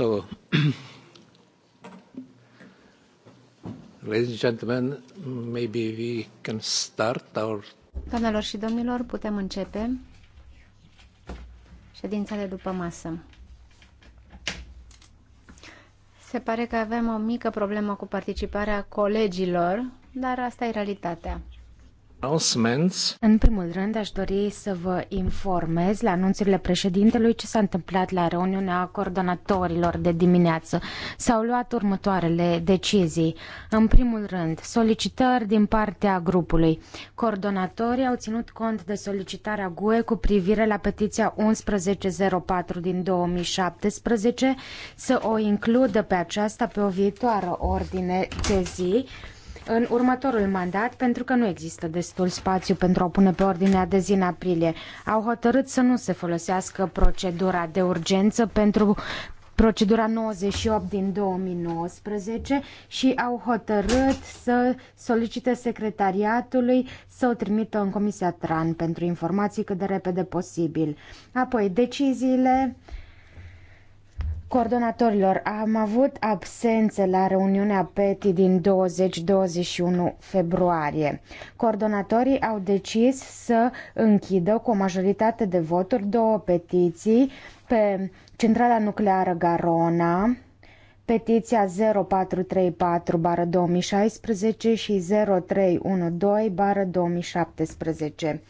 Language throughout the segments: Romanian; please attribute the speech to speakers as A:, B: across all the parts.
A: So, ladies and gentlemen, maybe we can start our...
B: Doamnelor și domnilor, putem începe ședința de după masă. Se pare că avem o mică problemă cu participarea
C: colegilor, dar asta e realitatea. În primul rând, aș dori să vă informez la anunțurile președintelui ce s-a întâmplat la reuniunea coordonatorilor de dimineață. S-au luat următoarele decizii. În primul rând, solicitări din partea grupului. Coordonatorii au ținut cont de solicitarea GUE cu privire la petiția 1104 din 2017 să o includă pe aceasta pe o viitoare ordine de zi în următorul mandat pentru că nu există destul spațiu pentru a pune pe ordinea de zi în aprilie. Au hotărât să nu se folosească procedura de urgență pentru procedura 98 din 2019 și au hotărât să solicite secretariatului să o trimită în Comisia TRAN pentru informații cât de repede posibil. Apoi, deciziile Coordonatorilor, am avut absențe la reuniunea PETI din 20-21 februarie. Coordonatorii au decis să închidă cu o majoritate de voturi două petiții pe centrala nucleară Garona, petiția 0434 bară 2016 și 0312 bară 2017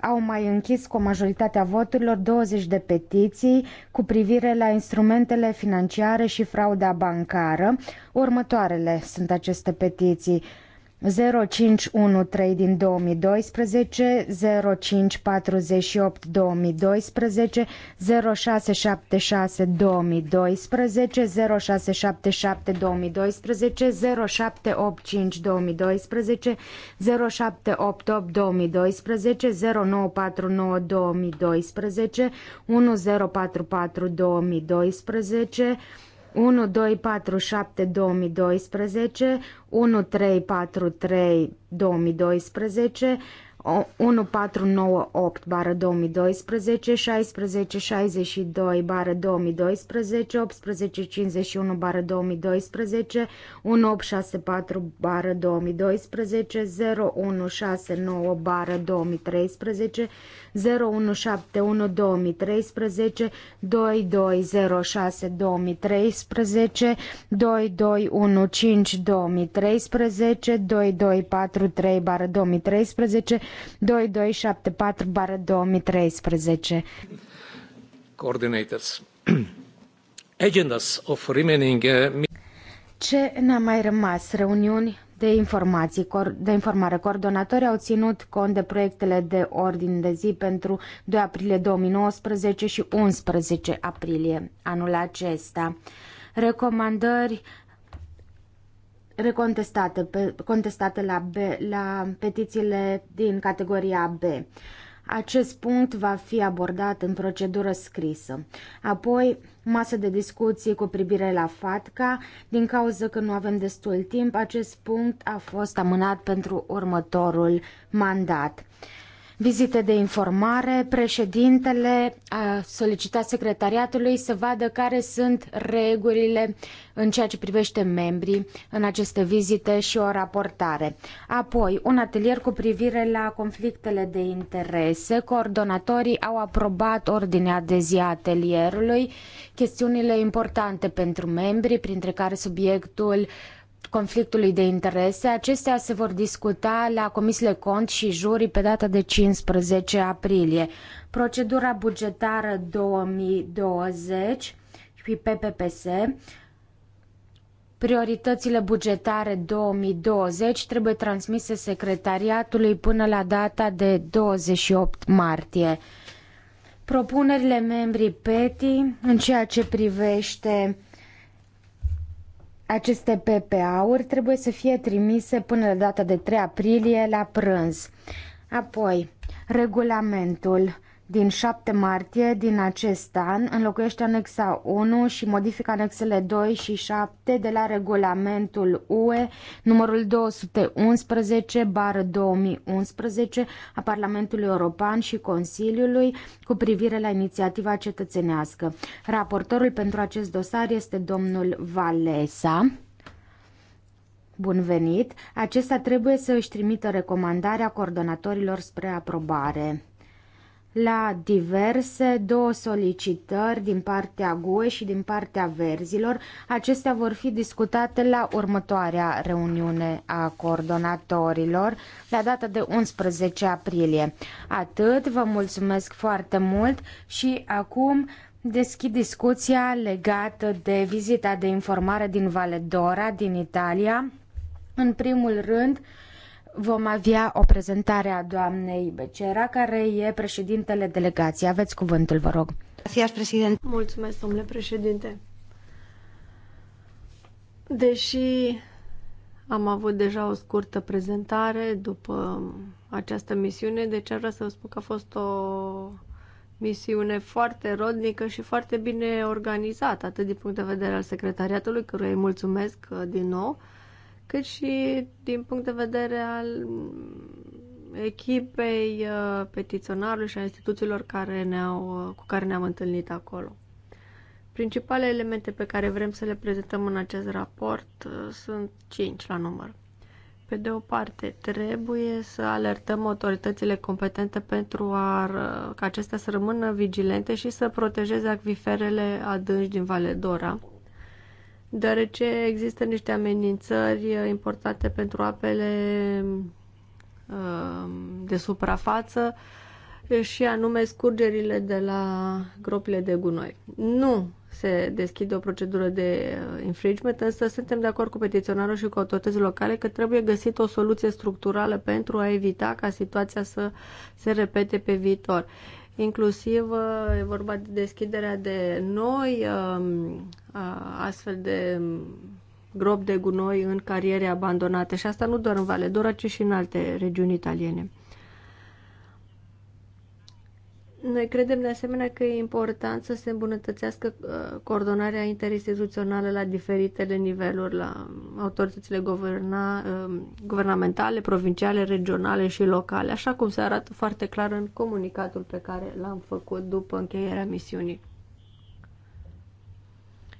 C: au mai închis cu majoritatea voturilor 20 de petiții cu privire la instrumentele financiare și frauda bancară. Următoarele sunt aceste petiții 0513 din 2012, 0548 2012, 0676 2012, 0677 2012, 0785 2012, 0788 2012, 0949 2012, 1044 2012, 1247-2012, 1343-2012, 1498 bară 2012, 1662 bară 2012, 1851 bară 2012, 1864 bară 2012, 0169 bară 2013, bară bară
A: Coordinators. Agendas of remaining...
C: Ce ne-a mai rămas? Reuniuni de, informații, de informare. Coordonatorii au ținut cont de proiectele de ordin de zi pentru 2 aprilie 2019 și 11 aprilie anul acesta. Recomandări recontestate pe, contestate la, B, la petițiile din categoria B. Acest punct va fi abordat în procedură scrisă. Apoi, masă de discuții cu privire la FATCA. Din cauza că nu avem destul timp, acest punct a fost amânat pentru următorul mandat vizite de informare, președintele a solicitat secretariatului să vadă care sunt regulile în ceea ce privește membrii în aceste vizite și o raportare. Apoi, un atelier cu privire la conflictele de interese. Coordonatorii au aprobat ordinea de zi a atelierului, chestiunile importante pentru membri, printre care subiectul uh, conflictului de interese. Acestea se vor discuta la comisiile cont și juri pe data de 15 aprilie. Procedura bugetară 2020 și PPPS Prioritățile bugetare 2020 trebuie transmise secretariatului până la data de 28 martie. Propunerile membrii PETI în ceea ce privește aceste PPA-uri trebuie să fie trimise până la data de 3 aprilie la prânz. Apoi, regulamentul din 7 martie din acest an înlocuiește anexa 1 și modifică anexele 2 și 7 de la regulamentul UE numărul 211 bară 2011 a Parlamentului European și Consiliului cu privire la inițiativa cetățenească. Raportorul pentru acest dosar este domnul Valesa. Bun venit! Acesta trebuie să își trimită recomandarea coordonatorilor spre aprobare la diverse două solicitări din partea GUE și din partea verzilor. Acestea vor fi discutate la următoarea reuniune a coordonatorilor, la data de 11 aprilie. Atât, vă mulțumesc foarte mult și acum deschid discuția legată de vizita de informare din Valedora, din Italia. În primul rând, vom avea o prezentare a doamnei Becera, care e președintele delegației. Aveți cuvântul, vă rog.
D: Mulțumesc, domnule președinte. Deși am avut deja o scurtă prezentare după această misiune, deci ar vrea să vă spun că a fost o misiune foarte rodnică și foarte bine organizată, atât din punct de vedere al secretariatului, căruia îi mulțumesc uh, din nou, cât și din punct de vedere al echipei uh, petiționarului și a instituțiilor care ne-au, uh, cu care ne-am întâlnit acolo. Principalele elemente pe care vrem să le prezentăm în acest raport uh, sunt 5 la număr. Pe de o parte, trebuie să alertăm autoritățile competente pentru a, ca acestea să rămână vigilente și să protejeze acviferele adânci din Valedora. Dora deoarece există niște amenințări uh, importante pentru apele uh, de suprafață și anume scurgerile de la gropile de gunoi. Nu se deschide o procedură de uh, infringement, însă suntem de acord cu petiționarul și cu autoritățile locale că trebuie găsit o soluție structurală pentru a evita ca situația să se repete pe viitor. Inclusiv uh, e vorba de deschiderea de noi um, astfel de um, gropi de gunoi în cariere abandonate și asta nu doar în Vale Dora, ci și în alte regiuni italiene. Noi credem de asemenea că e important să se îmbunătățească uh, coordonarea interinstituțională la diferitele niveluri, la um, autoritățile guverna, um, guvernamentale, provinciale, regionale și locale, așa cum se arată foarte clar în comunicatul pe care l-am făcut după încheierea misiunii.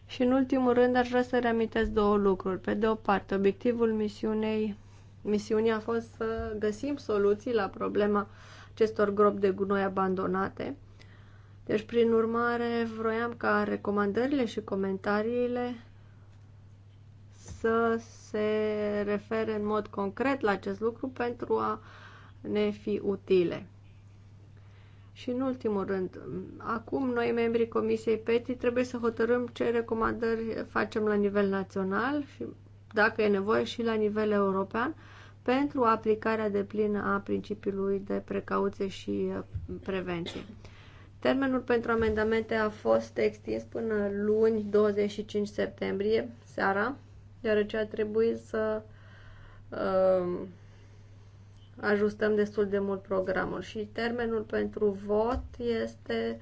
D: Și în ultimul rând aș vrea să reamintesc două lucruri. Pe de o parte, obiectivul misiunei, misiunii a fost să găsim soluții la problema uh, acestor gropi de gunoi abandonate. Deci, prin urmare, vroiam ca recomandările și comentariile să se refere în mod concret la acest lucru pentru a ne fi utile. Și în ultimul rând, acum noi, membrii Comisiei PETI, trebuie să hotărâm ce recomandări facem la nivel național și, dacă e nevoie, și la nivel european, pentru aplicarea de plină a principiului de precauție și uh, prevenție. Termenul pentru amendamente a fost extins până luni 25 septembrie, seara, deoarece a trebuit să uh, ajustăm destul de mult programul și termenul pentru vot este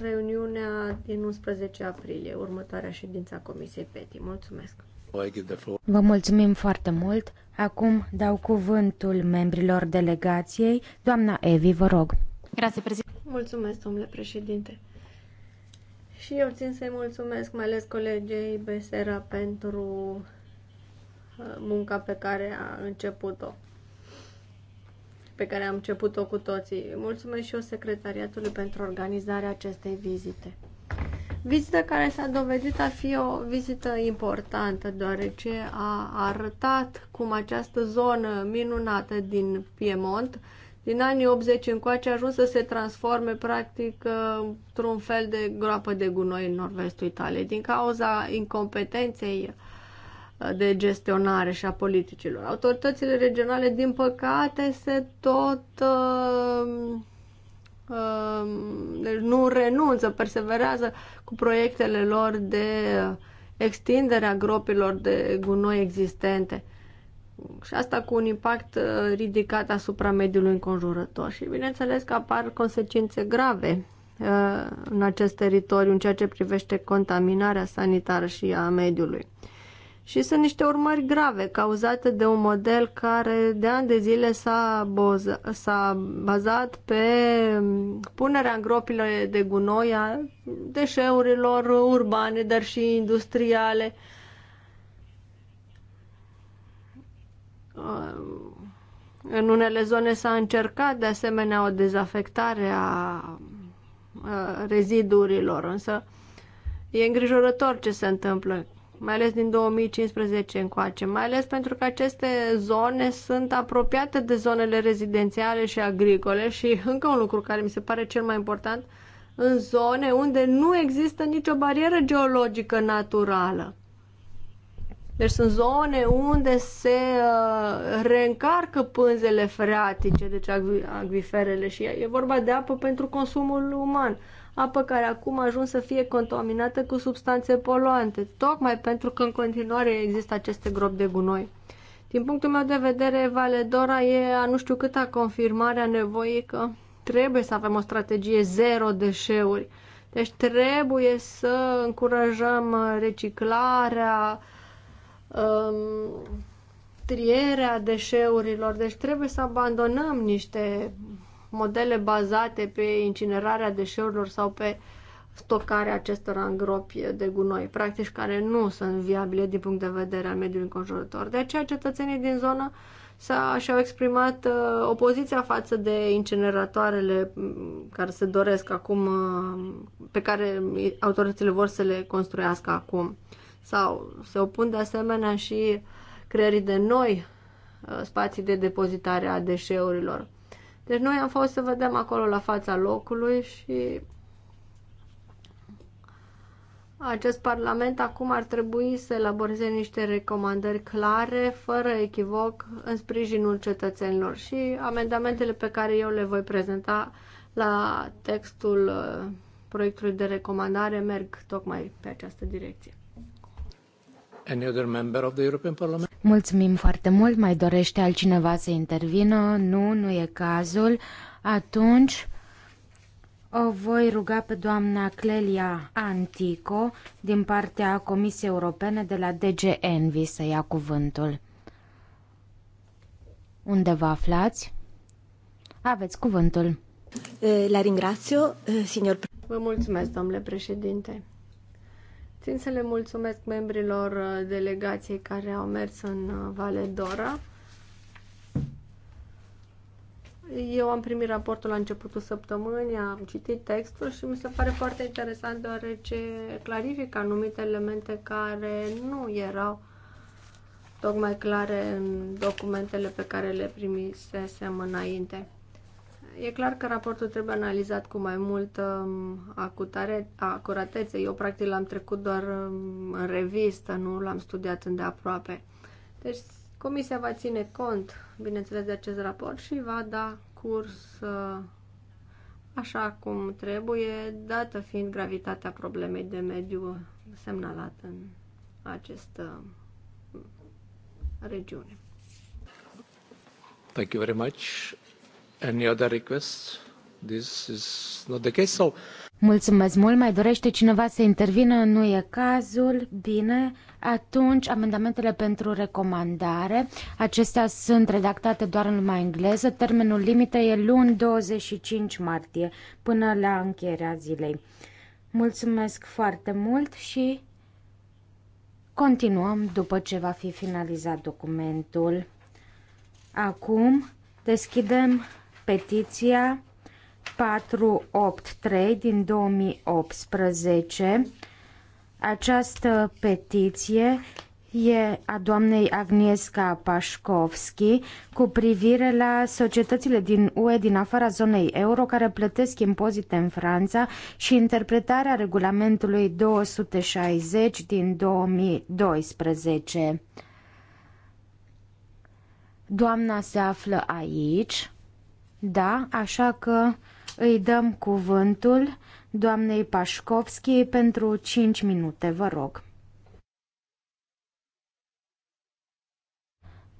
D: reuniunea din 11 aprilie, următoarea ședință a Comisiei PETI. Mulțumesc!
C: Vă mulțumim foarte mult. Acum dau cuvântul membrilor delegației. Doamna Evi, vă
D: rog. Grazie, președinte. Mulțumesc, domnule președinte. Și eu țin să-i mulțumesc, mai ales colegei Besera, pentru uh, munca pe care a început-o pe care am început-o cu toții. Mulțumesc și eu secretariatului pentru organizarea acestei vizite. Vizită care s-a dovedit a fi o vizită importantă, deoarece a arătat cum această zonă minunată din Piemont, din anii 80 încoace, a ajuns să se transforme practic într-un fel de groapă de gunoi în nord-vestul Italiei, din cauza incompetenței uh, de gestionare și a politicilor. Autoritățile regionale, din păcate, se tot uh, Um, deci nu renunță, perseverează cu proiectele lor de extinderea gropilor de gunoi existente. Și asta cu un impact uh, ridicat asupra mediului înconjurător. Și bineînțeles că apar consecințe grave uh, în acest teritoriu în ceea ce privește contaminarea sanitară și a mediului și sunt niște urmări grave cauzate de un model care de ani de zile s-a, s-a bazat pe mm, punerea în gropile de gunoi a deșeurilor urbane, dar și industriale. În unele zone s-a încercat de asemenea o dezafectare a rezidurilor, însă e îngrijorător ce se întâmplă mai ales din 2015 încoace, mai ales pentru că aceste zone sunt apropiate de zonele rezidențiale și agricole și încă un lucru care mi se pare cel mai important, în zone unde nu există nicio barieră geologică naturală. Deci sunt zone unde se uh, reîncarcă pânzele freatice, deci acviferele și e vorba de apă pentru consumul uman apă care acum a ajuns să fie contaminată cu substanțe poluante, tocmai pentru că în continuare există aceste gropi de gunoi. Din punctul meu de vedere, Valedora e a nu știu câta confirmare a nevoii că trebuie să avem o strategie zero deșeuri. Deci trebuie să încurajăm reciclarea, um, trierea deșeurilor. Deci trebuie să abandonăm niște modele bazate pe incinerarea deșeurilor sau pe stocarea acestora în gropi de gunoi, practici care nu sunt viabile din punct de vedere al mediului înconjurător. De aceea cetățenii din zonă s și-au exprimat uh, opoziția față de incineratoarele mm, care se doresc acum, uh, pe care autoritățile vor să le construiască acum. Sau se opun de asemenea și creierii de noi uh, spații de depozitare a deșeurilor. Deci noi am fost să vedem acolo la fața locului și acest parlament acum ar trebui să elaboreze niște recomandări clare, fără echivoc, în sprijinul cetățenilor și amendamentele pe care eu le voi prezenta la textul uh, proiectului de recomandare merg tocmai pe această direcție.
A: Any other member of the European Parliament? Mulțumim
C: foarte mult. Mai dorește altcineva să intervină? Nu, nu e cazul. Atunci o voi ruga pe doamna Clelia Antico din partea Comisiei Europene de la DG Envi să ia cuvântul. Unde vă aflați? Aveți cuvântul.
D: Eh, la ringrazio, eh, signor. Vă mulțumesc, domnule președinte. Țin să le mulțumesc membrilor uh, delegației care au mers în uh, Vale Dora. Eu am primit raportul la începutul săptămânii, am citit textul și mi se pare foarte interesant deoarece clarifică anumite elemente care nu erau tocmai clare în documentele pe care le primisesem înainte e clar că raportul trebuie analizat cu mai multă um, acutare, acuratețe. Eu, practic, l-am trecut doar um, în revistă, nu l-am studiat îndeaproape. Deci, comisia va ține cont, bineînțeles, de acest raport și va da curs uh, așa cum trebuie, dată fiind gravitatea problemei de mediu semnalată în această uh, regiune.
A: Thank you very much. Any other requests? This is not the case, so...
C: Mulțumesc mult. Mai dorește cineva să intervină? Nu e cazul. Bine. Atunci, amendamentele pentru recomandare. Acestea sunt redactate doar în limba engleză. Termenul limită e luni 25 martie, până la încheierea zilei. Mulțumesc foarte mult și continuăm după ce va fi finalizat documentul. Acum deschidem petiția 483 din 2018. Această petiție e a doamnei Agnieszka Pașkovski cu privire la societățile din UE din afara zonei euro care plătesc impozite în Franța și interpretarea regulamentului 260 din 2012. Doamna se află aici. Da, așa că îi dăm cuvântul doamnei Pașcovski pentru 5 minute, vă rog.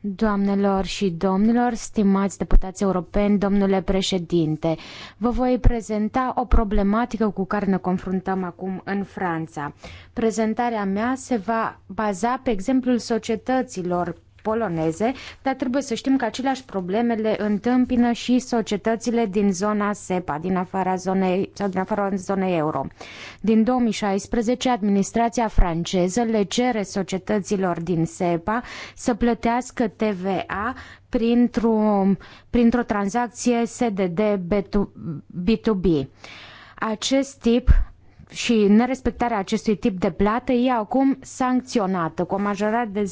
C: Doamnelor și domnilor, stimați deputați europeni, domnule președinte, vă voi prezenta o problematică cu care ne confruntăm acum în Franța. Prezentarea mea se va baza pe exemplul societăților poloneze, dar trebuie să știm că aceleași probleme le întâmpină și societățile din zona SEPA, din afara zonei, sau din afara zonei euro. Din 2016, administrația franceză le cere societăților din SEPA să plătească TVA printr-o, printr-o tranzacție SDD B2B. Acest tip și nerespectarea acestui tip de plată e acum sancționată cu o majorare de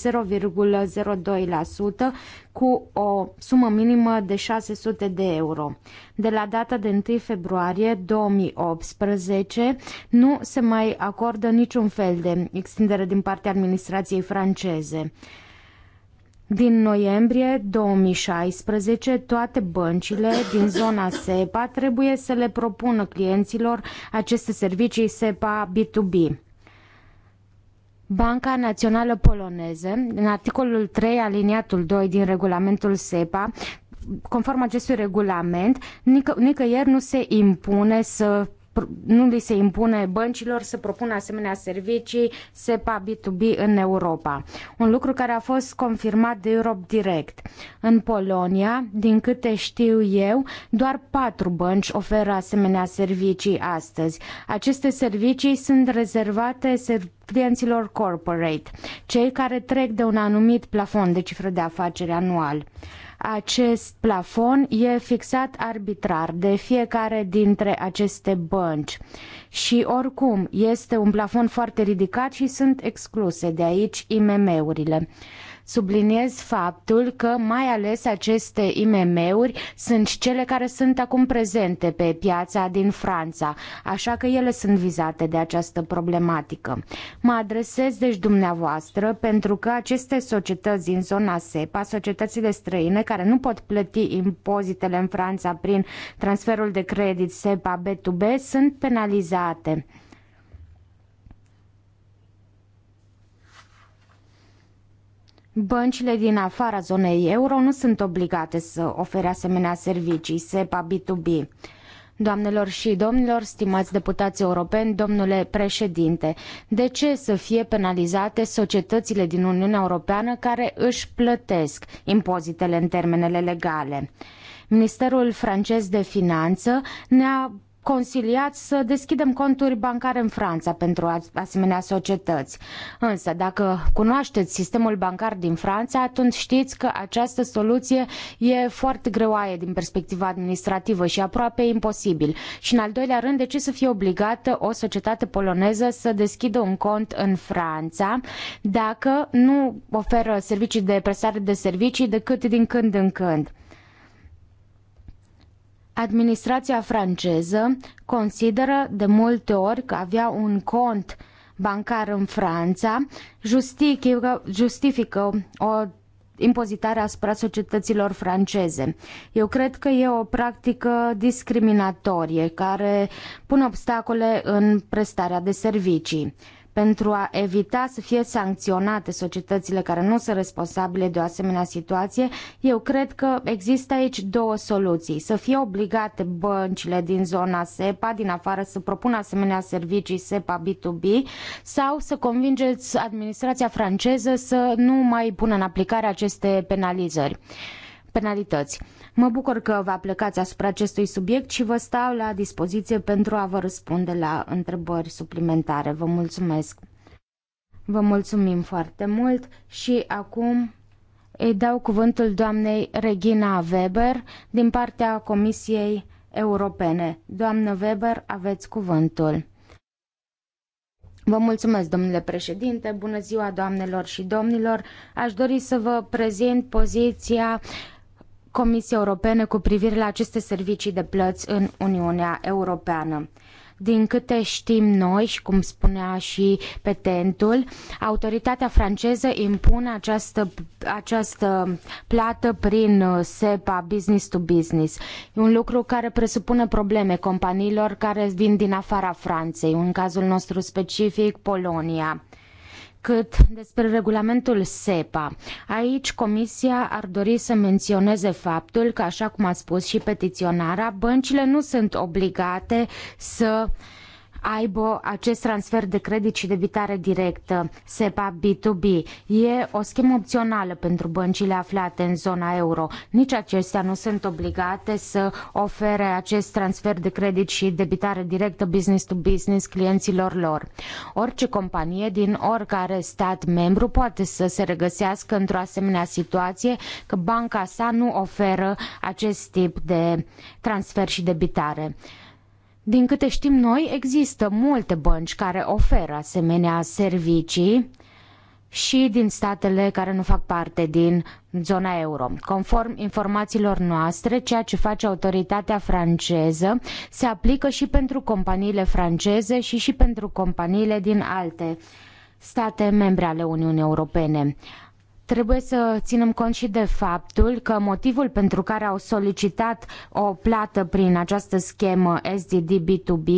C: 0,02% cu o sumă minimă de 600 de euro. De la data de 1 februarie 2018 nu se mai acordă niciun fel de extindere din partea administrației franceze. Din noiembrie 2016, toate băncile din zona SEPA trebuie să le propună clienților aceste servicii SEPA B2B. Banca Națională Poloneză, în articolul 3, aliniatul 2 din regulamentul SEPA, conform acestui regulament, nicăieri nu se impune să nu li se impune băncilor să propună asemenea servicii SEPA B2B în Europa. Un lucru care a fost confirmat de Europe Direct. În Polonia, din câte știu eu, doar patru bănci oferă asemenea servicii astăzi. Aceste servicii sunt rezervate clienților corporate, cei care trec de un anumit plafon de cifră de afaceri anual. Acest plafon e fixat arbitrar de fiecare dintre aceste bănci și oricum este un plafon foarte ridicat și sunt excluse de aici IMM-urile. Subliniez faptul că mai ales aceste IMM-uri sunt cele care sunt acum prezente pe piața din Franța, așa că ele sunt vizate de această problematică. Mă adresez deci dumneavoastră pentru că aceste societăți din zona SEPA, societățile străine care nu pot plăti impozitele în Franța prin transferul de credit SEPA B2B, sunt penalizate. Băncile din afara zonei euro nu sunt obligate să ofere asemenea servicii, SEPA B2B. Doamnelor și domnilor, stimați deputați europeni, domnule președinte, de ce să fie penalizate societățile din Uniunea Europeană care își plătesc impozitele în termenele legale? Ministerul francez de Finanță ne-a consiliat să deschidem conturi bancare în Franța pentru asemenea societăți. Însă, dacă cunoașteți sistemul bancar din Franța, atunci știți că această soluție e foarte greoaie din perspectiva administrativă și aproape imposibil. Și în al doilea rând, de ce să fie obligată o societate poloneză să deschidă un cont în Franța dacă nu oferă servicii de prestare de servicii decât din când în când? Administrația franceză consideră de multe ori că avea un cont bancar în Franța justifică, justifică o impozitare asupra societăților franceze. Eu cred că e o practică discriminatorie care pune obstacole în prestarea de servicii pentru a evita să fie sancționate societățile care nu sunt responsabile de o asemenea situație, eu cred că există aici două soluții. Să fie obligate băncile din zona SEPA, din afară, să propună asemenea servicii SEPA B2B sau să convingeți administrația franceză să nu mai pună în aplicare aceste penalizări penalități. Mă bucur că vă plecați asupra acestui subiect și vă stau la dispoziție pentru a vă răspunde la întrebări suplimentare. Vă mulțumesc! Vă mulțumim foarte mult și acum îi dau cuvântul doamnei Regina Weber din partea Comisiei Europene. Doamnă Weber, aveți cuvântul. Vă mulțumesc, domnule președinte, bună ziua, doamnelor și domnilor. Aș dori să vă prezint poziția Comisiei Europene cu privire la aceste servicii de plăți în Uniunea Europeană. Din câte știm noi și cum spunea și petentul, autoritatea franceză impune această, această plată prin uh, SEPA, business to business. E un lucru care presupune probleme companiilor care vin din afara Franței, în cazul nostru specific Polonia cât despre regulamentul SEPA. Aici Comisia ar dori să menționeze faptul că, așa cum a spus și petiționara, băncile nu sunt obligate să uh, aibă acest transfer de credit și debitare directă, SEPA B2B. E o schemă opțională pentru băncile aflate în zona euro. Nici acestea nu sunt obligate să ofere acest transfer de credit și debitare directă business to business clienților lor. Orice companie din oricare stat membru poate să se regăsească într-o asemenea situație că banca sa nu oferă acest tip de transfer și debitare. Din câte știm noi, există multe bănci care oferă asemenea servicii și din statele care nu fac parte din zona euro. Conform informațiilor noastre, ceea ce face autoritatea franceză se aplică și pentru companiile franceze și și pentru companiile din alte state membre ale Uniunii Europene. Trebuie să ținem cont și de faptul că motivul pentru care au solicitat o plată prin această schemă SDD-B2B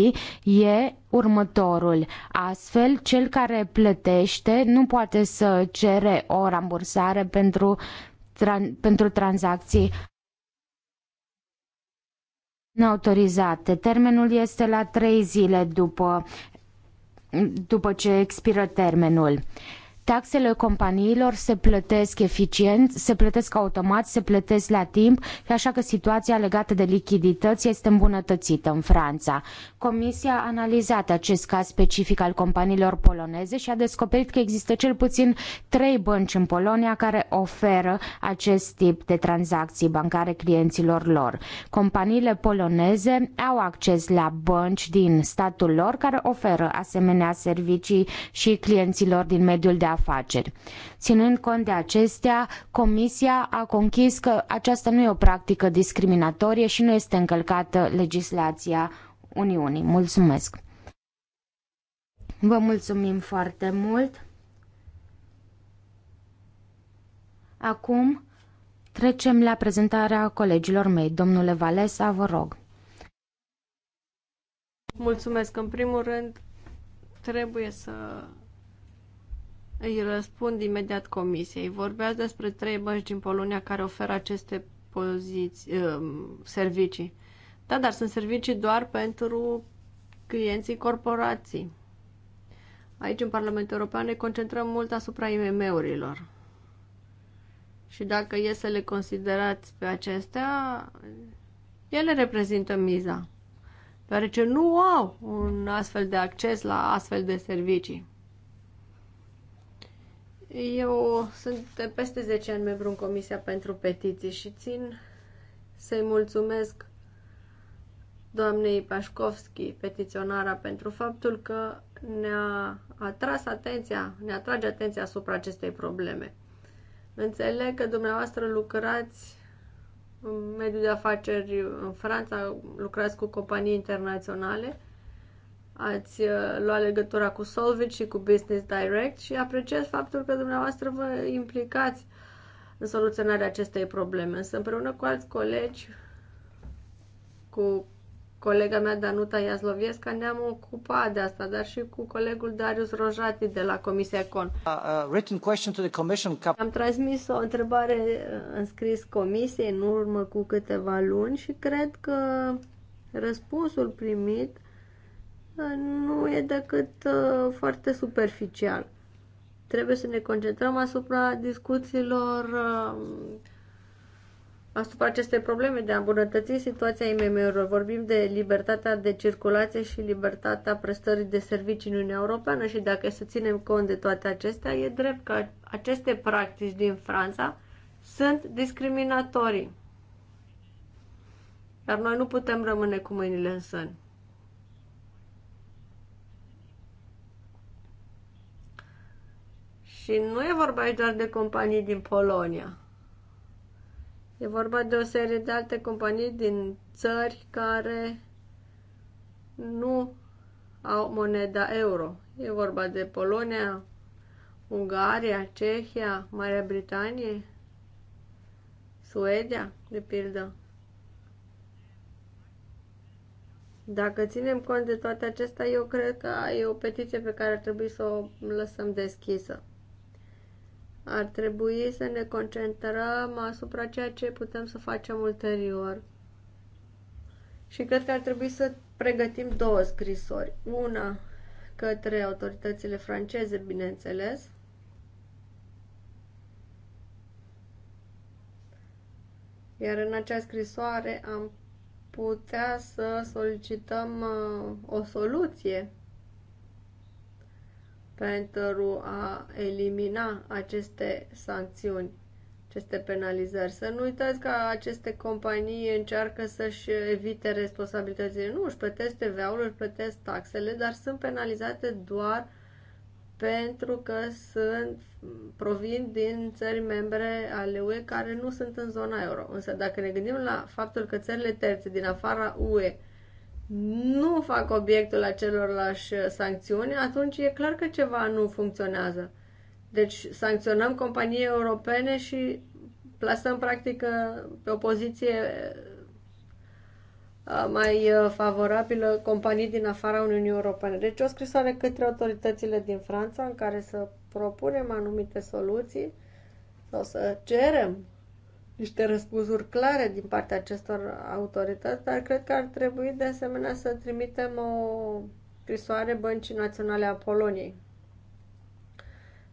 C: e următorul. Astfel, cel care plătește nu poate să cere o rambursare pentru, tran- pentru tranzacții neautorizate. Termenul este la trei zile după, după ce expiră termenul. Taxele companiilor se plătesc eficient, se plătesc automat, se plătesc la timp, așa că situația legată de lichidități este îmbunătățită în Franța. Comisia a analizat acest caz specific al companiilor poloneze și a descoperit că există cel puțin trei bănci în Polonia care oferă acest tip de tranzacții bancare clienților lor. Companiile poloneze au acces la bănci din statul lor care oferă asemenea servicii și clienților din mediul de afaceri afaceri. Ținând cont de acestea, Comisia a conchis că aceasta nu e o practică discriminatorie și nu este încălcată legislația Uniunii. Mulțumesc! Vă mulțumim foarte mult! Acum trecem la prezentarea colegilor mei. Domnule Valesa, vă rog.
D: Mulțumesc. În primul rând, trebuie să îi răspund imediat comisiei. Vorbeați despre trei bănci din Polonia care oferă aceste poziții, uh, servicii. Da, dar sunt servicii doar pentru clienții corporații. Aici, în Parlamentul European, ne concentrăm mult asupra IMM-urilor. Și dacă e să le considerați pe acestea, ele reprezintă miza, deoarece nu au un astfel de acces la astfel de servicii. Eu sunt de peste 10 ani membru în Comisia pentru Petiții și țin să-i mulțumesc doamnei Pașkovski, petiționara, pentru faptul că ne-a atras atenția, ne atrage atenția asupra acestei probleme. Înțeleg că dumneavoastră lucrați în mediul de afaceri în Franța, lucrați cu companii internaționale ați uh, luat legătura cu Solvit și cu Business Direct și apreciez faptul că dumneavoastră vă implicați în soluționarea acestei probleme. Însă împreună cu alți colegi, cu colega mea Danuta Iazloviesca ne-am ocupat de asta, dar și cu colegul Darius Rojati de la Comisia Con. Uh, uh, Am transmis o întrebare uh, în scris comisiei în urmă cu câteva luni și cred că răspunsul primit nu e decât uh, foarte superficial. Trebuie să ne concentrăm asupra discuțiilor um, asupra acestei probleme de a îmbunătăți situația IMM-urilor. Vorbim de libertatea de circulație și libertatea prestării de servicii în Uniunea Europeană și dacă să ținem cont de toate acestea, e drept că aceste practici din Franța sunt discriminatorii. Dar noi nu putem rămâne cu mâinile în sân. Și nu e vorba aici doar de companii din Polonia. E vorba de o serie de alte companii din țări care nu au moneda euro. E vorba de Polonia, Ungaria, Cehia, Marea Britanie, Suedia, de pildă. Dacă ținem cont de toate acestea, eu cred că e o petiție pe care ar trebui să o lăsăm deschisă. Ar trebui să ne concentrăm asupra ceea ce putem să facem ulterior. Și cred că ar trebui să pregătim două scrisori. Una către autoritățile franceze, bineînțeles, Iar în acea scrisoare am putea să solicităm uh, o soluție pentru a elimina aceste sancțiuni, aceste penalizări. Să nu uitați că aceste companii încearcă să-și evite responsabilitățile. Nu, își plătesc TVA-ul, își plătesc taxele, dar sunt penalizate doar pentru că sunt, provin din țări membre ale UE care nu sunt în zona euro. Însă dacă ne gândim la faptul că țările terțe din afara UE nu fac obiectul acelorlași sancțiuni, atunci e clar că ceva nu funcționează. Deci sancționăm companii europene și plasăm practic pe o poziție uh, mai uh, favorabilă companii din afara Uniunii Europene. Deci o scrisoare către autoritățile din Franța în care să propunem anumite soluții sau să cerem niște răspunsuri clare din partea acestor autorități, dar cred că ar trebui de asemenea să trimitem o scrisoare Băncii Naționale a Poloniei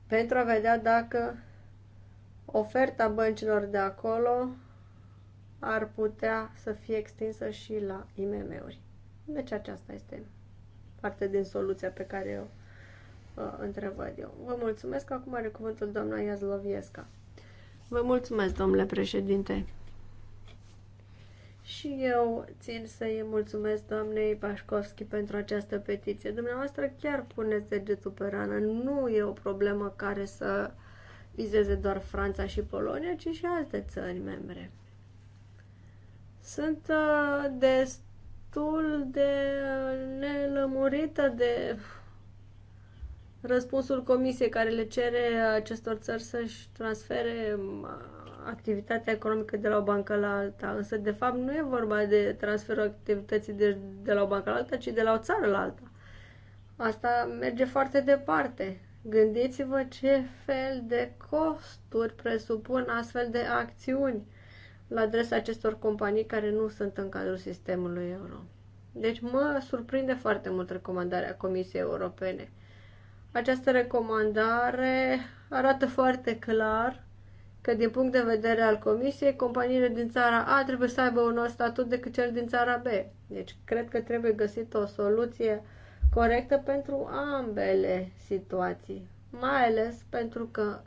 D: pentru a vedea dacă oferta băncilor de acolo ar putea să fie extinsă și la IMM-uri. Deci aceasta este parte din soluția pe care o uh, eu. Vă mulțumesc. Acum are cuvântul doamna Iazloviesca. Vă mulțumesc, domnule președinte. Și eu țin să-i mulțumesc doamnei Pașcovski pentru această petiție. Dumneavoastră chiar puneți degetul pe rană. Nu e o problemă care să vizeze doar Franța și Polonia, ci și alte țări membre. Sunt uh, destul de nelămurită de răspunsul comisiei care le cere acestor țări să-și transfere um, activitatea economică de la o bancă la alta. Însă, de fapt, nu e vorba de transferul activității de, de la o bancă la alta, ci de la o țară la alta. Asta merge foarte departe. Gândiți-vă ce fel de costuri presupun astfel de acțiuni la adresa acestor companii care nu sunt în cadrul sistemului euro. Deci mă surprinde foarte mult recomandarea Comisiei Europene această recomandare arată foarte clar că din punct de vedere al Comisiei, companiile din țara A trebuie să aibă un nou statut decât cel din țara B. Deci cred că trebuie găsită o soluție corectă pentru ambele situații, mai ales pentru că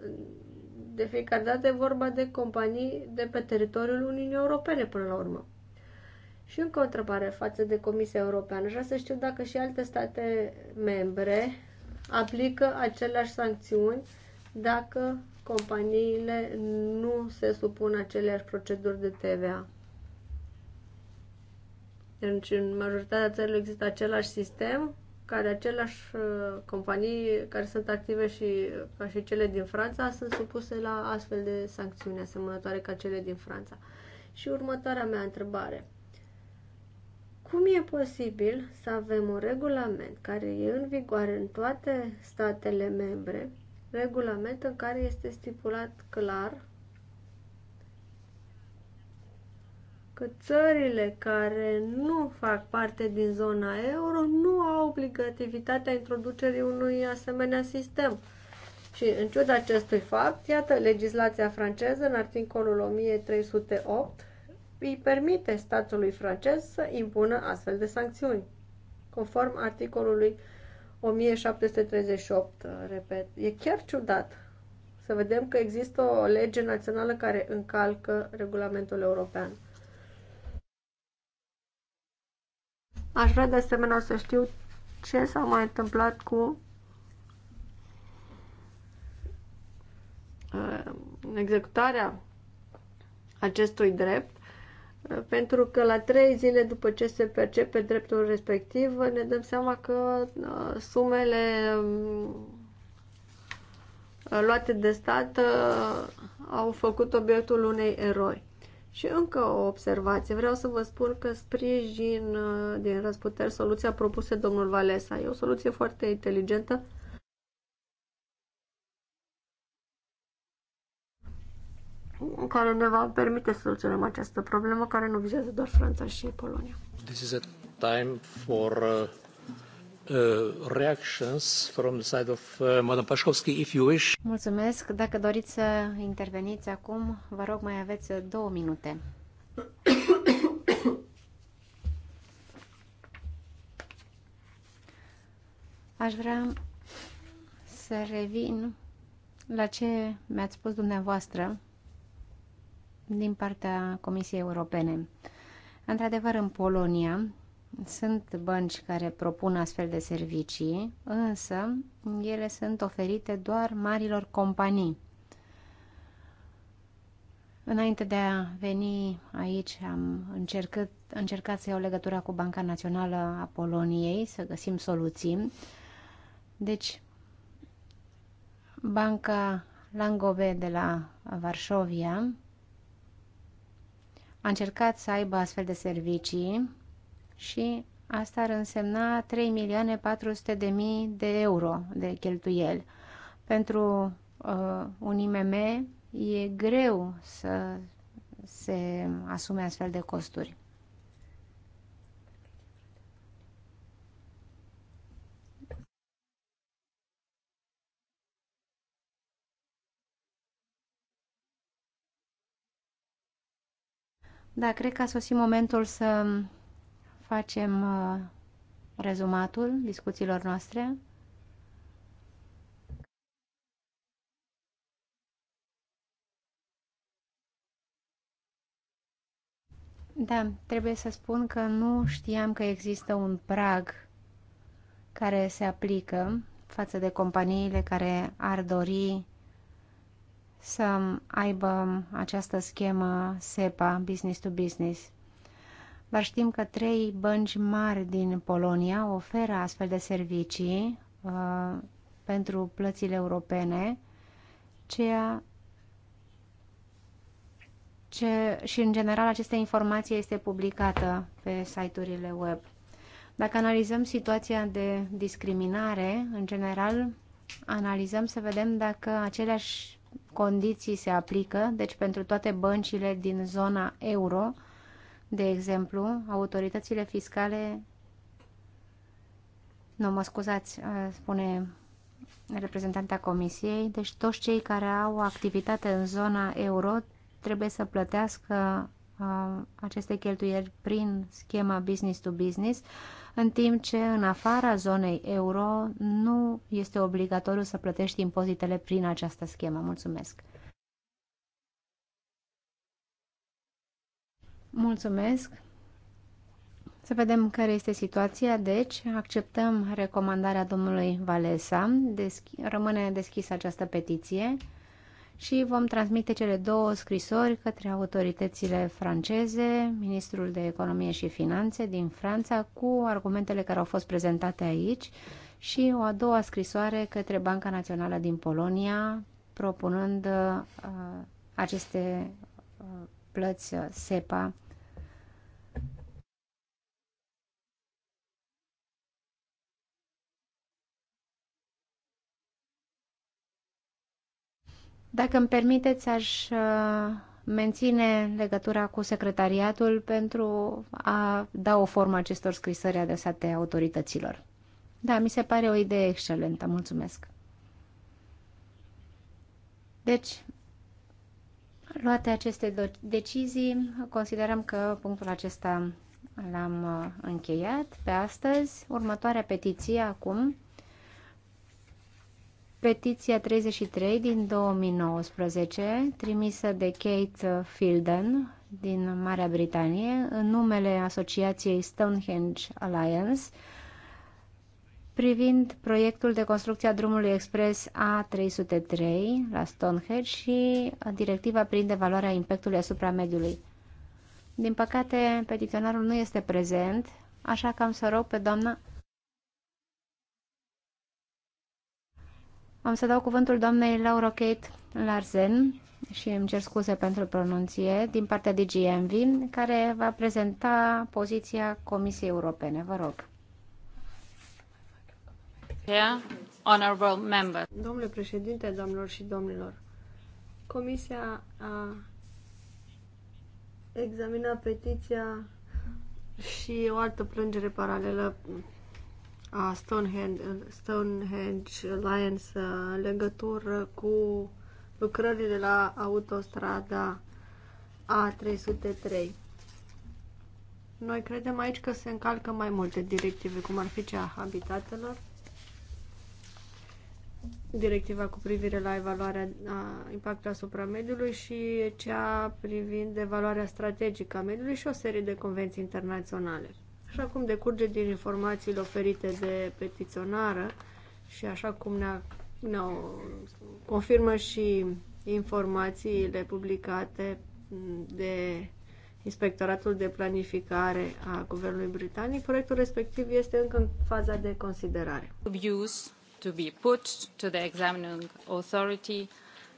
D: de fiecare dată e vorba de companii de pe teritoriul Uniunii Europene până la urmă. Și încă o întrebare față de Comisia Europeană. vreau să știu dacă și alte state membre aplică aceleași sancțiuni dacă companiile nu se supun aceleași proceduri de TVA. Deci în majoritatea țărilor există același sistem, care aceleași uh, companii care sunt active și ca și cele din Franța sunt supuse la astfel de sancțiuni asemănătoare ca cele din Franța. Și următoarea mea întrebare. Cum e posibil să avem un regulament care e în vigoare în toate statele membre, regulament în care este stipulat clar că țările care nu fac parte din zona euro nu au obligativitatea introducerii unui asemenea sistem. Și în ciuda acestui fapt, iată legislația franceză în articolul 1308 îi permite statului francez să impună astfel de sancțiuni, conform articolului 1738, repet. E chiar ciudat să vedem că există o lege națională care încalcă regulamentul european. Aș vrea de asemenea să știu ce s-a mai întâmplat cu uh, executarea acestui drept pentru că la trei zile după ce se percepe dreptul respectiv ne dăm seama că uh, sumele uh, luate de stat uh, au făcut obiectul unei eroi. Și încă o observație. Vreau să vă spun că sprijin din răsputeri soluția propusă domnul Valesa. E o soluție foarte inteligentă care ne va permite să soluționăm această problemă care nu vizează doar Franța și Polonia.
A: This is a time for uh, uh, reactions from the side of uh, Madam if you wish.
B: Mulțumesc. Dacă doriți să interveniți acum, vă rog mai aveți două minute. Aș vrea să revin la ce mi-ați spus dumneavoastră din partea Comisiei Europene. Într-adevăr, în Polonia sunt bănci care propun astfel de servicii, însă ele sunt oferite doar marilor companii. Înainte de a veni aici, am încercat, încercat să iau legătura cu Banca Națională a Poloniei, să găsim soluții. Deci, Banca Langove de la Varșovia a încercat să aibă astfel de servicii și asta ar însemna 3.400.000 de euro de cheltuieli. Pentru uh, un IMM e greu să se asume astfel de costuri. Da, cred că a sosit momentul să facem uh, rezumatul discuțiilor noastre. Da, trebuie să spun că nu știam că există un prag care se aplică față de companiile care ar dori să aibă această schemă SEPA, business to business. Dar știm că trei bănci mari din Polonia oferă astfel de servicii uh, pentru plățile europene, ceea ce și în general aceste informații este publicată pe site-urile web. Dacă analizăm situația de discriminare, în general, analizăm să vedem dacă aceleași condiții se aplică, deci pentru toate băncile din zona euro, de exemplu, autoritățile fiscale, nu mă scuzați, uh, spune reprezentanta comisiei, deci toți cei care au activitate în zona euro trebuie să plătească uh, aceste cheltuieli prin schema business to business, în timp ce în afara zonei euro nu este obligatoriu să plătești impozitele prin această schemă. Mulțumesc! Mulțumesc! Să vedem care este situația. Deci, acceptăm recomandarea domnului Valesa. Deschi rămâne deschisă această petiție și vom transmite cele două scrisori către autoritățile franceze, Ministrul de Economie și Finanțe din Franța, cu argumentele care au fost prezentate aici și o a doua scrisoare către Banca Națională din Polonia, propunând uh, aceste uh, plăți uh, SEPA Dacă îmi permiteți, aș uh, menține legătura cu secretariatul pentru a da o formă acestor scrisări adresate autorităților. Da, mi se pare o idee excelentă. Mulțumesc. Deci, luate aceste decizii, considerăm că punctul acesta l-am uh, încheiat pe astăzi. Următoarea petiție acum petiția 33 din 2019, trimisă de Kate Fielden din Marea Britanie, în numele asociației Stonehenge Alliance, privind proiectul de construcție a drumului expres A303 la Stonehenge și directiva privind valoarea impactului asupra mediului. Din păcate, petiționarul nu este prezent, așa că am să rog pe doamna Am să dau cuvântul doamnei Laura Kate Larsen și îmi cer scuze pentru pronunție, din partea DGMV, care va prezenta poziția Comisiei Europene. Vă
D: rog. Yeah, honorable member. Domnule președinte, domnilor și domnilor, Comisia a examinat petiția și o altă plângere paralelă a Stonehenge, Stonehenge Alliance uh, în legătură cu lucrările la autostrada A303. Noi credem aici că se încalcă mai multe directive, cum ar fi cea a habitatelor, directiva cu privire la evaluarea a impactului asupra mediului și cea privind evaluarea strategică a mediului și o serie de convenții internaționale. Așa cum decurge din informațiile oferite de petiționară și așa cum ne-a, ne confirmă și informațiile publicate de Inspectoratul de Planificare a Guvernului Britanic, proiectul respectiv este încă în faza de considerare. Views to be put to the examining authority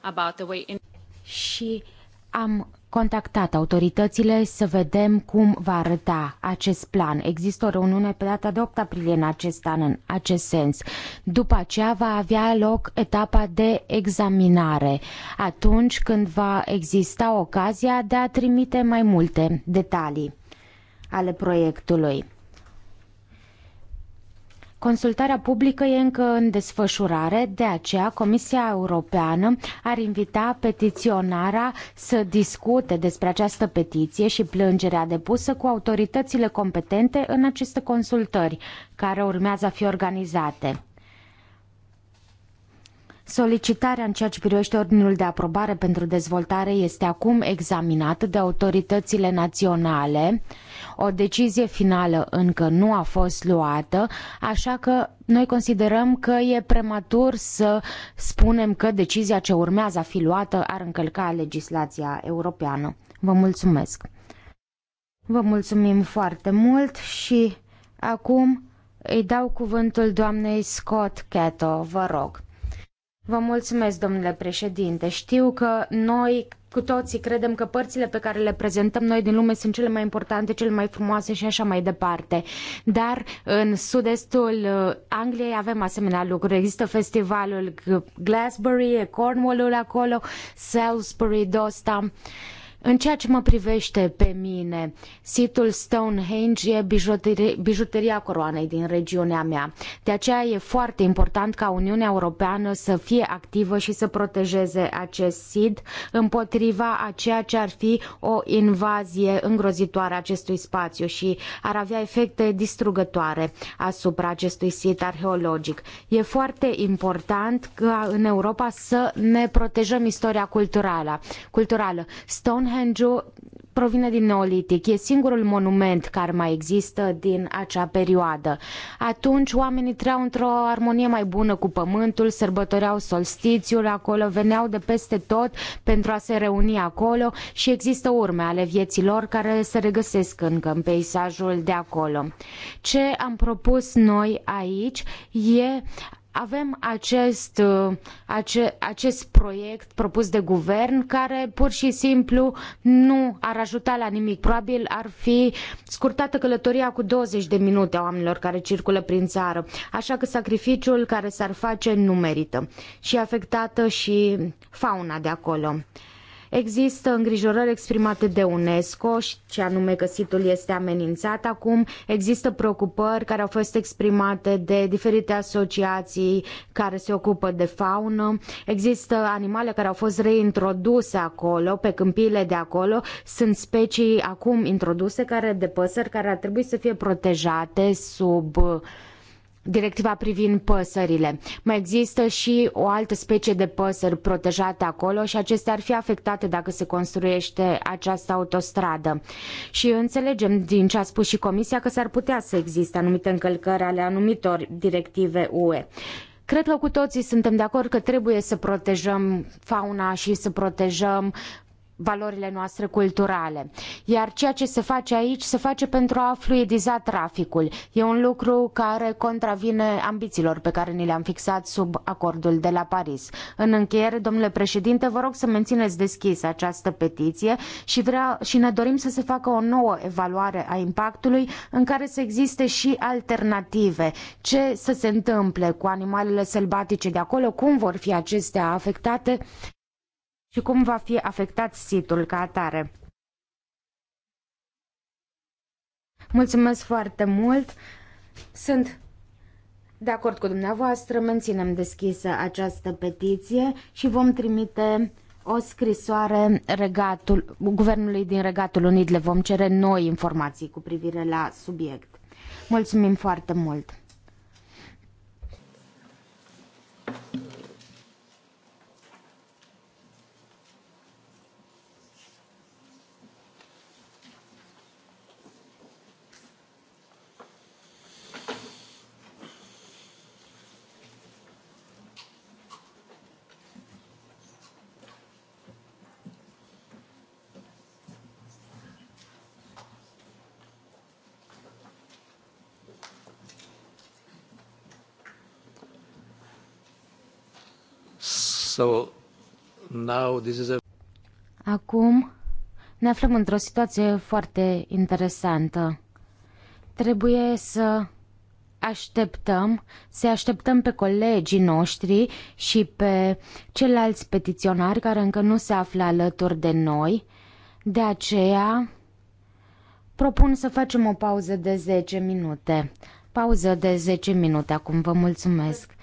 D: about the way in... Și
C: am contactat autoritățile să vedem cum va arăta acest plan. Există o reuniune pe data de 8 aprilie în acest an, în acest sens. După aceea va avea loc etapa de examinare, atunci când va exista ocazia de a trimite mai multe detalii ale proiectului. Consultarea publică e încă în desfășurare, de aceea Comisia Europeană ar invita petiționara să discute despre această petiție și plângerea depusă cu autoritățile competente în aceste consultări, care urmează a fi organizate. Solicitarea în ceea ce privește ordinul de aprobare pentru dezvoltare este acum examinată de autoritățile naționale. O decizie finală încă nu a fost luată, așa că noi considerăm că e prematur să spunem că decizia ce urmează a fi luată ar încălca legislația europeană. Vă mulțumesc! Vă mulțumim foarte mult și acum îi dau cuvântul doamnei Scott Cato, vă rog. Vă mulțumesc, domnule președinte. Știu că noi, cu toții credem că părțile pe care le prezentăm noi din lume sunt cele mai importante, cele mai frumoase și așa mai departe. Dar în sud-estul uh, Angliei avem asemenea lucruri. Există festivalul Glasbury, Cornwallul acolo, Salisbury, Dostam. Uh, în ceea ce mă privește pe mine, situl Stonehenge e bijuterie, bijuteria coroanei din regiunea mea. De aceea e foarte important ca Uniunea Europeană să fie activă și să protejeze acest sit împotriva a ceea ce ar fi o invazie îngrozitoare a acestui spațiu și ar avea efecte distrugătoare asupra acestui sit arheologic. E foarte important ca în Europa să ne protejăm istoria culturală. culturală. Stonehenge Mohenjo provine din Neolitic. E singurul monument care mai există din acea perioadă. Atunci oamenii trăiau într-o armonie mai bună cu pământul, sărbătoreau solstițiul acolo, veneau de peste tot pentru a se reuni acolo și există urme ale vieților care se regăsesc încă în peisajul de acolo. Ce am propus noi aici e avem acest, uh, ace, acest proiect propus de guvern care pur și simplu nu ar ajuta la nimic. Probabil ar fi scurtată călătoria cu 20 de minute a oamenilor care circulă prin țară. Așa că sacrificiul care s-ar face nu merită și afectată și fauna de acolo. Există îngrijorări exprimate de UNESCO și anume că situl este amenințat acum. Există preocupări care au fost exprimate de diferite asociații care se ocupă de faună. Există animale care au fost reintroduse acolo, pe câmpiile de acolo. Sunt specii acum introduse care de păsări care ar trebui să fie protejate sub uh, directiva privind păsările. Mai există și o altă specie de păsări protejate acolo și acestea ar fi afectate dacă se construiește această autostradă. Și înțelegem din ce a spus și Comisia că s-ar putea să existe anumite încălcări ale anumitor directive UE. Cred că cu toții suntem de acord că trebuie să protejăm fauna și să protejăm valorile noastre culturale. Iar ceea ce se face aici se face pentru a fluidiza traficul. E un lucru care contravine ambițiilor pe care ni le-am fixat sub acordul de la Paris. În încheiere, domnule președinte, vă rog să mențineți deschis această petiție și, vrea, și ne dorim să se facă o nouă evaluare a impactului în care să existe și alternative. Ce să se întâmple cu animalele sălbatice de acolo, cum vor fi acestea afectate? și cum va fi afectat situl ca atare. Mulțumesc foarte mult! Sunt de acord cu dumneavoastră, menținem deschisă această petiție și vom trimite o scrisoare regatul, guvernului din Regatul Unit. Le vom cere noi informații cu privire la subiect. Mulțumim foarte mult!
A: So, now this is a...
C: Acum ne aflăm într-o situație foarte interesantă. Trebuie să așteptăm, să așteptăm pe colegii noștri și pe ceilalți petiționari care încă nu se află alături de noi. De aceea propun să facem o pauză de 10 minute. Pauză de 10 minute acum, vă mulțumesc.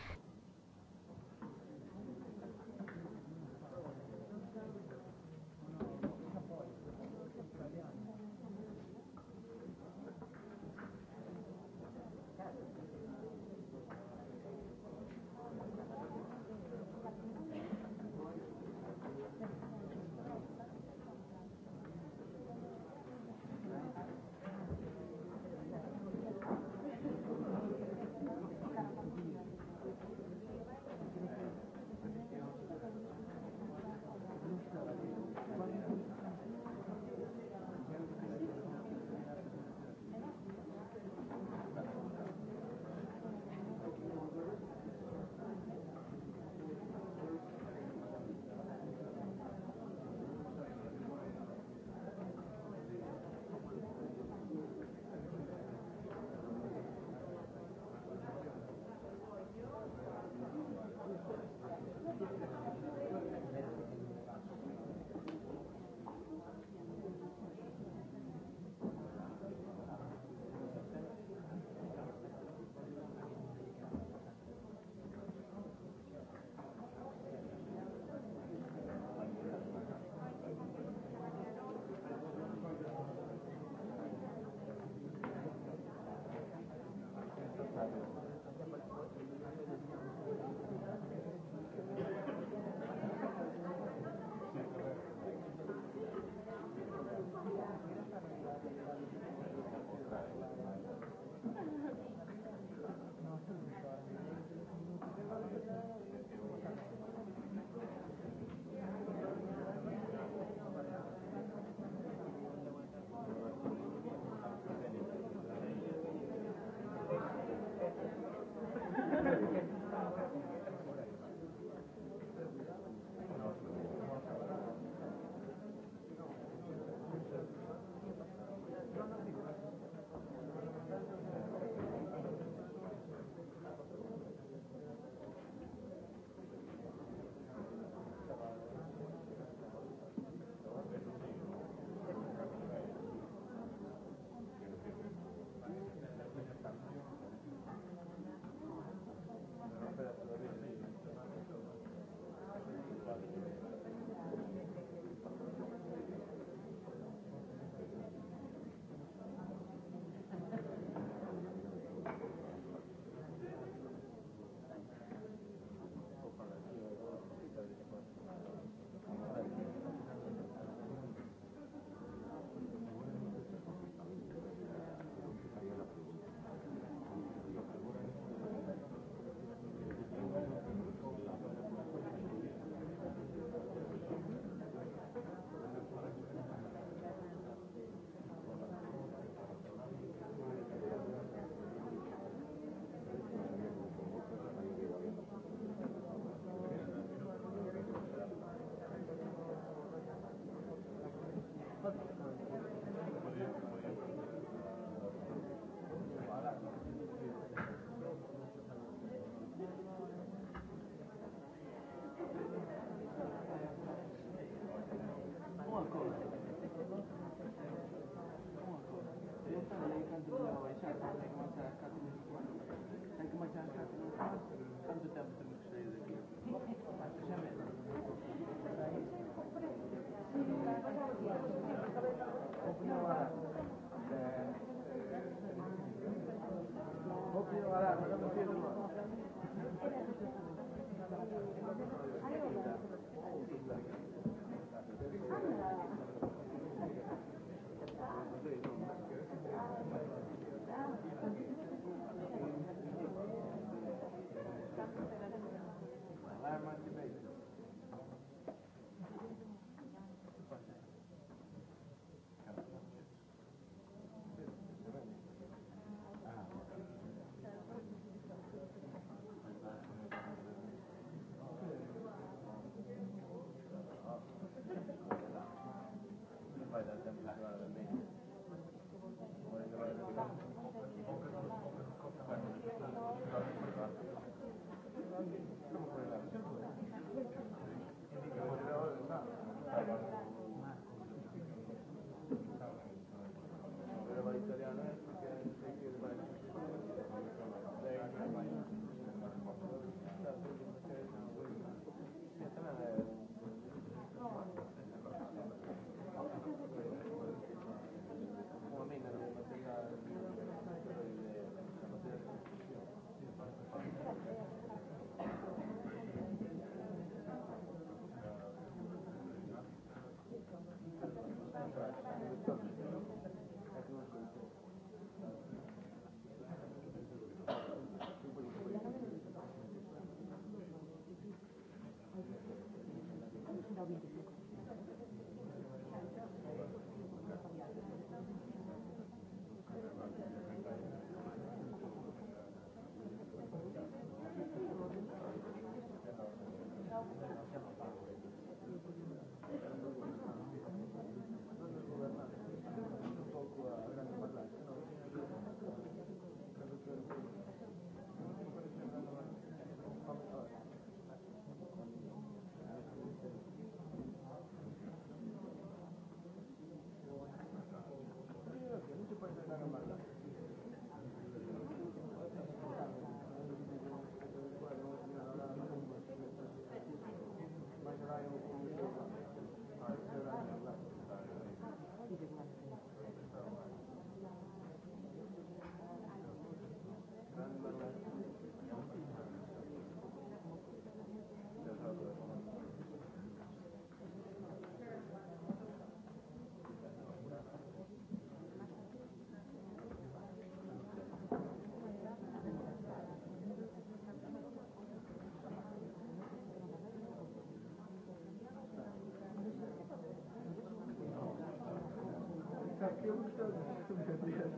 E: pentru el.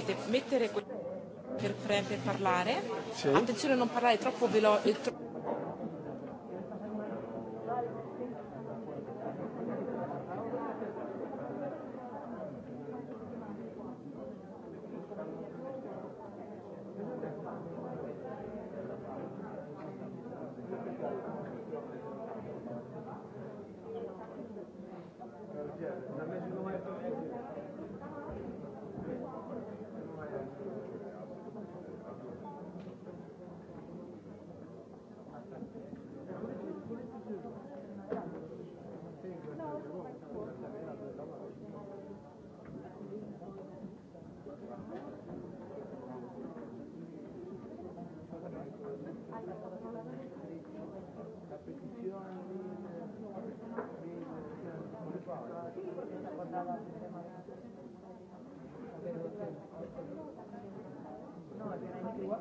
E: dovete
C: mettere per, pre- per parlare. Sì. Attenzione a non parlare troppo veloce. Tro-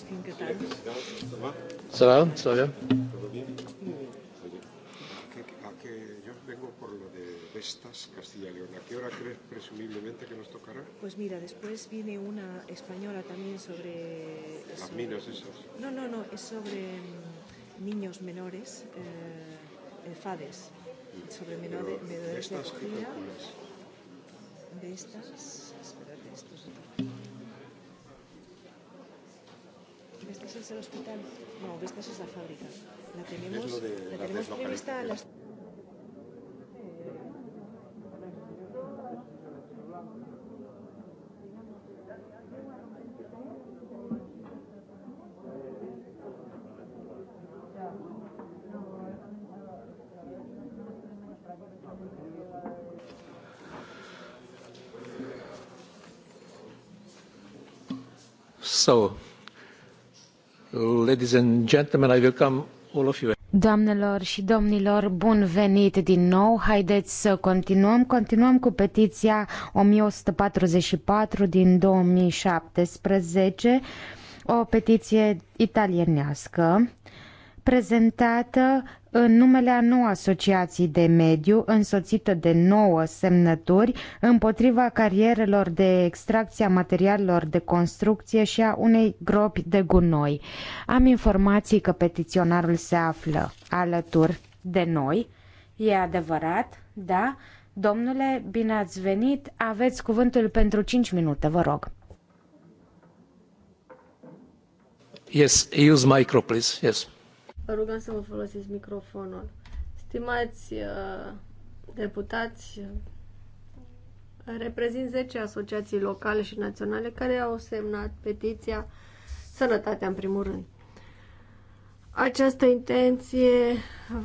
E: Augustine, ¿qué tal? ¿Se va? ¿Se va bien?
A: A ah, que yo vengo por de Vestas, Castilla y León. ¿A qué hora crees presumiblemente que nos
D: tocará? Pues mira, después viene una española también sobre... Las sobre, minas esas. No, no, no, es sobre mm, niños menores, eh, eh FADES, sobre menores, menores de estas, ¿qué calculas? Vestas...
E: ¿Esta es el hospital? No, esta es la fábrica. Deci la tenemos, de, la tenemos prevista a las...
A: So,
C: Doamnelor și domnilor, bun venit din nou. Haideți să continuăm. Continuăm cu petiția 1144 din 2017, o petiție italienească prezentată în numele a nouă asociații de mediu, însoțită de nouă semnături, împotriva carierelor de extracție a materialelor de construcție și a unei gropi de gunoi. Am informații că petiționarul se află alături de noi. E adevărat, da? Domnule, bine ați venit. Aveți cuvântul pentru 5 minute, vă rog.
A: Yes, use micro, please. Yes.
D: Vă rugăm să vă folosiți microfonul. Stimați uh, deputați, uh, reprezint 10 asociații locale și naționale care au semnat petiția Sănătatea în primul rând. Această intenție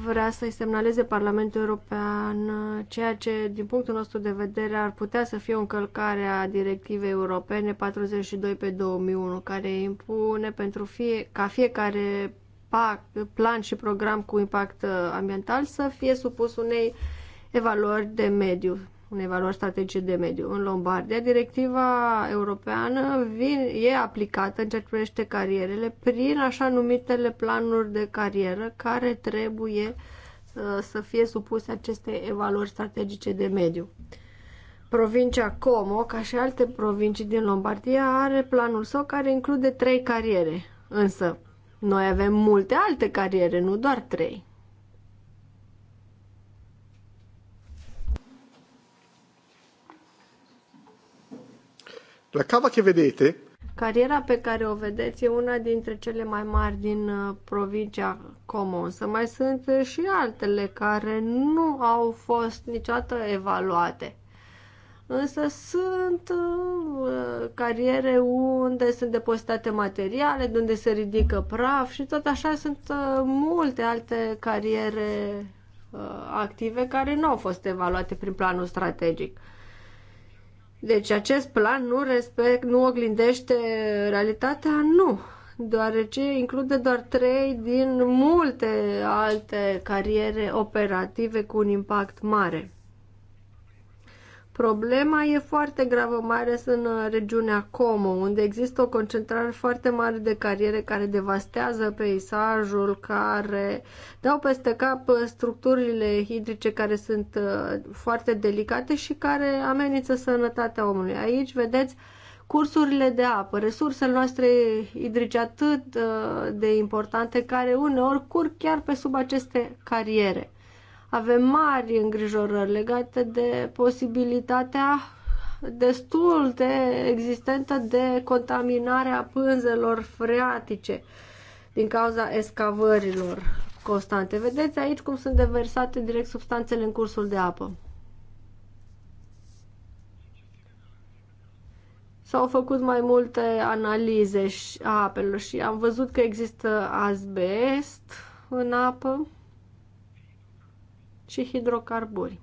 D: vrea să-i semnaleze Parlamentul European uh, ceea ce, din punctul nostru de vedere, ar putea să fie o încălcare a directivei europene 42 pe 2001, care impune pentru fie, ca fiecare impact, plan și program cu impact uh, ambiental să fie supus unei evaluări de mediu, unei evaluări strategice de mediu. În Lombardia, directiva europeană vin, e aplicată în ceea ce privește carierele prin așa numitele planuri de carieră care trebuie uh, să fie supuse aceste evaluări strategice de mediu. Provincia Como, ca și alte provincii din Lombardia, are planul său care include trei cariere. Însă, noi avem multe alte cariere, nu doar trei.
A: La cava che vedete...
D: Cariera pe care o vedeți e una dintre cele mai mari din uh, provincia Como, mai sunt și altele care nu au fost niciodată evaluate. Însă sunt uh, cariere unde sunt depozitate materiale, de unde se ridică praf și tot așa sunt uh, multe alte cariere uh, active care nu au fost evaluate prin planul strategic. Deci acest plan nu respect, nu oglindește realitatea? Nu, deoarece include doar trei din multe alte cariere operative cu un impact mare. Problema e foarte gravă, mai ales în uh, regiunea Como, unde există o concentrare foarte mare de cariere care devastează peisajul, care dau peste cap uh, structurile hidrice care sunt uh, foarte delicate și care amenință sănătatea omului. Aici, vedeți, cursurile de apă, resursele noastre hidrice atât de importante, care uneori curg chiar pe sub aceste cariere avem mari îngrijorări legate de posibilitatea destul de existentă de contaminare a pânzelor freatice din cauza escavărilor constante. Vedeți aici cum sunt deversate direct substanțele în cursul de apă. S-au făcut mai multe analize a apelor și am văzut că există asbest în apă și hidrocarburi.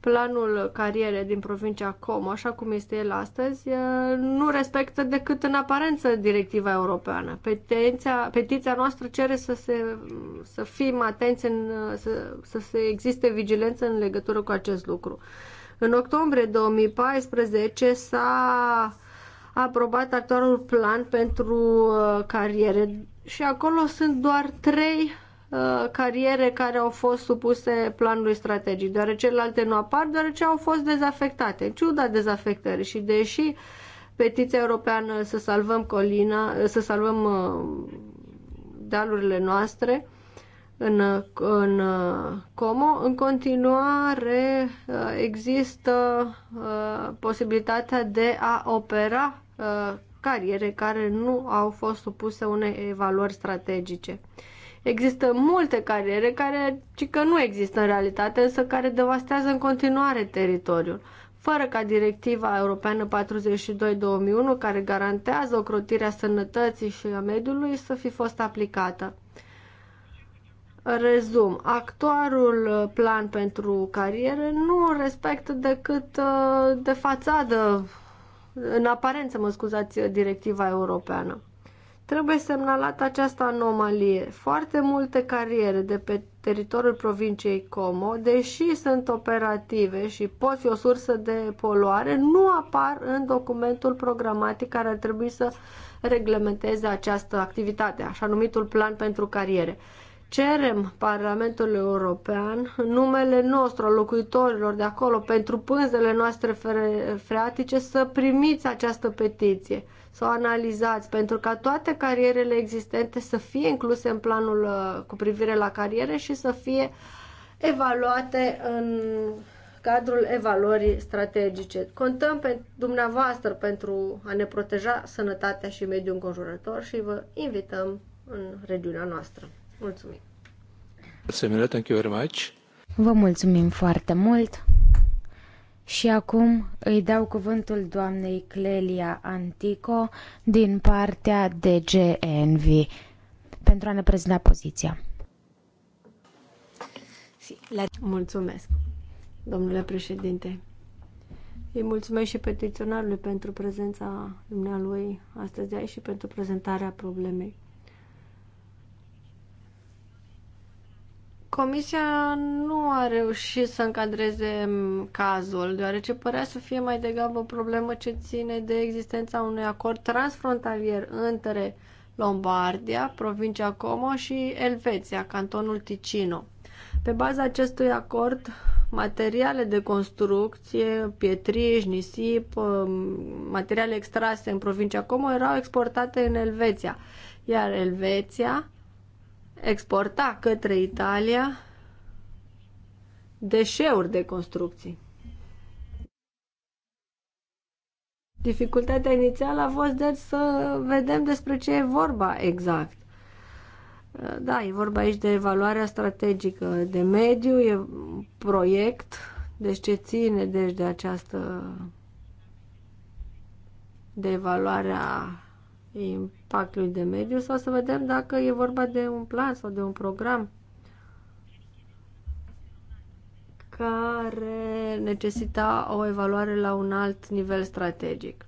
D: planul cariere din provincia Como, așa cum este el astăzi, nu respectă decât în aparență directiva europeană. Petiția, petiția noastră cere să, se, să fim atenți, în, să, să se existe vigilență în legătură cu acest lucru. În octombrie 2014 s-a a aprobat actualul plan pentru uh, cariere și acolo sunt doar trei uh, cariere care au fost supuse planului strategic, deoarece celelalte nu apar, deoarece au fost dezafectate, în ciuda dezafectării și deși petiția europeană să salvăm colina, să salvăm uh, dealurile noastre, în, în uh, Como. În continuare uh, există uh, posibilitatea de a opera cariere care nu au fost supuse unei evaluări strategice. Există multe cariere care, ci că nu există în realitate, însă care devastează în continuare teritoriul. Fără ca directiva europeană 42-2001, care garantează ocrotirea sănătății și a mediului, să fi fost aplicată rezum, actuarul uh, plan pentru carieră nu respectă decât uh, de fațadă, în aparență, mă scuzați, directiva europeană. Trebuie semnalat această anomalie. Foarte multe cariere de pe teritoriul provinciei Como, deși sunt operative și pot fi o sursă de poluare, nu apar în documentul programatic care ar trebui să reglementeze această activitate, așa numitul plan pentru cariere cerem Parlamentul European în numele nostru, al locuitorilor de acolo, pentru pânzele noastre freatice, să primiți această petiție, să o analizați, pentru ca toate carierele existente să fie incluse în planul uh, cu privire la cariere și să fie evaluate în cadrul evaluării strategice. Contăm pe dumneavoastră pentru a ne proteja sănătatea și mediul înconjurător și vă invităm în regiunea noastră. Mulțumim!
A: Thank you very much.
C: Vă mulțumim
A: foarte mult!
C: Și acum îi dau cuvântul doamnei Clelia Antico din partea DGNV pentru a ne prezenta poziția.
D: Mulțumesc, domnule președinte. Îi mulțumesc și petiționarului pentru prezența dumnealui astăzi aici și pentru prezentarea problemei. Comisia nu a reușit să încadreze cazul, deoarece părea să fie mai degrabă o problemă ce ține de existența unui acord transfrontalier între Lombardia, provincia Como și Elveția, cantonul Ticino. Pe baza acestui acord, materiale de construcție, pietriș, nisip, um, materiale extrase în provincia Como erau exportate în Elveția, iar Elveția exporta către Italia deșeuri de construcții. Dificultatea inițială a fost de să vedem despre ce e vorba exact. Da, e vorba aici de evaluarea strategică de mediu, e proiect, deci ce ține deci de această de evaluarea pactului de mediu sau să vedem dacă e vorba de un plan sau de un program care necesita o evaluare la un alt nivel strategic.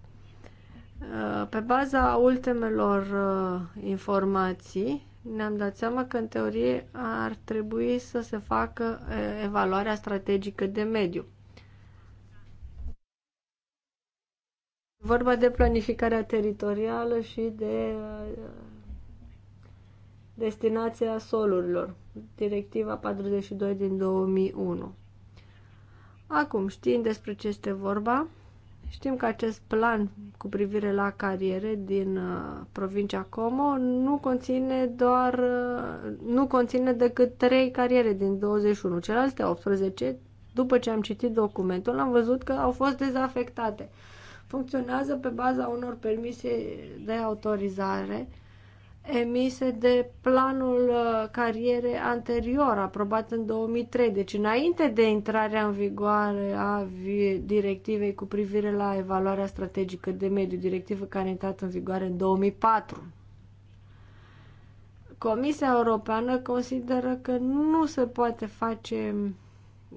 D: Uh, pe baza ultimelor uh, informații, ne-am dat seama că, în teorie, ar trebui să se facă uh, evaluarea strategică de mediu. Vorba de planificarea teritorială și de uh, destinația solurilor, directiva 42 din 2001. Acum, știind despre ce este vorba, știm că acest plan cu privire la cariere din uh, provincia Como nu conține doar uh, nu conține decât 3 cariere din 21, celelalte 18, după ce am citit documentul, am văzut că au fost dezafectate funcționează pe baza unor permise de autorizare emise de planul uh, cariere anterior, aprobat în 2003, deci înainte de intrarea în vigoare a directivei cu privire la evaluarea strategică de mediu, directivă care a intrat în vigoare în 2004. Comisia Europeană consideră că nu se poate face,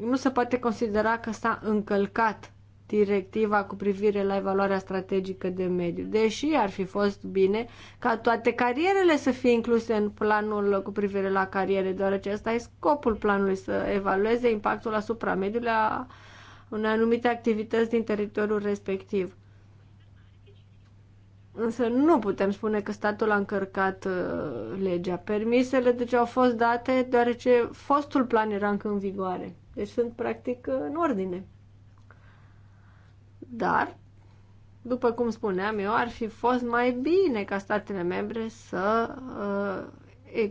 D: nu se poate considera că s-a încălcat directiva cu privire la evaluarea strategică de mediu, deși ar fi fost bine ca toate carierele să fie incluse în planul cu privire la cariere, deoarece ăsta e scopul planului, să evalueze impactul asupra mediului a unei anumite activități din teritoriul respectiv. Însă nu putem spune că statul a încărcat uh, legea. Permisele deci au fost date deoarece fostul plan era încă în vigoare. Deci sunt practic uh, în ordine. Dar, după cum spuneam eu, ar fi fost mai bine ca statele membre să uh, e,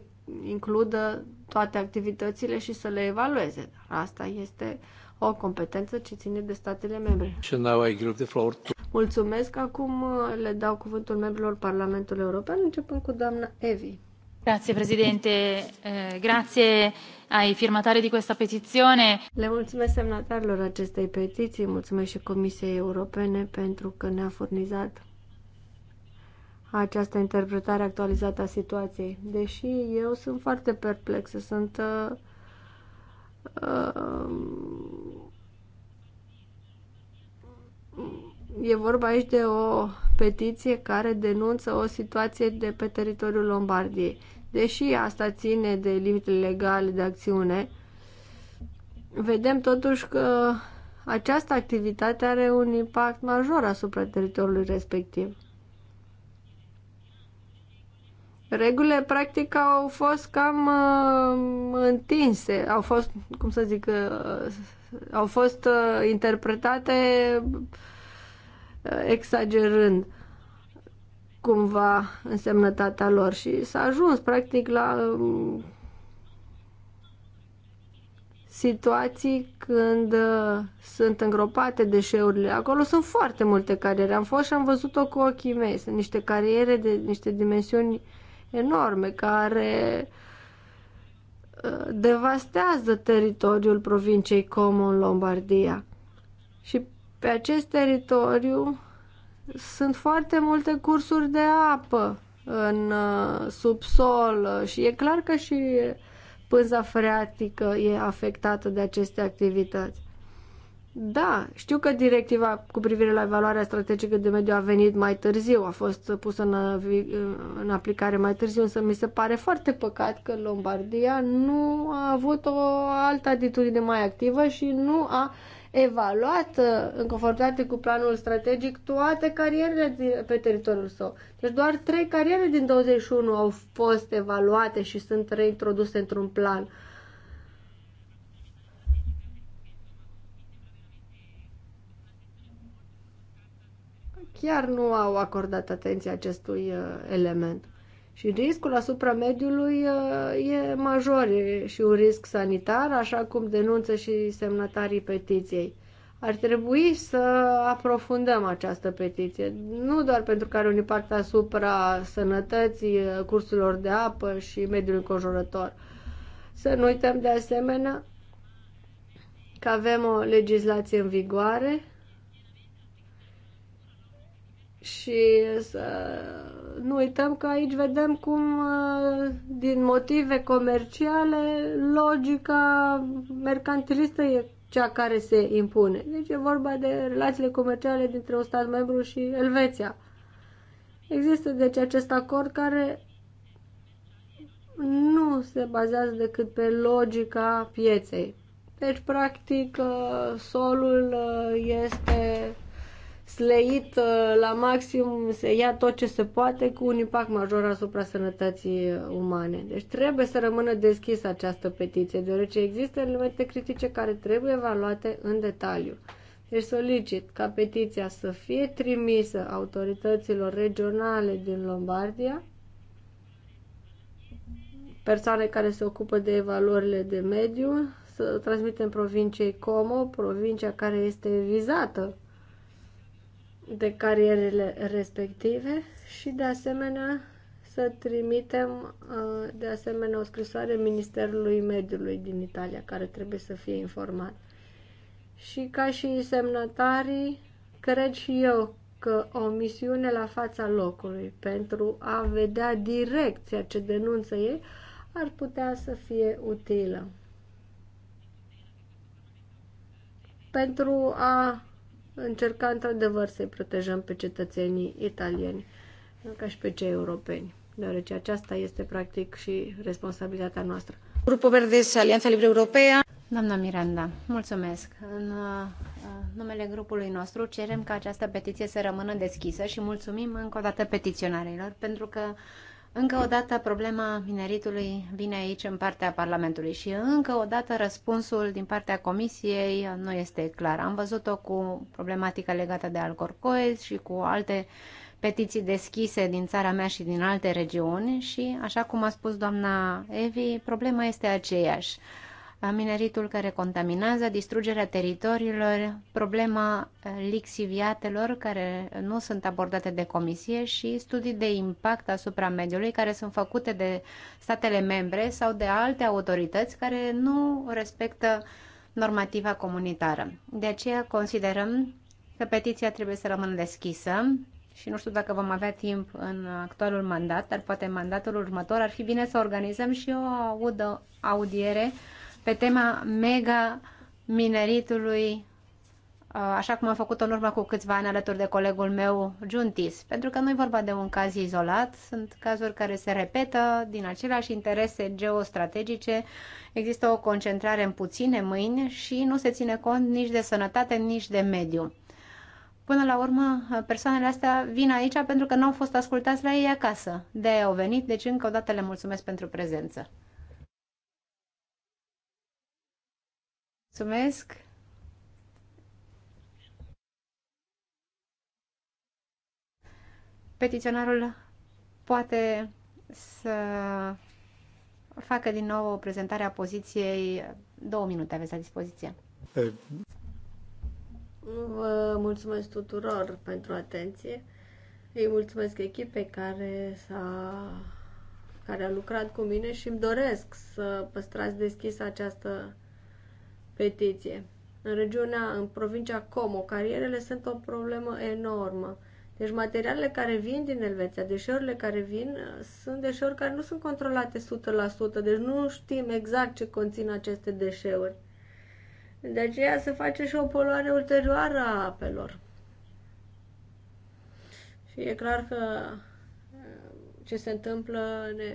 D: includă toate activitățile și să le evalueze. Dar asta este o competență ce ține de statele membre.
A: Și now I give the floor to...
D: Mulțumesc. Acum uh, le dau cuvântul membrilor Parlamentului European, începând cu doamna Evi.
C: Grazie, președinte. Eh, grazie ai firmatare di questa petizione.
D: Le mulțumesc semnatarilor acestei petiții, mulțumesc și Comisiei Europene pentru că ne-a furnizat această interpretare actualizată a situației. Deși eu sunt foarte perplexă, sunt uh, uh, E vorba aici de o petiție care denunță o situație de pe teritoriul Lombardiei deși asta ține de limitele legale de acțiune, vedem totuși că această activitate are un impact major asupra teritoriului respectiv. Regulile, practic, au fost cam uh, întinse, au fost, cum să zic, uh, au fost uh, interpretate uh, exagerând cumva însemnătatea lor și s-a ajuns practic la um, situații când uh, sunt îngropate deșeurile. Acolo sunt foarte multe cariere. Am fost și am văzut-o cu ochii mei. Sunt niște cariere de niște dimensiuni enorme care uh, devastează teritoriul provinciei Como în Lombardia. Și pe acest teritoriu sunt foarte multe cursuri de apă în uh, subsol uh, și e clar că și pânza freatică e afectată de aceste activități. Da, știu că directiva cu privire la evaluarea strategică de mediu a venit mai târziu, a fost pusă în, uh, în aplicare mai târziu, însă mi se pare foarte păcat că Lombardia nu a avut o altă atitudine mai activă și nu a evaluat uh, în conformitate cu planul strategic toate carierele din, pe teritoriul său. Deci doar trei cariere din 21 au fost evaluate și sunt reintroduse într-un plan. Chiar nu au acordat atenție acestui uh, element. Și riscul asupra mediului uh, e major e și un risc sanitar, așa cum denunță și semnatarii petiției. Ar trebui să aprofundăm această petiție, nu doar pentru că are un impact asupra sănătății, uh, cursurilor de apă și mediului înconjurător. Să nu uităm de asemenea că avem o legislație în vigoare și să nu uităm că aici vedem cum, uh, din motive comerciale, logica mercantilistă e cea care se impune. Deci e vorba de relațiile comerciale dintre un stat membru și Elveția. Există deci acest acord care nu se bazează decât pe logica pieței. Deci, practic, uh, solul uh, este sleit uh, la maxim, se ia tot ce se poate cu un impact major asupra sănătății umane. Deci trebuie să rămână deschisă această petiție, deoarece există elemente critice care trebuie evaluate în detaliu. Deci solicit ca petiția să fie trimisă autorităților regionale din Lombardia, persoane care se ocupă de evaluările de mediu, să transmitem provinciei Como, provincia care este vizată de carierele respective și de asemenea să trimitem uh, de asemenea o scrisoare Ministerului Mediului din Italia care trebuie să fie informat. Și ca și semnătarii, cred și eu că o misiune la fața locului pentru a vedea direct ceea ce denunță ei ar putea să fie utilă. Pentru a încerca într-adevăr să-i protejăm pe cetățenii italieni ca și pe cei europeni, deoarece aceasta este practic și responsabilitatea noastră. Grupul Verde Alianța Libre Europea. Doamna
B: Miranda, mulțumesc. Uh, în numele grupului nostru cerem ca această petiție să rămână deschisă și mulțumim încă o dată petiționarilor pentru că încă o dată problema mineritului vine aici în partea Parlamentului și încă o dată răspunsul din partea Comisiei nu este clar. Am văzut-o cu problematica legată de Alcorcoez și cu alte petiții deschise din țara mea și din alte regiuni și, așa cum a spus doamna Evi, problema este aceeași mineritul care contaminează, distrugerea teritoriilor, problema eh, lixiviatelor care nu sunt abordate de comisie și studii de impact asupra mediului care sunt făcute de statele membre sau de alte autorități care nu respectă normativa comunitară. De aceea considerăm că petiția trebuie să rămână deschisă și nu știu dacă vom avea timp în actualul mandat, dar poate în mandatul următor ar fi bine să organizăm și o audă, audiere pe tema mega mineritului, uh, așa cum am făcut-o în urmă cu câțiva ani alături de colegul meu, Juntis. Pentru că nu e vorba de un caz izolat, sunt cazuri care se repetă din aceleași interese geostrategice, există o concentrare în puține mâini și nu se ține cont nici de sănătate, nici de mediu. Până la urmă, persoanele astea vin aici pentru că nu au fost ascultați la ei acasă. De au venit, deci încă o dată le mulțumesc pentru prezență. Mulțumesc! Petiționarul poate să facă din nou o prezentare a poziției. Două minute aveți la dispoziție.
D: Vă mulțumesc tuturor pentru atenție. Îi mulțumesc echipei care a care a lucrat cu mine și îmi doresc să păstrați deschisă această petiție. În regiunea, în provincia Como, carierele sunt o problemă enormă. Deci materialele care vin din Elveția, deșeurile care vin, uh, sunt deșeuri care nu sunt controlate 100%, deci nu știm exact ce conțin aceste deșeuri. De aceea se face și o poluare ulterioară a apelor. Și e clar că uh, ce se întâmplă ne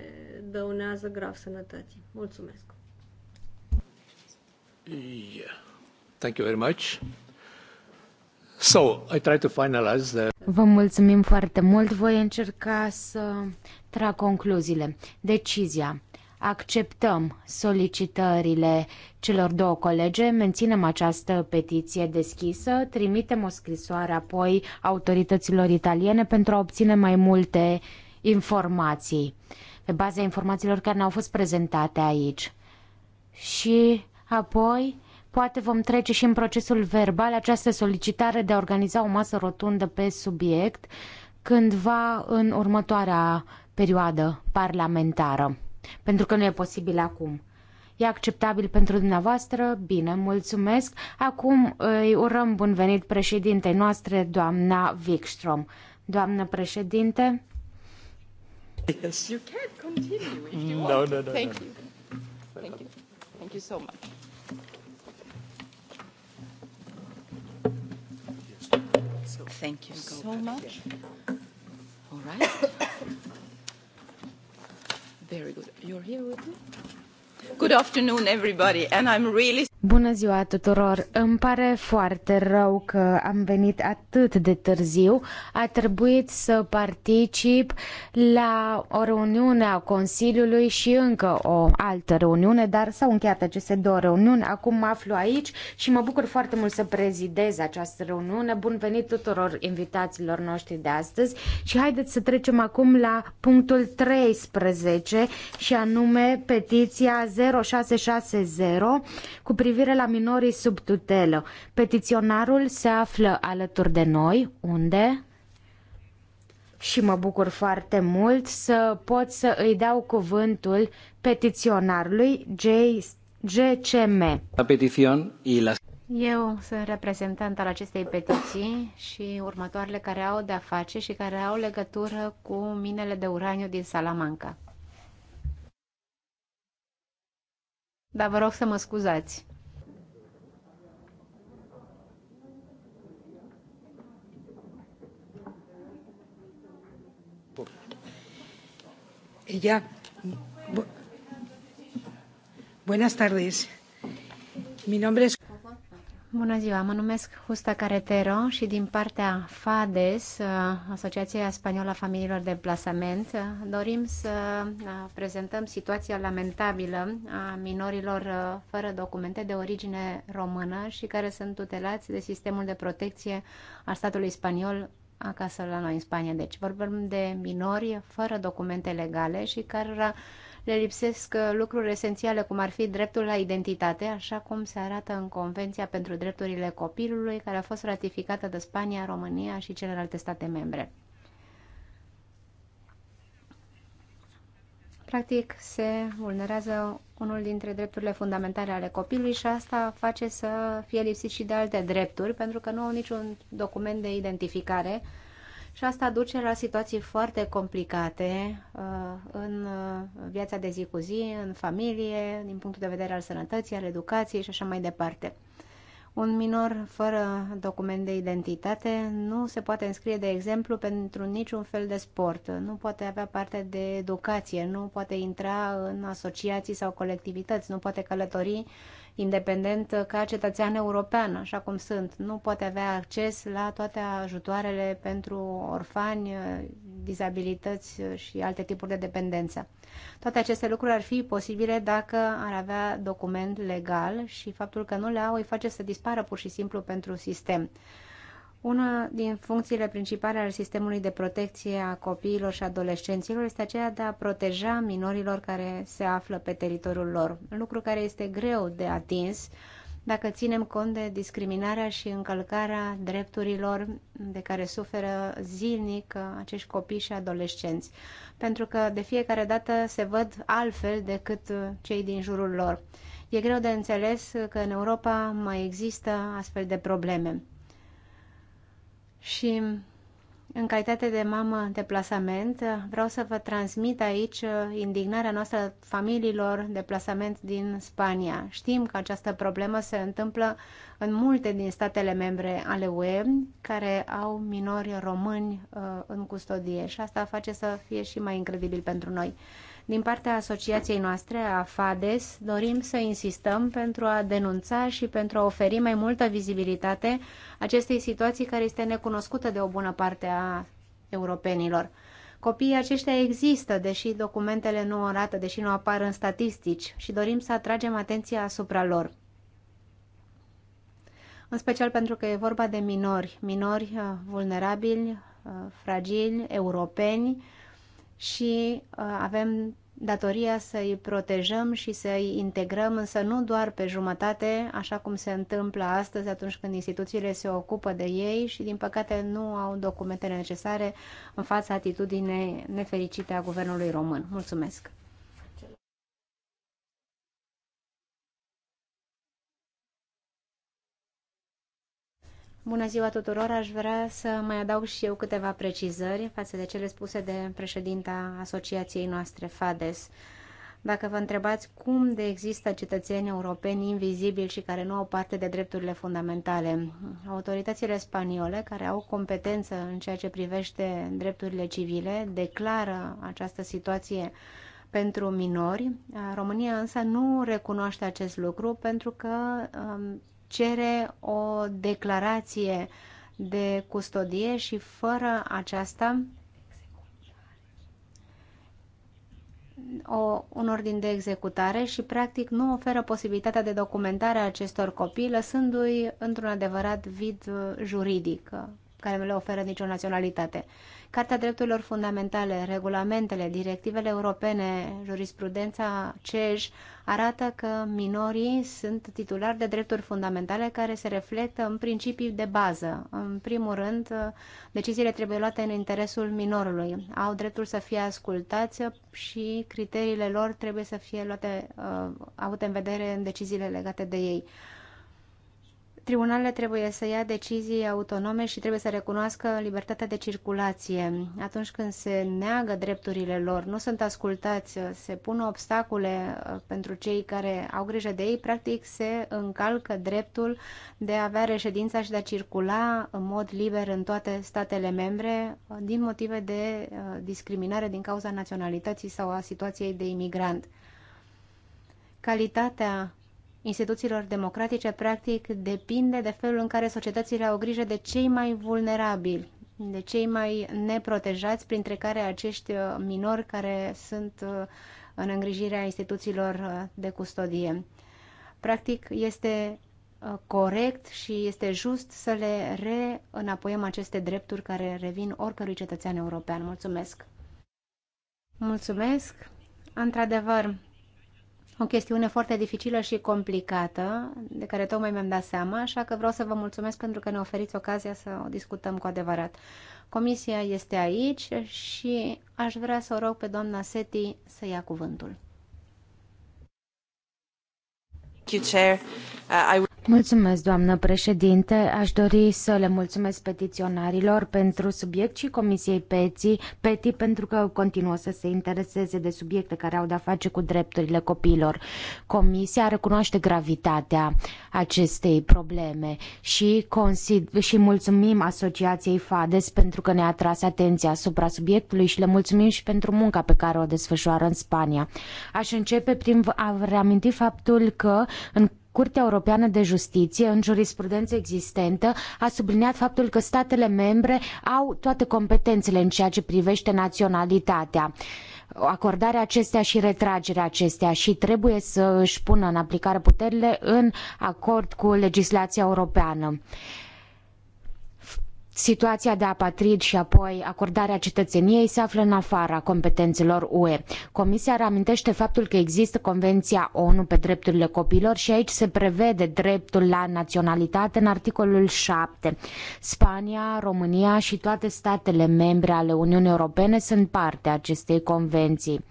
D: dăunează grav sănătății. Mulțumesc!
A: Thank you very much. So, I try to finalize the...
C: Vă mulțumim foarte mult. Voi încerca să trag concluziile. Decizia acceptăm solicitările celor două colege, menținem această petiție deschisă, trimitem o scrisoare apoi autorităților italiene pentru a obține mai multe informații pe baza informațiilor care ne-au fost prezentate aici. Și Apoi, poate vom trece și în procesul verbal această solicitare de a organiza o masă rotundă pe subiect cândva în următoarea perioadă parlamentară, pentru că nu e posibil acum. E acceptabil pentru dumneavoastră? Bine, mulțumesc. Acum îi urăm bun venit președintei noastre, doamna Wikström. Doamnă președinte?
A: Yes. You can continue if you no, want. No, no, Thank no. you. Thank you. Thank you so much. Thank you so
C: much. All right. Very good. You're here with me? Good afternoon everybody and I'm really Bună ziua tuturor. Îmi pare foarte rău că am venit atât de târziu. A trebuit să particip la o reuniune a Consiliului și încă o altă reuniune, dar s-au încheiat aceste două reuniuni. Acum mă aflu aici și mă bucur foarte mult să prezidez această reuniune. Bun venit tuturor invitaților noștri de astăzi și haideți să trecem acum la punctul 13 și anume petiția 0660 cu privire la minorii sub tutelă. Petiționarul se află alături de noi. Unde? și mă bucur foarte mult să pot să îi dau cuvântul petiționarului J. GCM.
A: La petițion la...
C: Eu sunt reprezentant al acestei petiții și următoarele care
B: au de-a face și care au legătură cu minele de uraniu din Salamanca. dar vă rog să mă scuzați.
C: Ella. Bu Buenas tardes. Mi nombre
B: es. Bună ziua, mă numesc Justa Caretero și din partea FADES, uh, Asociația Spaniolă a Familiilor de Plasament, uh, dorim să uh, prezentăm situația lamentabilă a minorilor fără documente de origine română și care sunt tutelați de sistemul de protecție al statului spaniol acasă la noi în Spania. Deci vorbim de minori fără documente legale și care le lipsesc uh, lucruri esențiale, cum ar fi dreptul la identitate, așa cum se arată în Convenția pentru Drepturile Copilului, care a fost ratificată de Spania, România și celelalte state membre. practic se vulnerează unul dintre drepturile fundamentale ale copilului și asta face să fie lipsit și de alte drepturi, pentru că nu au niciun document de identificare și asta duce la situații foarte complicate uh, în uh, viața de zi cu zi, în familie, din punctul de vedere al sănătății, al educației și așa mai departe. Un minor fără document de identitate nu se poate înscrie, de exemplu, pentru niciun fel de sport, nu poate avea parte de educație, nu poate intra în asociații sau colectivități, nu poate călători independent ca cetățean european, așa cum sunt. Nu poate avea acces la toate ajutoarele pentru orfani, dizabilități și alte tipuri de dependență. Toate aceste lucruri ar fi posibile dacă ar avea document legal și faptul că nu le au îi face să dispară pur și simplu pentru sistem. Una din funcțiile principale ale sistemului de protecție a copiilor și adolescenților este aceea de a proteja minorilor care se află pe teritoriul lor, lucru care este greu de atins dacă ținem cont de discriminarea și încălcarea drepturilor de care suferă zilnic acești copii și adolescenți, pentru că de fiecare dată se văd altfel decât cei din jurul lor. E greu de înțeles că în Europa mai există astfel de probleme și în calitate de mamă de plasament, vreau să vă transmit aici uh, indignarea noastră familiilor de plasament din Spania. Știm că această problemă se întâmplă în multe din statele membre ale UE care au minori români uh, în custodie și asta face să fie și mai incredibil pentru noi. Din partea asociației noastre, a FADES, dorim să insistăm pentru a denunța și pentru a oferi mai multă vizibilitate acestei situații care este necunoscută de o bună parte a europenilor. Copiii aceștia există, deși documentele nu arată, deși nu apar în statistici și dorim să atragem atenția asupra lor. În special pentru că e vorba de minori, minori uh, vulnerabili, uh, fragili, europeni, și uh, avem datoria să i protejăm și să i integrăm, însă nu doar pe jumătate, așa cum se întâmplă astăzi atunci când instituțiile se ocupă de ei și din păcate nu au documentele necesare în fața atitudinei nefericite a guvernului român. Mulțumesc! Bună ziua tuturor! Aș vrea să mai adaug și eu câteva precizări față de cele spuse de președinta asociației noastre, FADES. Dacă vă întrebați cum de există cetățeni europeni invizibili și care nu au parte de drepturile fundamentale, autoritățile spaniole, care au competență în ceea ce privește drepturile civile, declară această situație pentru minori. România însă nu recunoaște acest lucru pentru că um, cere o declarație de custodie și fără aceasta o, un ordin de executare și practic nu oferă posibilitatea de documentare a acestor copii, lăsându-i într-un adevărat vid juridic care nu le oferă nicio naționalitate. Carta Drepturilor Fundamentale, regulamentele, directivele europene, jurisprudența CEJ arată că minorii sunt titulari de drepturi fundamentale care se reflectă în principii de bază. În primul rând, deciziile trebuie luate în interesul minorului. Au dreptul să fie ascultați și criteriile lor trebuie să fie luate, uh, avute în vedere în deciziile legate de ei. Tribunalele trebuie să ia decizii autonome și trebuie să recunoască libertatea de circulație. Atunci când se neagă drepturile lor, nu sunt ascultați, se pun obstacole uh, pentru cei care au grijă de ei, practic se încalcă dreptul de a avea reședința și de a circula în mod liber în toate statele membre uh, din motive de uh, discriminare din cauza naționalității sau a situației de imigrant. Calitatea instituțiilor democratice, practic, depinde de felul în care societățile au grijă de cei mai vulnerabili, de cei mai neprotejați, printre care acești uh, minori care sunt uh, în îngrijirea instituțiilor uh, de custodie. Practic, este corect și este just să le reînapoiem aceste drepturi care revin oricărui cetățean european. Mulțumesc! Mulțumesc! Într-adevăr, o chestiune foarte dificilă și complicată, de care tocmai mi-am dat seama, așa că vreau să vă mulțumesc pentru că ne oferiți ocazia să o discutăm cu adevărat. Comisia este aici și aș vrea să o rog pe doamna Seti să ia cuvântul.
D: Uh,
C: Mulțumesc, doamnă președinte. Aș dori să le mulțumesc petiționarilor pentru subiect și Comisiei PETI pentru că continuă să se intereseze de subiecte care au de-a face cu drepturile copiilor. Comisia recunoaște gravitatea acestei probleme și, consid- și mulțumim Asociației FADES pentru că ne-a atras atenția asupra subiectului și le mulțumim și pentru munca pe care o desfășoară în Spania. Aș începe prin a reaminti faptul că în Curtea Europeană de Justiție, în jurisprudență existentă, a subliniat faptul că statele membre au toate competențele în ceea ce privește naționalitatea acordarea acesteia și retragerea acesteia și trebuie să își pună în aplicare puterile în acord cu legislația europeană. Situația de apatrid și apoi acordarea cetățeniei se află în afara competențelor UE. Comisia reamintește faptul că există Convenția ONU pe drepturile copilor și aici se prevede dreptul la naționalitate în articolul 7. Spania, România și toate statele membre ale Uniunii Europene sunt parte a acestei convenții.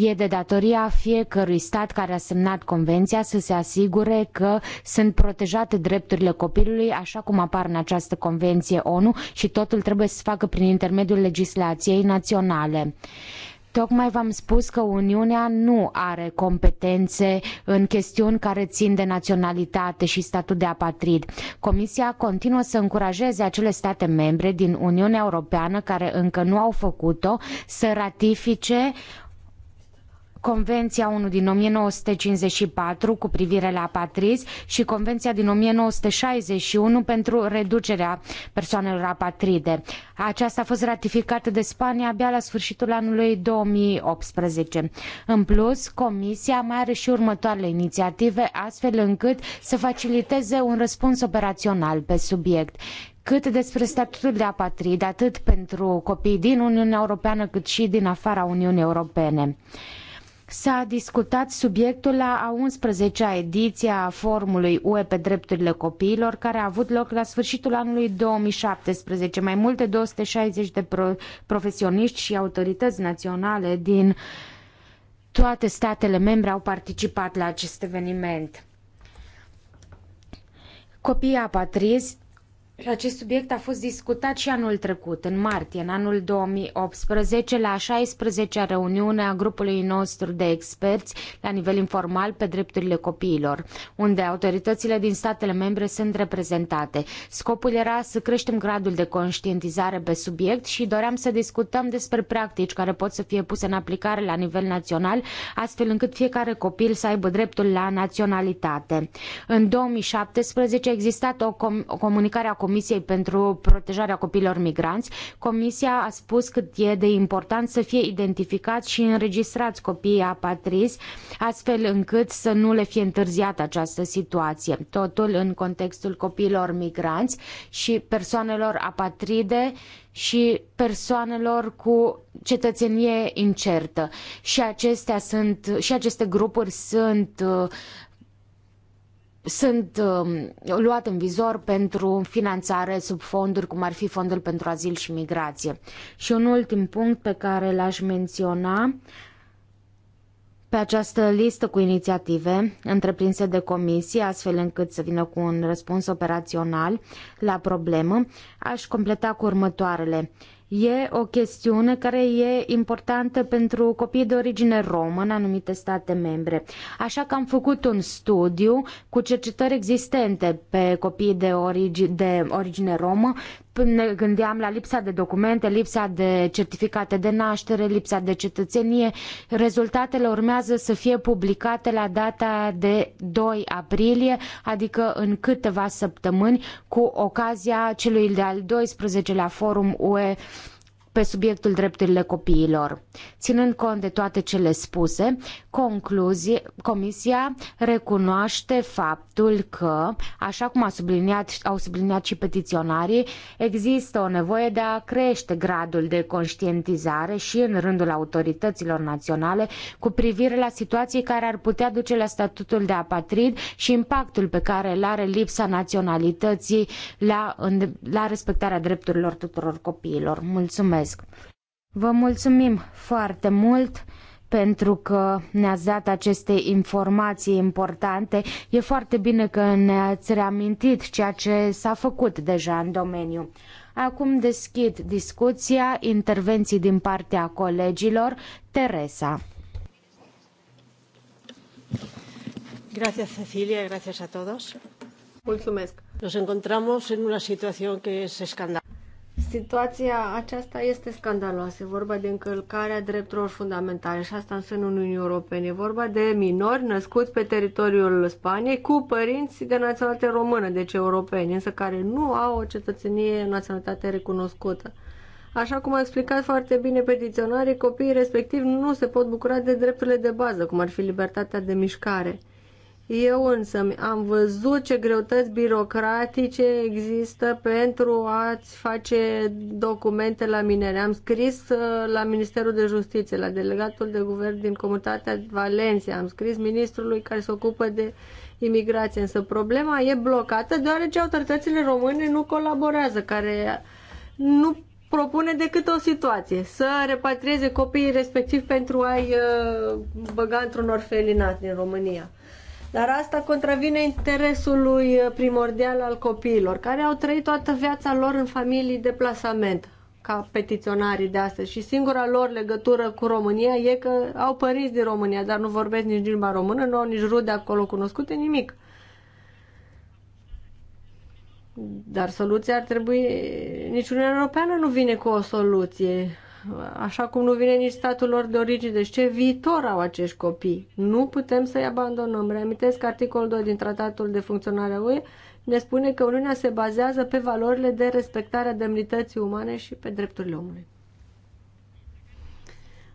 C: E de datoria fiecărui stat care a semnat convenția să se asigure că sunt protejate drepturile copilului așa cum apar în această convenție ONU și totul trebuie să se facă prin intermediul legislației naționale. Tocmai v-am spus că Uniunea nu are competențe în chestiuni care țin de naționalitate și statut de apatrid. Comisia continuă să încurajeze acele state membre din Uniunea Europeană care încă nu au făcut-o să ratifice Convenția 1 din 1954 cu privire la apatrizi și Convenția din 1961 pentru reducerea persoanelor apatride. Aceasta a fost ratificată de Spania abia la sfârșitul anului 2018. În plus, Comisia mai are și următoarele inițiative astfel încât să faciliteze un răspuns operațional pe subiect cât despre statutul de apatrid, atât pentru copii din Uniunea Europeană cât și din afara Uniunii Europene. S-a discutat subiectul la a 11-a ediție a Forumului UE pe drepturile copiilor, care a avut loc la sfârșitul anului 2017. Mai multe 260 de pro- profesioniști și autorități naționale din toate statele membre au participat la acest eveniment. Copiii apatrizi acest subiect a fost discutat și anul trecut, în martie, în anul 2018, la 16-a reuniune a grupului nostru de experți la nivel informal pe drepturile copiilor, unde autoritățile din statele membre sunt reprezentate. Scopul era să creștem gradul de conștientizare pe subiect și doream să discutăm despre practici care pot să fie puse în aplicare la nivel național, astfel încât fiecare copil să aibă dreptul la naționalitate. În 2017 a existat o, com- o comunicare a Comisiei pentru protejarea copiilor migranți, Comisia a spus cât e de important să fie identificați și înregistrați copiii apatrizi, astfel încât să nu le fie întârziată această situație. Totul în contextul copiilor migranți și persoanelor apatride și persoanelor cu cetățenie incertă. Și, acestea sunt, și aceste grupuri sunt uh, sunt um, luat în vizor pentru finanțare sub fonduri, cum ar fi Fondul pentru Azil și Migrație. Și un ultim punct pe care l-aș menționa pe această listă cu inițiative întreprinse de comisie, astfel încât să vină cu un răspuns operațional la problemă, aș completa cu următoarele. E o chestiune care e importantă pentru copiii de origine romă în anumite state membre. Așa că am făcut un studiu cu cercetări existente pe copiii de, origi, de origine romă ne gândeam la lipsa de documente, lipsa de certificate de naștere, lipsa de cetățenie. Rezultatele urmează să fie publicate la data de 2 aprilie, adică în câteva săptămâni, cu ocazia celui de-al 12-lea forum UE pe subiectul drepturile copiilor. Ținând cont de toate cele spuse, concluzie, Comisia recunoaște faptul că, așa cum a subliniat, au subliniat și petiționarii, există o nevoie de a crește gradul de conștientizare și în rândul autorităților naționale cu privire la situații care ar putea duce la statutul de apatrid și impactul pe care îl are lipsa naționalității la, la respectarea drepturilor tuturor copiilor. Mulțumesc! Mulțumesc! Vă mulțumim foarte mult! pentru că ne-ați dat aceste informații importante. E foarte bine că ne-ați reamintit ceea ce s-a făcut deja în domeniu. Acum deschid discuția, intervenții din partea colegilor. Teresa.
D: Gracias, Cecilia, gracias a todos. Mulțumesc. Nos encontramos en una situación que es escandalosa. Situația aceasta este scandaloasă. E vorba de încălcarea drepturilor fundamentale și asta în sânul Uniunii Europene. E vorba de minori născuți pe teritoriul Spaniei cu părinți de naționalitate română, deci europeni, însă care nu au o cetățenie naționalitate recunoscută. Așa cum a explicat foarte bine petiționarii, copiii respectiv nu se pot bucura de drepturile de bază, cum ar fi libertatea de mișcare – eu însă am văzut ce greutăți birocratice există pentru a-ți face documente la minere. Am scris uh, la Ministerul de Justiție, la delegatul de guvern din comunitatea Valencia, am scris ministrului care se ocupă de imigrație, însă problema e blocată deoarece autoritățile române nu colaborează, care nu propune decât o situație, să repatrieze copiii respectiv pentru a-i uh, băga într-un orfelinat din România. Dar asta contravine interesului primordial al copiilor, care au trăit toată viața lor în familii de plasament, ca petiționarii de astăzi. Și singura lor legătură cu România e că au părinți din România, dar nu vorbesc nici limba română, nu au nici rude acolo cunoscute, nimic. Dar soluția ar trebui... Nici Uniunea Europeană nu vine cu o soluție așa cum nu vine nici statul lor de origine. Deci ce viitor au acești copii? Nu putem să-i abandonăm. Reamintesc articolul 2 din Tratatul de Funcționare a UE ne spune că Uniunea se bazează pe valorile de respectare a demnității umane și pe drepturile omului.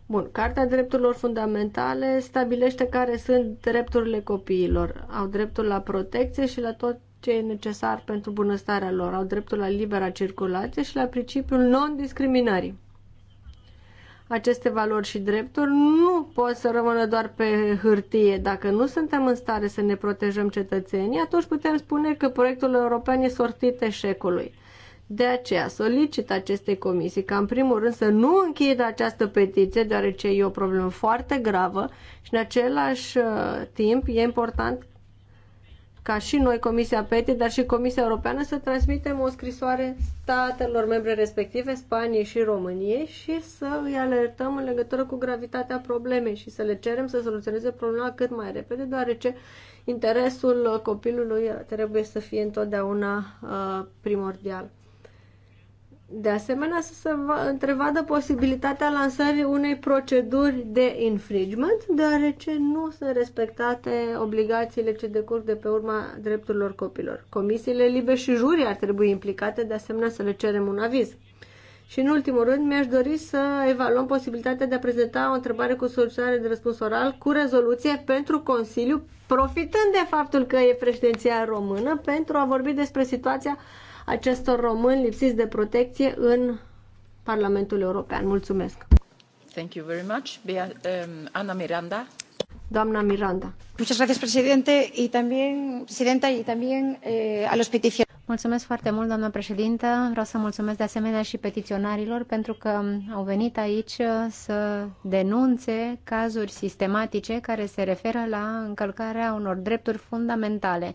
D: Bun, Carta Drepturilor Fundamentale stabilește care sunt drepturile copiilor. Au dreptul la protecție și la tot ce e necesar pentru bunăstarea lor. Au dreptul la libera circulație și la principiul non-discriminării aceste valori și drepturi nu pot să rămână doar pe hârtie. Dacă nu suntem în stare să ne protejăm cetățenii, atunci putem spune că proiectul european e sortit eșecului. De aceea solicit acestei comisii ca în primul rând să nu închidă această petiție, deoarece e o problemă foarte gravă și în același uh, timp e important ca și noi, Comisia PETI, dar și Comisia Europeană, să transmitem o scrisoare statelor membre respective, Spaniei și României, și să îi alertăm în legătură cu gravitatea problemei și să le cerem să soluționeze problema cât mai repede, deoarece interesul copilului trebuie să fie întotdeauna uh, primordial de asemenea să se întrevadă posibilitatea lansării unei proceduri de infringement, deoarece nu sunt respectate obligațiile ce decurg de pe urma drepturilor copilor. Comisiile libe și jurii ar trebui implicate, de asemenea să le cerem un aviz. Și în ultimul rând, mi-aș dori să evaluăm posibilitatea de a prezenta o întrebare cu solicitare de răspuns oral cu rezoluție pentru Consiliu, profitând de faptul că e președinția română, pentru a vorbi despre situația acestor români lipsiți de protecție în Parlamentul European. Mulțumesc!
B: Thank you very much. Bea, um, Ana Miranda.
D: Doamna Miranda. Muchas gracias, presidente, y también, presidenta, y también eh,
B: a los peticionarios. Mulțumesc foarte mult, doamna președintă. Vreau să mulțumesc de asemenea și petiționarilor pentru că au venit aici să denunțe cazuri sistematice care se referă la încălcarea unor drepturi fundamentale.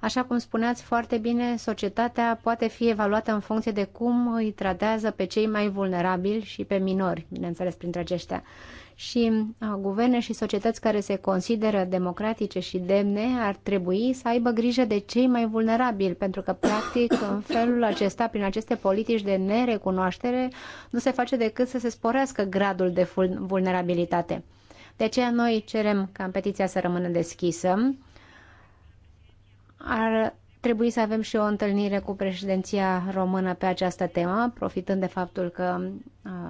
B: Așa cum spuneați foarte bine, societatea poate fi evaluată în funcție de cum îi tratează pe cei mai vulnerabili și pe minori, bineînțeles, printre aceștia. Și guverne și societăți care se consideră democratice și demne ar trebui să aibă grijă de cei mai vulnerabili, pentru că, practic, în felul acesta, prin aceste politici de nerecunoaștere, nu se face decât să se sporească gradul de vulnerabilitate. De aceea noi cerem ca petiția să rămână deschisă ar trebui să avem și o întâlnire cu președinția română pe această temă, profitând de faptul că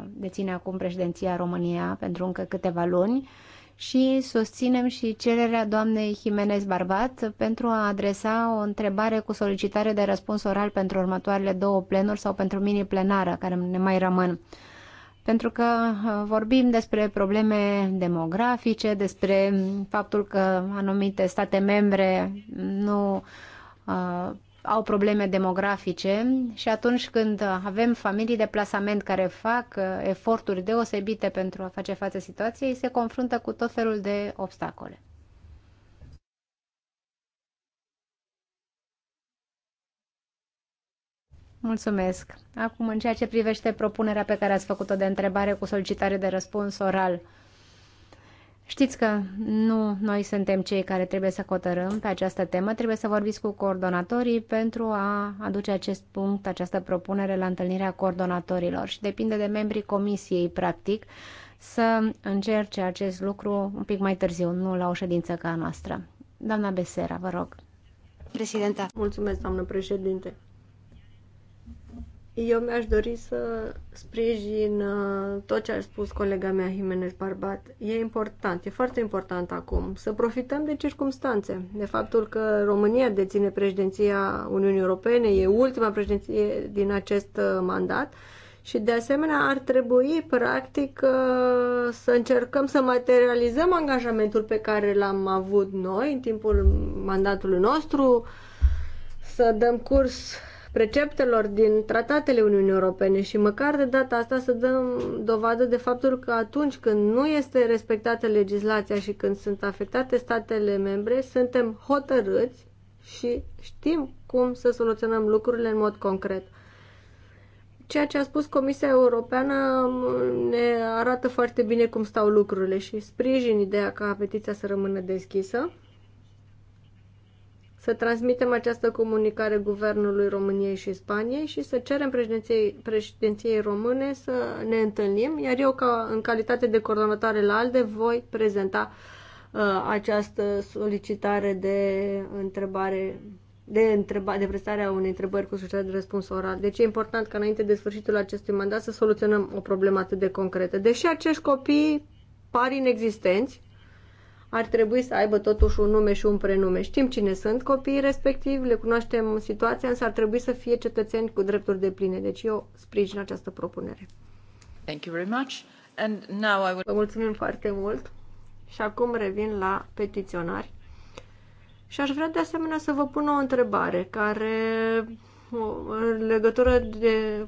B: deține acum președinția România pentru încă câteva luni și susținem și cererea doamnei Jimenez Barbat pentru a adresa o întrebare cu solicitare de răspuns oral pentru următoarele două plenuri sau pentru mini-plenară care ne mai rămân pentru că uh, vorbim despre probleme demografice, despre faptul că anumite state membre nu uh, au probleme demografice și atunci când avem familii de plasament care fac uh, eforturi deosebite pentru a face față situației, se confruntă cu tot felul de obstacole. Mulțumesc. Acum, în ceea ce privește propunerea pe care ați făcut-o de întrebare cu solicitare de răspuns oral, Știți că nu noi suntem cei care trebuie să hotărâm pe această temă, trebuie să vorbiți cu coordonatorii pentru a aduce acest punct, această propunere la întâlnirea coordonatorilor și depinde de membrii comisiei, practic, să încerce acest lucru un pic mai târziu, nu la o ședință ca a noastră. Doamna Besera, vă rog.
D: Președinta. Mulțumesc, doamnă președinte. Eu mi-aș dori să sprijin uh, tot ce a spus colega mea Jimenez Barbat. E important, e foarte important acum să profităm de circumstanțe, de faptul că România deține președinția Uniunii Europene, e ultima președinție din acest uh, mandat și de asemenea ar trebui practic uh, să încercăm să materializăm angajamentul pe care l-am avut noi în timpul mandatului nostru, să dăm curs preceptelor din tratatele Uniunii Europene și măcar de data asta să dăm dovadă de faptul că atunci când nu este respectată legislația și când sunt afectate statele membre, suntem hotărâți și știm cum să soluționăm lucrurile în mod concret. Ceea ce a spus Comisia Europeană ne arată foarte bine cum stau lucrurile și sprijin ideea ca petiția să rămână deschisă să transmitem această comunicare Guvernului României și Spaniei și să cerem președinției, președinției române să ne întâlnim, iar eu, ca, în calitate de coordonatoare la ALDE, voi prezenta uh, această solicitare de întrebare de, întreba, de prestarea unei întrebări cu societate de răspuns oral. Deci e important ca înainte de sfârșitul acestui mandat să soluționăm o problemă atât de concretă. Deși acești copii par inexistenți, ar trebui să aibă totuși un nume și un prenume. Știm cine sunt copiii respectivi, le cunoaștem situația, însă ar trebui să fie cetățeni cu drepturi de pline. Deci eu sprijin această propunere. Thank you very much. And now I will... Vă mulțumim foarte mult și acum revin la petiționari. Și aș vrea de asemenea să vă pun o întrebare care în legătură de,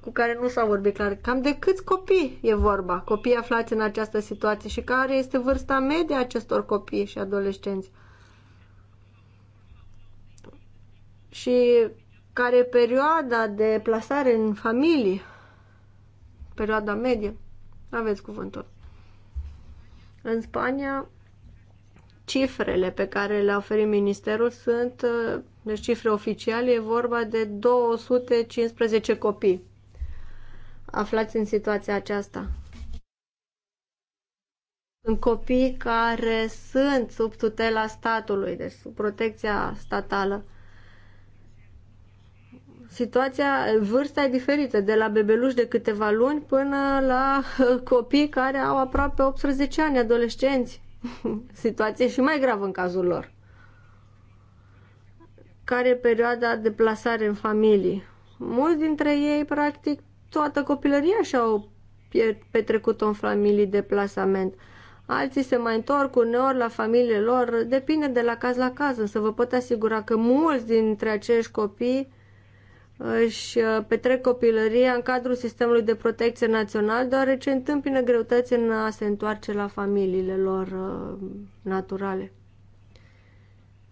D: cu care nu s-a vorbit clar. Cam de câți copii e vorba? Copii aflați în această situație și care este vârsta medie a acestor copii și adolescenți? Și care e perioada de plasare în familie? Perioada medie? Aveți cuvântul. În Spania Cifrele pe care le-a oferit ministerul sunt, uh, deci cifre oficiale, e vorba de 215 copii aflați în situația aceasta. În copii care sunt sub tutela statului, deci sub protecția statală. Situația, vârsta e diferită, de la bebeluși de câteva luni până la uh, copii care au aproape 18 ani, adolescenți. situație și mai gravă în cazul lor. Care e perioada de plasare în familie? Mulți dintre ei, practic, toată copilăria și-au petrecut-o în familii de plasament. Alții se mai întorc uneori la familie lor, depinde de la caz la caz, însă vă pot asigura că mulți dintre acești copii își uh, petrec copilăria în cadrul sistemului de protecție național, deoarece întâmpină greutăți în a se întoarce la familiile lor uh, naturale.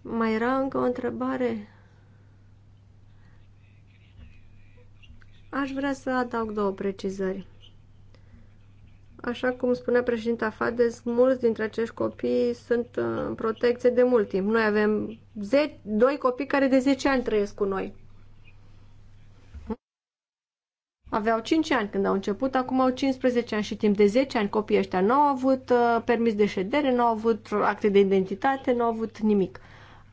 D: Mai era încă o întrebare? Aș vrea să adaug două precizări. Așa cum spunea președinta Fades, mulți dintre acești copii sunt uh, în protecție de mult timp. Noi avem 10, doi copii care de 10 ani trăiesc cu noi Aveau 5 ani când au început, acum au 15 ani și timp de 10 ani copiii ăștia nu au avut uh, permis de ședere, nu au avut acte de identitate, nu au avut nimic.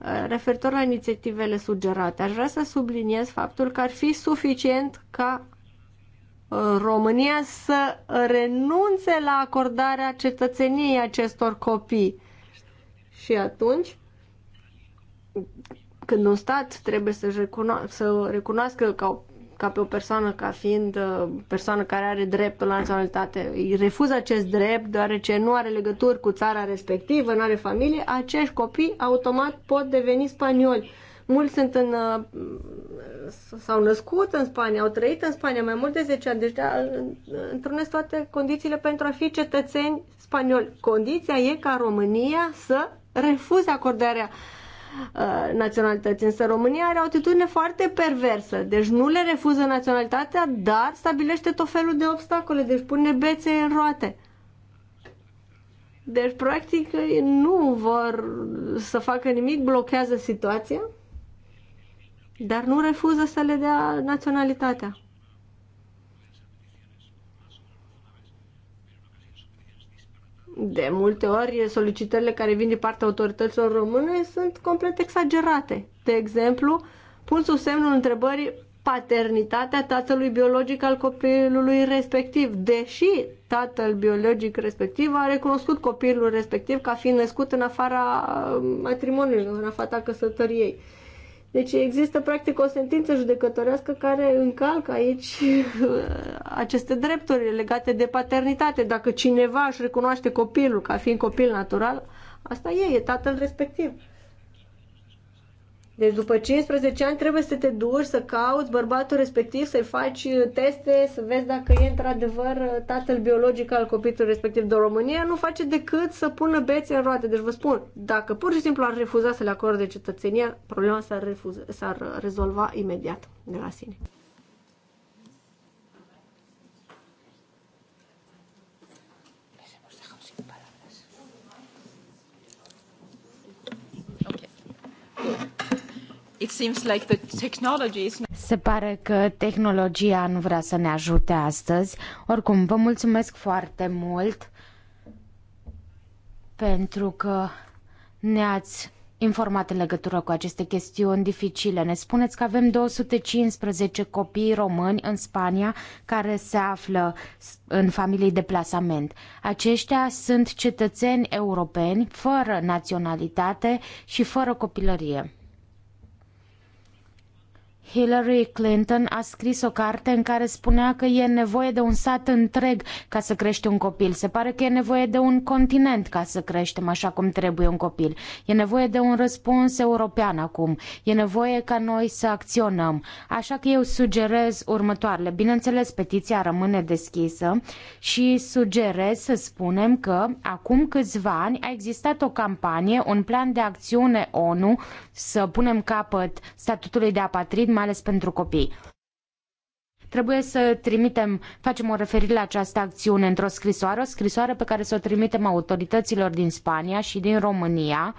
D: Uh, referitor la inițiativele sugerate, aș vrea să subliniez faptul că ar fi suficient ca uh, România să renunțe la acordarea cetățeniei acestor copii. Și atunci, când un stat trebuie să recunoască, să recunoască ca o ca pe o persoană ca fiind uh, persoană care are drept la naționalitate. Îi refuză acest drept deoarece nu are legături cu țara respectivă, nu are familie, acești copii automat pot deveni spanioli. Mulți sunt în, uh, s-au născut în Spania, au trăit în Spania mai mult de 10 ani, deci uh, întrunesc toate condițiile pentru a fi cetățeni spanioli. Condiția e ca România să refuze acordarea uh, Uh, naționalități. Însă România are o atitudine foarte perversă, deci nu le refuză naționalitatea, dar stabilește tot felul de obstacole, deci pune bețe în roate. Deci, practic, nu vor să facă nimic, blochează situația, dar nu refuză să le dea naționalitatea. de multe ori solicitările care vin din partea autorităților române sunt complet exagerate. De exemplu, pun sub semnul întrebării paternitatea tatălui biologic al copilului respectiv, deși tatăl biologic respectiv a recunoscut copilul respectiv ca fiind născut în afara uh, matrimoniului, în afara căsătoriei. Deci există practic o sentință judecătorească care încalcă aici uh, aceste drepturi legate de paternitate. Dacă cineva își recunoaște copilul ca fiind copil natural, asta e, e tatăl respectiv. Deci după 15 ani trebuie să te duci, să cauți bărbatul respectiv, să-i faci teste, să vezi dacă e într-adevăr uh, tatăl biologic al copilului respectiv de România, nu face decât să pună bețe în roate. Deci vă spun, dacă pur și simplu ar refuza să le acorde cetățenia, problema s-ar, refuza, s-ar uh, rezolva imediat de la sine.
B: It seems like the
C: technology is... Se pare că tehnologia nu vrea să ne ajute astăzi. Oricum, vă mulțumesc foarte mult pentru că ne-ați informat în legătură cu aceste chestiuni dificile. Ne spuneți că avem 215 copii români în Spania care se află în familii de plasament. Aceștia sunt cetățeni europeni fără naționalitate și fără copilărie. Hillary Clinton a scris o carte în care spunea că e nevoie de un sat întreg ca să crești un copil. Se pare că e nevoie de un continent ca să creștem așa cum trebuie un copil. E nevoie de un răspuns european acum. E nevoie ca noi să acționăm. Așa că eu sugerez următoarele. Bineînțeles, petiția rămâne deschisă și sugerez să spunem că acum câțiva ani a existat o campanie, un plan de acțiune ONU să punem capăt statutului de apatrid mai ales pentru copii. Trebuie să trimitem, facem o referire la această acțiune într-o scrisoare, o scrisoare pe care să o trimitem autorităților din Spania și din România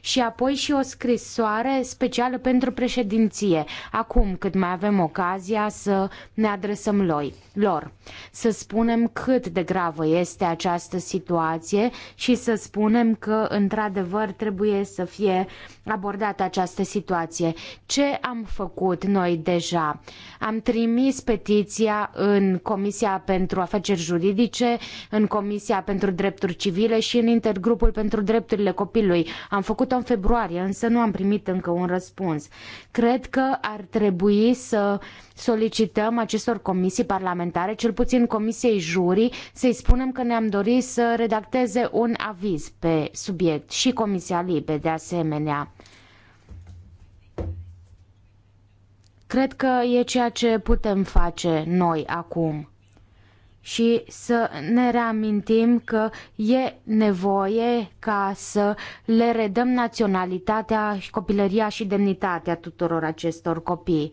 C: și apoi și o scrisoare specială pentru președinție, acum cât mai avem ocazia să ne adresăm lor, lor, să spunem cât de gravă este această situație și să spunem că, într-adevăr, trebuie să fie abordată această situație. Ce am făcut noi deja? Am trimis pe petiția în Comisia pentru Afaceri Juridice, în Comisia pentru Drepturi Civile și în Intergrupul pentru Drepturile Copilului. Am făcut-o în februarie, însă nu am primit încă un răspuns. Cred că ar trebui să solicităm acestor comisii parlamentare, cel puțin Comisiei Juri, să-i spunem că ne-am dorit să redacteze un aviz pe subiect și Comisia Libe de asemenea. Cred că e ceea ce putem face noi acum și să ne reamintim că e nevoie ca să le redăm naționalitatea, copilăria și demnitatea tuturor acestor copii.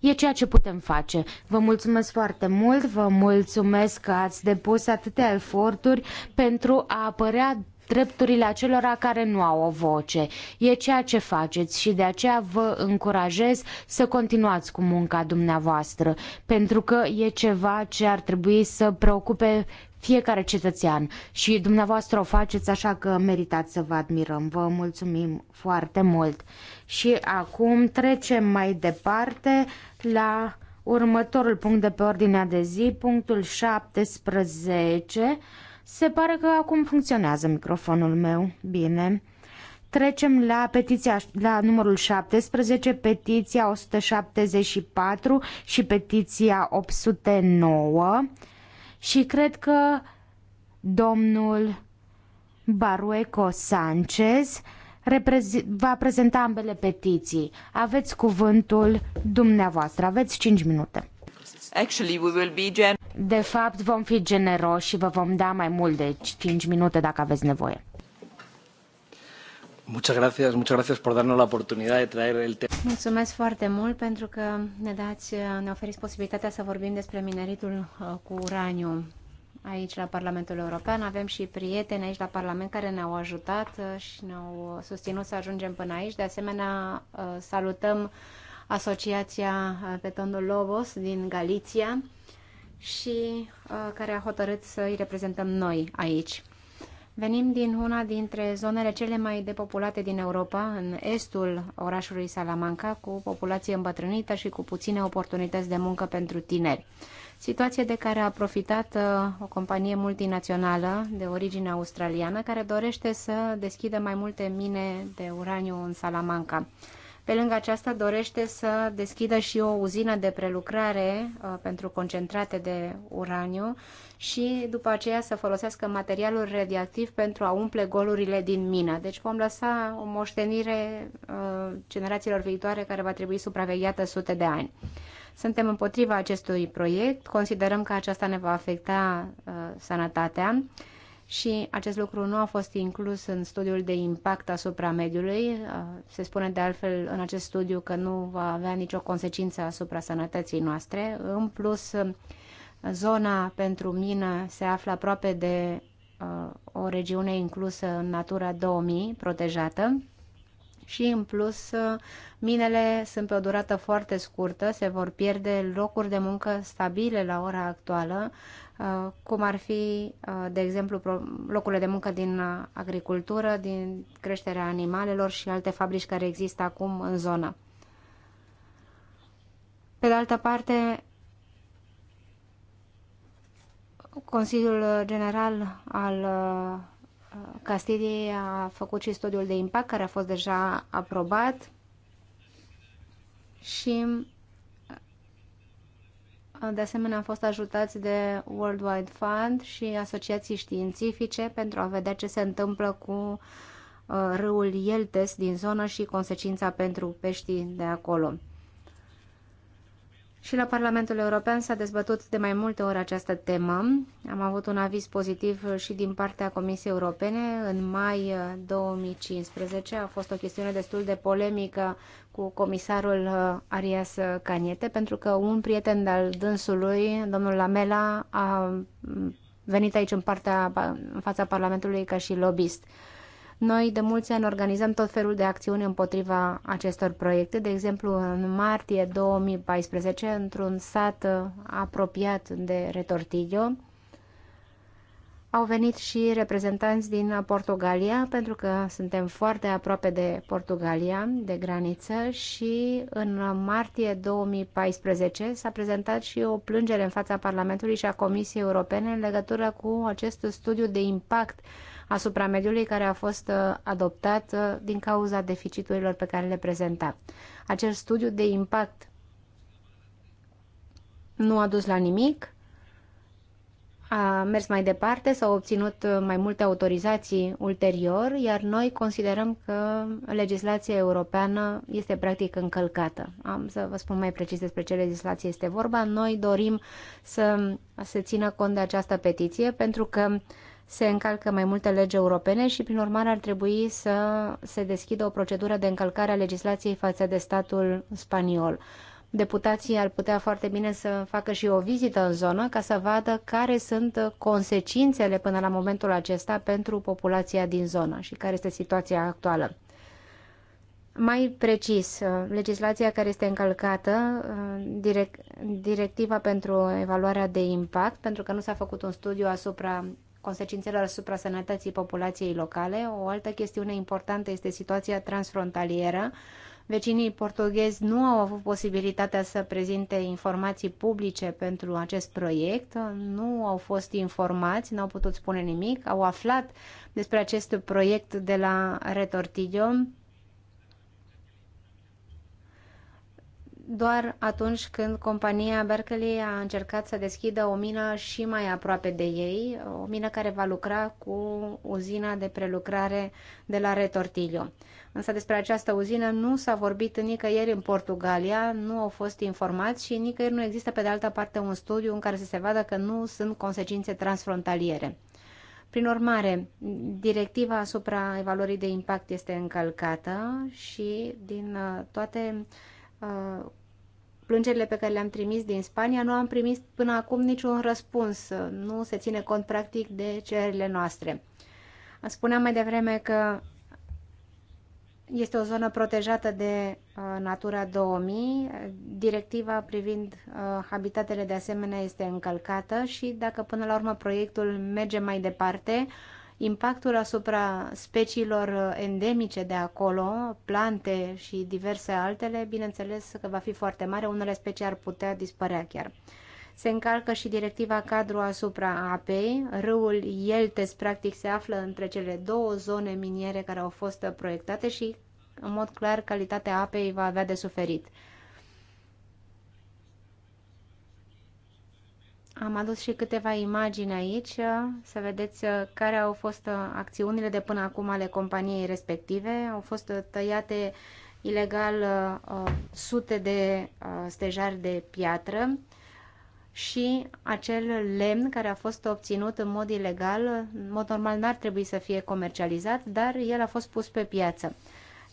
C: E ceea ce putem face. Vă mulțumesc foarte mult, vă mulțumesc că ați depus atâtea eforturi pentru a apărea drepturile acelora care nu au o voce. E ceea ce faceți și de aceea vă încurajez să continuați cu munca dumneavoastră, pentru că e ceva ce ar trebui să preocupe fiecare cetățean și dumneavoastră o faceți așa că meritați să vă admirăm. Vă mulțumim foarte mult. Și acum trecem mai departe la următorul punct de pe ordinea de zi, punctul 17 se pare că acum funcționează microfonul meu. Bine. Trecem la petiția la numărul 17, petiția 174 și petiția 809 și cred că domnul Barueco Sanchez va prezenta ambele petiții. Aveți cuvântul dumneavoastră. Aveți 5 minute.
D: Actually, we will be gen-
C: de fapt, vom fi generoși și vă vom da mai mult de 5 minute dacă aveți nevoie.
A: Muchas gracias, muchas gracias por darnos la oportunidad de traer el tema.
C: Mulțumesc
B: foarte mult pentru că ne dați, ne oferiți posibilitatea să vorbim despre mineritul uh, cu uraniu aici la Parlamentul European. Avem și prieteni aici la Parlament care ne-au ajutat uh, și ne-au susținut să ajungem până aici. De asemenea, uh, salutăm uh, Asociația uh, Petonul Lobos din Galiția și uh, care a hotărât să îi reprezentăm noi aici. Venim din una dintre zonele cele mai depopulate din Europa, în estul orașului Salamanca, cu populație îmbătrânită și cu puține oportunități de muncă pentru tineri. Situație de care a profitat uh, o companie multinațională de origine australiană care dorește să deschidă mai multe mine de uraniu în Salamanca. Pe lângă aceasta dorește să deschidă și o uzină de prelucrare uh, pentru concentrate de uraniu și după aceea să folosească materialul radioactiv pentru a umple golurile din mină. Deci vom lăsa o moștenire uh, generațiilor viitoare care va trebui supravegheată sute de ani. Suntem împotriva acestui proiect, considerăm că aceasta ne va afecta uh, sănătatea și acest lucru nu a fost inclus în studiul de impact asupra mediului. Uh, se spune de altfel în acest studiu că nu va avea nicio consecință asupra sănătății noastre. În plus, uh, zona pentru mine se află aproape de uh, o regiune inclusă în Natura 2000, protejată. Și în plus, minele sunt pe o durată foarte scurtă, se vor pierde locuri de muncă stabile la ora actuală, Uh, cum ar fi, uh, de exemplu, locurile de muncă din uh, agricultură, din creșterea animalelor și alte fabrici care există acum în zonă. Pe de altă parte, Consiliul General al Castiliei a făcut și studiul de impact care a fost deja aprobat și de asemenea am fost ajutați de World Wide Fund și asociații științifice pentru a vedea ce se întâmplă cu uh, râul Ieltes din zonă și consecința pentru peștii de acolo. Și la Parlamentul European s-a dezbătut de mai multe ori această temă. Am avut un aviz pozitiv și din partea Comisiei Europene. În mai 2015 uh, a fost o chestiune destul de polemică cu comisarul uh, Arias uh, Caniete, pentru că un prieten al dânsului, domnul Lamela, a venit aici în, partea, în fața Parlamentului ca și lobbyist. Noi de mulți ani organizăm tot felul de acțiuni împotriva acestor proiecte. De exemplu, în martie 2014, într-un sat uh, apropiat de Retortillo, au venit și reprezentanți din Portugalia, pentru că suntem foarte aproape de Portugalia, de graniță, și în martie 2014 s-a prezentat și o plângere în fața Parlamentului și a Comisiei Europene în legătură cu acest studiu de impact uh, asupra mediului care a fost uh, adoptat uh, din cauza deficiturilor pe care le prezenta. Acel studiu de impact nu a dus la nimic, a mers mai departe, s-au obținut uh, mai multe autorizații ulterior, iar noi considerăm că legislația europeană este practic încălcată. Am să vă spun mai precis despre ce legislație este vorba. Noi dorim să se țină cont de această petiție pentru că se încalcă mai multe legi europene și, prin urmare, ar trebui să se deschidă o procedură de încălcare a legislației față de statul spaniol. Deputații ar putea foarte bine să facă și o vizită în zonă ca să vadă care sunt consecințele până la momentul acesta pentru populația din zonă și care este situația actuală. Mai precis, legislația care este încălcată, direct, directiva pentru evaluarea de impact, pentru că nu s-a făcut un studiu asupra consecințelor asupra sănătății populației locale. O altă chestiune importantă este situația transfrontalieră. Vecinii portughezi nu au avut posibilitatea să prezinte informații publice pentru acest proiect, nu au fost informați, nu au putut spune nimic, au aflat despre acest proiect de la Retortillo doar atunci când compania Berkeley a încercat să deschidă o mină și mai aproape de ei, o mină care va lucra cu uzina de prelucrare de la Retortillo. Însă despre această uzină nu s-a vorbit nicăieri în Portugalia, nu au fost informați și nicăieri nu există pe de altă parte un studiu în care să se vadă că nu sunt consecințe transfrontaliere. Prin urmare, directiva asupra evaluării de impact este încălcată și din uh, toate uh, plângerile pe care le-am trimis din Spania, nu am primit până acum niciun răspuns. Nu se ține cont practic de cererile noastre. Spuneam mai devreme că este o zonă protejată de uh, Natura 2000. Directiva privind uh, habitatele de asemenea este încălcată și dacă până la urmă proiectul merge mai departe, impactul asupra speciilor endemice de acolo, plante și diverse altele, bineînțeles că va fi foarte mare, unele specii ar putea dispărea chiar. Se încalcă și directiva cadru asupra apei. Râul Ieltes, practic, se află între cele două zone miniere care au fost proiectate și, în mod clar, calitatea apei va avea de suferit. Am adus și câteva imagini aici, uh, să vedeți uh, care au fost uh, acțiunile de până acum ale companiei respective. Au fost tăiate ilegal sute de stejari de piatră și acel lemn care a fost obținut în mod ilegal, în mod normal n-ar trebui să fie comercializat, dar el a fost pus pe piață.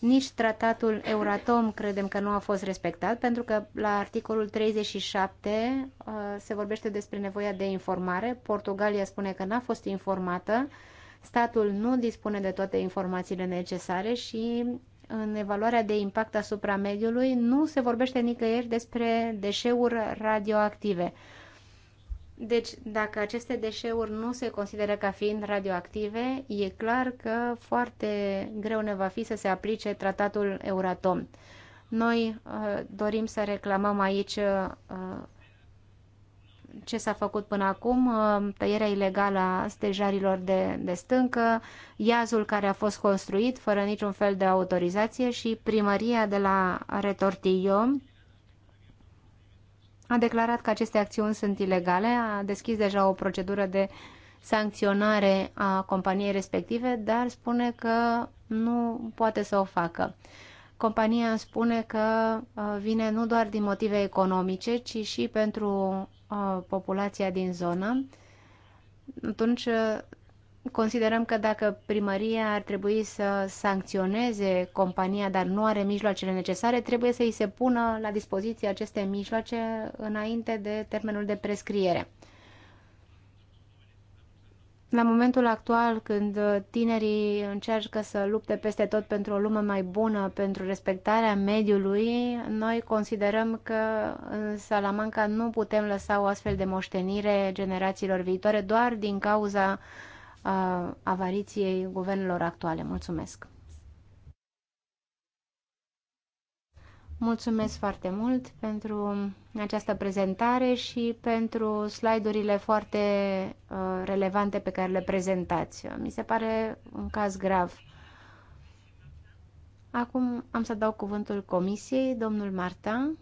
B: Nici tratatul Euratom credem că nu a fost respectat, pentru că la articolul 37 uh, se vorbește despre nevoia de informare. Portugalia spune că n-a fost informată, statul nu dispune de toate informațiile necesare și în evaluarea de impact asupra mediului nu se vorbește nicăieri despre deșeuri radioactive. Deci, dacă aceste deșeuri nu se consideră ca fiind radioactive, e clar că foarte greu ne va fi să se aplice tratatul Euratom. Noi uh, dorim să reclamăm aici uh, ce s-a făcut până acum, uh, tăierea ilegală a stejarilor de, de stâncă, iazul care a fost construit fără niciun fel de autorizație și primăria de la Retortillo, a declarat că aceste acțiuni sunt ilegale, a deschis deja o procedură de sancționare a companiei respective, dar spune că nu poate să o facă. Compania spune că uh, vine nu doar din motive economice, ci și pentru uh, populația din zonă. Atunci uh, Considerăm că dacă primăria ar trebui să sancționeze compania, dar nu are mijloacele necesare, trebuie să îi se pună la dispoziție aceste mijloace înainte de termenul de prescriere. La momentul actual, când tinerii încearcă să lupte peste tot pentru o lume mai bună, pentru respectarea mediului, noi considerăm că în Salamanca nu putem lăsa o astfel de moștenire generațiilor viitoare doar din cauza uh, a avariției guvernelor actuale. Mulțumesc! Mulțumesc foarte mult pentru această prezentare și pentru slide-urile foarte uh, relevante pe care le prezentați. Mi se pare un caz grav. Acum am să dau cuvântul comisiei, domnul Martin.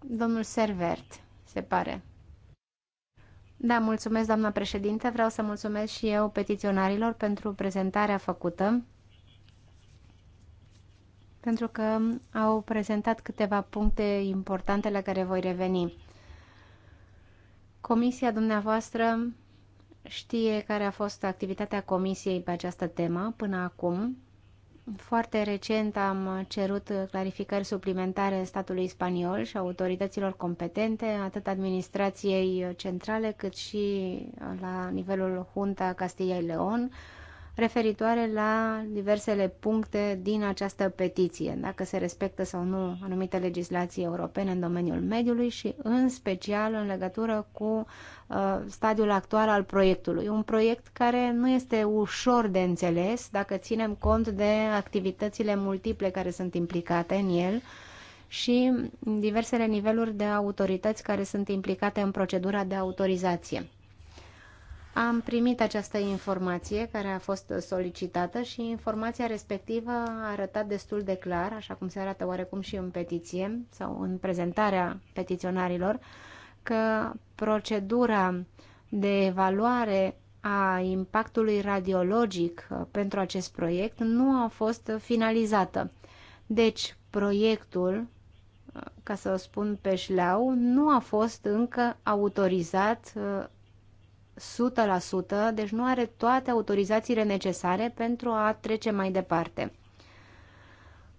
B: Domnul Servert, se pare. Da, mulțumesc, doamna președinte. Vreau să mulțumesc și eu petiționarilor pentru prezentarea făcută, pentru că au prezentat câteva puncte importante la care voi reveni. Comisia dumneavoastră știe care a fost activitatea comisiei pe această temă până acum foarte recent am cerut clarificări suplimentare statului spaniol și autorităților competente, atât administrației centrale cât și la nivelul Junta Castilla y León, referitoare la diversele puncte din această petiție, dacă se respectă sau nu anumite legislații europene în domeniul mediului și în special în legătură cu uh, stadiul actual al proiectului. Un proiect care nu este ușor de înțeles dacă ținem cont de activitățile multiple care sunt implicate în el și diversele niveluri de autorități care sunt implicate în procedura de autorizație. Am primit această informație care a fost solicitată și informația respectivă a arătat destul de clar, așa cum se arată oarecum și în petiție sau în prezentarea petiționarilor, că procedura de evaluare a impactului radiologic pentru acest proiect nu a fost finalizată. Deci, proiectul, ca să o spun pe șleau, nu a fost încă autorizat 100%, deci nu are toate autorizațiile necesare pentru a trece mai departe.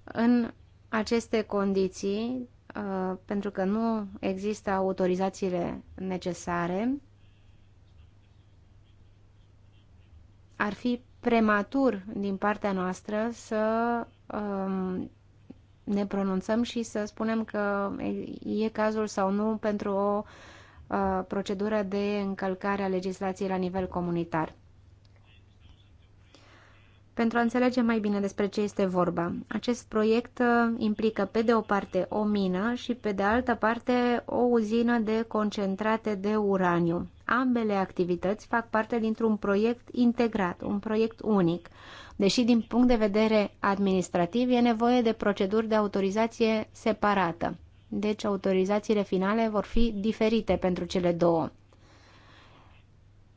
B: În aceste condiții, uh, pentru că nu există autorizațiile necesare, ar fi prematur din partea noastră să um, ne pronunțăm și să spunem că e cazul sau nu pentru o uh, Uh, procedură de încălcare a legislației la nivel comunitar. Pentru a înțelege mai bine despre ce este vorba, acest proiect uh, implică pe de o parte o mină și pe de altă parte o uzină de concentrate de uraniu. Ambele activități fac parte dintr-un proiect integrat, un proiect unic. Deși din punct de vedere administrativ e nevoie de proceduri de autorizație separată deci autorizațiile finale vor fi diferite pentru cele două.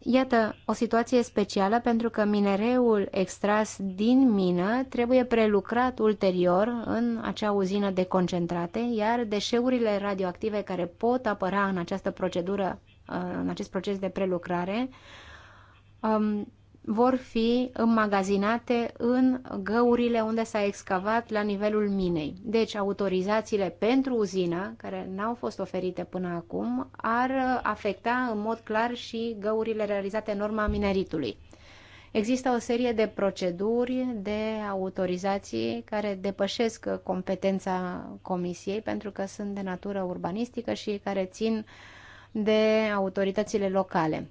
B: Iată, o situație specială pentru că minereul extras din mină trebuie prelucrat ulterior în acea uzină de concentrate, iar deșeurile radioactive care pot apăra în această procedură, în acest proces de prelucrare, um, vor fi înmagazinate în găurile unde s-a excavat la nivelul minei. Deci autorizațiile pentru uzină, care n-au fost oferite până acum, ar afecta în mod clar și găurile realizate în urma mineritului. Există o serie de proceduri, de autorizații care depășesc competența comisiei pentru că sunt de natură urbanistică și care țin de autoritățile locale.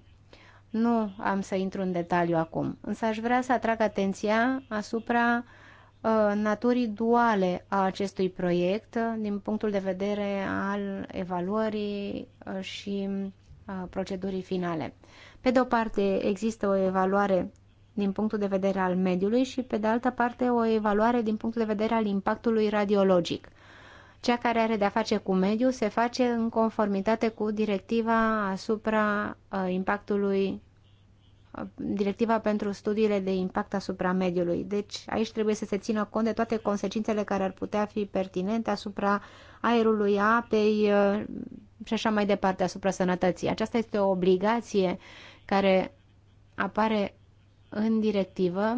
B: Nu am să intru în detaliu acum, însă aș vrea să atrag atenția asupra uh, naturii duale a acestui proiect uh, din punctul de vedere al evaluării uh, și procedurii finale. Pe de o parte, există o evaluare din punctul de vedere al mediului și, pe de altă parte, o evaluare din punctul de vedere al impactului radiologic cea care are de-a face cu mediul se face în conformitate cu directiva asupra uh, impactului uh, directiva pentru studiile de impact asupra mediului. Deci aici trebuie să se țină cont de toate consecințele care ar putea fi pertinente asupra aerului, apei uh, și așa mai departe, asupra sănătății. Aceasta este o obligație care apare în directivă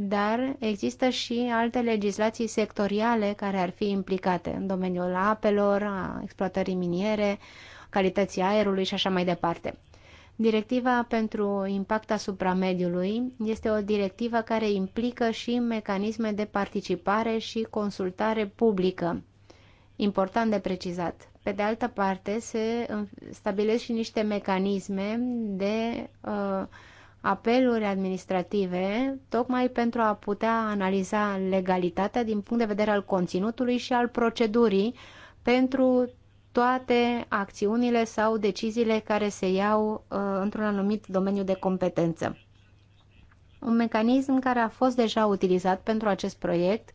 B: dar există și alte legislații sectoriale care ar fi implicate în domeniul apelor, a exploatării miniere, calității aerului și așa mai departe. Directiva pentru impact asupra mediului este o directivă care implică și mecanisme de participare și consultare publică. Important de precizat. Pe de altă parte, se stabilesc și niște mecanisme de uh, apeluri administrative tocmai pentru a putea analiza legalitatea din punct de vedere al conținutului și al procedurii pentru toate acțiunile sau deciziile care se iau uh, într-un anumit domeniu de competență. Un mecanism care a fost deja utilizat pentru acest proiect,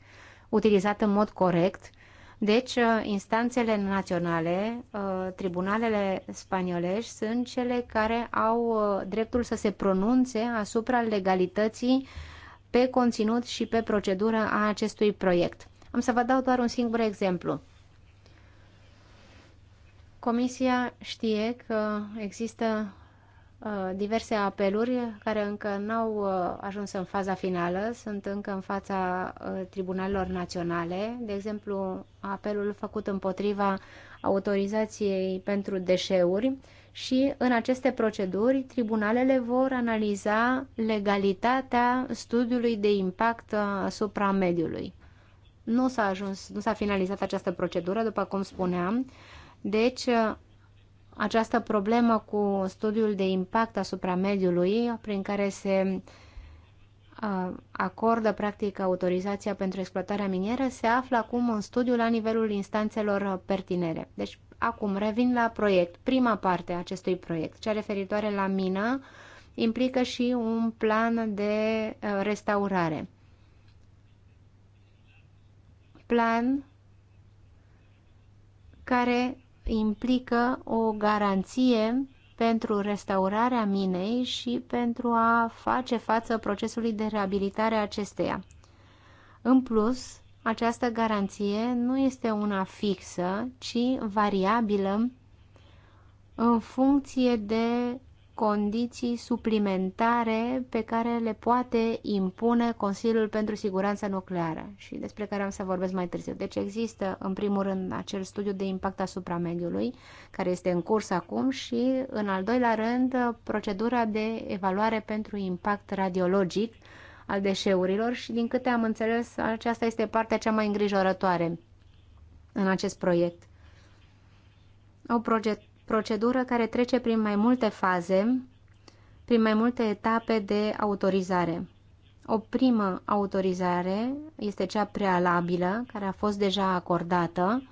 B: utilizat în mod corect, uh, deci, uh, instanțele naționale, uh, tribunalele spaniolești, sunt cele care au uh, dreptul să se pronunțe asupra legalității pe conținut și pe procedură a acestui proiect. Am să vă dau doar un singur exemplu. Comisia știe că există Uh, diverse apeluri care încă n-au uh, ajuns în faza finală, sunt încă în fața uh, tribunalelor naționale, de exemplu apelul făcut împotriva autorizației pentru deșeuri și în aceste proceduri tribunalele vor analiza legalitatea studiului de impact asupra mediului. Nu s-a ajuns, nu s-a finalizat această procedură, după cum spuneam, deci această problemă cu studiul de impact asupra mediului, prin care se acordă practic autorizația pentru exploatarea minieră, se află acum în studiu la nivelul instanțelor pertinere. Deci, acum revin la proiect. Prima parte a acestui proiect, cea referitoare la mină, implică și un plan de restaurare. Plan care implică o garanție pentru restaurarea minei și pentru a face față procesului de reabilitare a acesteia. În plus, această garanție nu este una fixă, ci variabilă în funcție de condiții suplimentare pe care le poate impune Consiliul pentru Siguranța Nucleară și despre care am să vorbesc mai târziu. Deci există, în primul rând, acel studiu de impact asupra mediului, care este în curs acum și, în al doilea rând, procedura de evaluare pentru impact radiologic al deșeurilor și, din câte am înțeles, aceasta este partea cea mai îngrijorătoare în acest proiect. O, proiect procedură care trece prin mai multe faze, prin mai multe etape de autorizare. O primă autorizare este cea prealabilă, care a fost deja acordată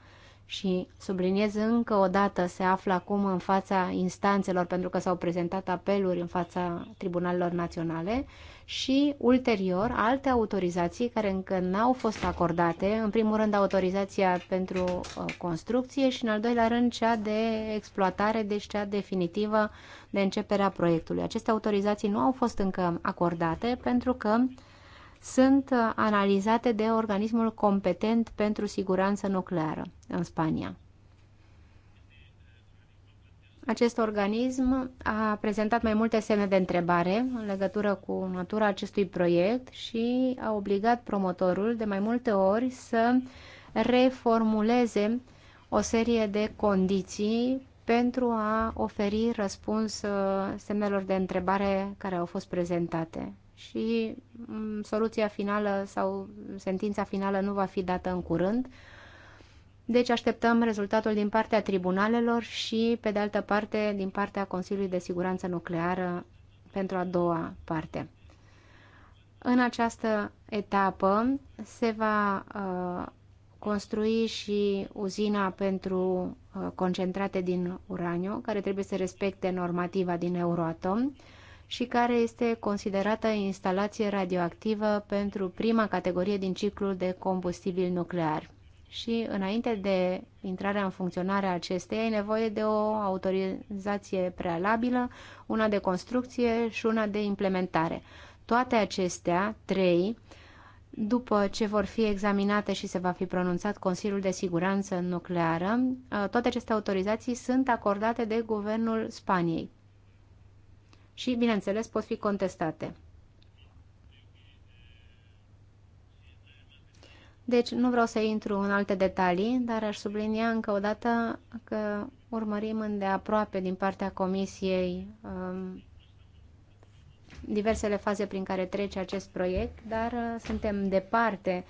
B: și, subliniez încă o dată, se află acum în fața instanțelor pentru că s-au prezentat apeluri în fața tribunalelor naționale și ulterior alte autorizații care încă n-au fost acordate, în primul rând autorizația pentru uh, construcție și în al doilea rând cea de exploatare, deci cea definitivă de începerea proiectului. Aceste autorizații nu au fost încă acordate pentru că sunt uh, analizate de organismul competent pentru siguranță nucleară în Spania. Acest organism a prezentat mai multe semne de întrebare în legătură cu natura acestui proiect și a obligat promotorul de mai multe ori să reformuleze o serie de condiții pentru a oferi răspuns uh, semnelor de întrebare care au fost prezentate. Și mm, soluția finală sau sentința finală nu va fi dată în curând, deci așteptăm rezultatul din partea tribunalelor și, pe de altă parte, din partea Consiliului de Siguranță Nucleară pentru a doua parte. În această etapă se va uh, construi și uzina pentru uh, concentrate din uraniu, care trebuie să respecte normativa din Euroatom și care este considerată instalație radioactivă pentru prima categorie din ciclul de combustibil nuclear și înainte de intrarea în funcționare a acesteia e nevoie de o autorizație prealabilă, una de construcție și una de implementare. Toate acestea, trei, după ce vor fi examinate și se va fi pronunțat Consiliul de Siguranță Nucleară, ă, toate aceste autorizații sunt acordate de Guvernul Spaniei și, bineînțeles, pot fi contestate. Deci nu vreau să intru în alte detalii, dar aș sublinia încă o dată că urmărim îndeaproape din partea Comisiei um, diversele faze prin care trece acest proiect, dar uh, suntem departe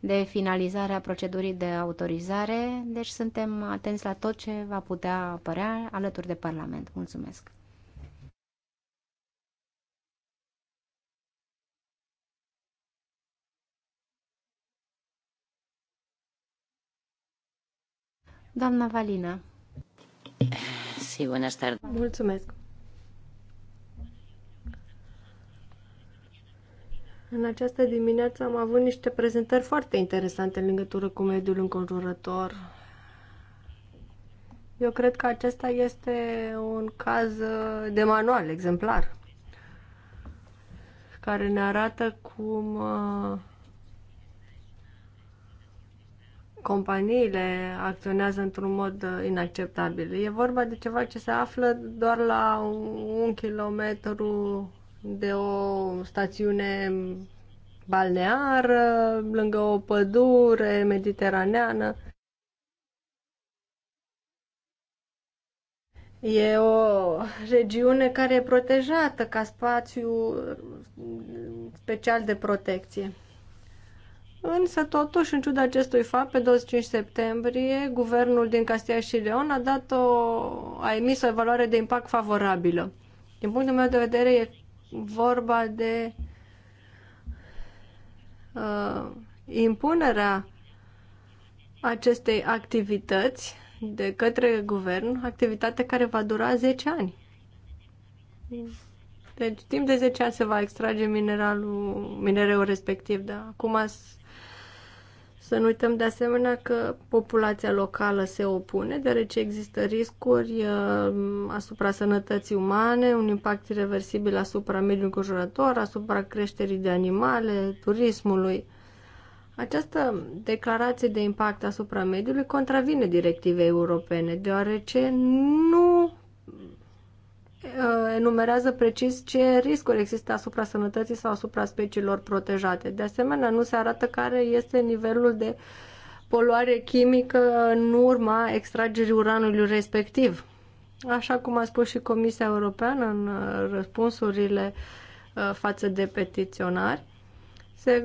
B: de finalizarea procedurii de autorizare, deci suntem atenți la tot ce va putea apărea alături de Parlament.
E: Mulțumesc!
C: Doamna Valina.
E: Sí, bună seara.
D: Mulțumesc. În această dimineață am avut niște prezentări foarte interesante în legătură cu mediul înconjurător. Eu cred că acesta este un caz uh, de manual, exemplar, care ne arată cum uh, companiile acționează într-un mod uh, inacceptabil. E vorba de ceva ce se află doar la un kilometru de o stațiune balneară, lângă o pădure mediteraneană. E o regiune care e protejată ca spațiu special de protecție. Însă, totuși, în ciuda acestui fapt, pe 25 septembrie, guvernul din Castia și Leon a, dat o, a emis o evaluare de impact favorabilă. Din punctul meu de vedere, e vorba de uh, impunerea acestei activități de către guvern, activitate care va dura 10 ani. Deci, timp de 10 ani se va extrage mineralul, minereul respectiv, dar acum să nu uităm de asemenea că populația locală se opune, deoarece există riscuri uh, asupra sănătății umane, un impact irreversibil asupra mediului înconjurător, asupra creșterii de animale, turismului. Această declarație de impact asupra mediului contravine directivei europene, deoarece nu Uh, enumerează precis ce riscuri există asupra sănătății sau asupra speciilor protejate. De asemenea, nu se arată care este nivelul de poluare chimică în urma extragerii uranului respectiv. Așa cum a spus și Comisia Europeană în uh, răspunsurile uh, față de petiționari, se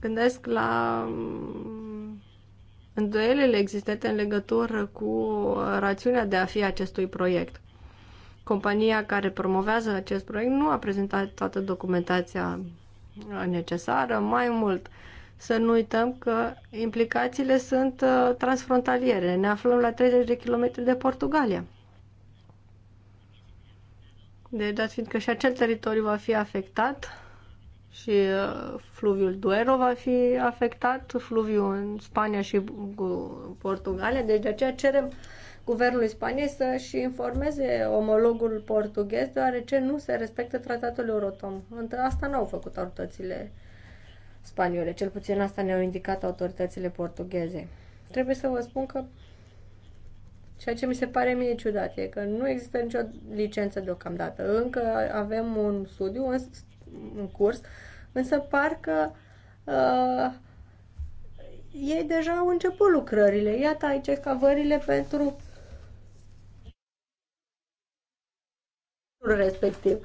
D: gândesc la mm, îndoielile existente în legătură cu rațiunea de a fi acestui proiect. Compania care promovează acest proiect nu a prezentat toată documentația necesară. Mai mult, să nu uităm că implicațiile sunt uh, transfrontaliere. Ne aflăm la 30 de kilometri de Portugalia. Deci, dat fiind că și acel teritoriu va fi afectat și uh, fluviul Duero va fi afectat, fluviul în Spania și uh, Portugalia, deci de aceea cerem guvernului Spaniei să-și informeze omologul portughez, deoarece nu se respectă tratatul Euratom. Asta n-au făcut autoritățile spaniole, cel puțin asta ne-au indicat autoritățile portugheze. Trebuie să vă spun că ceea ce mi se pare mie ciudat e că nu există nicio licență deocamdată. Încă avem un studiu în, în curs, însă parcă uh, ei deja au început lucrările. Iată aici cavările pentru respectiv.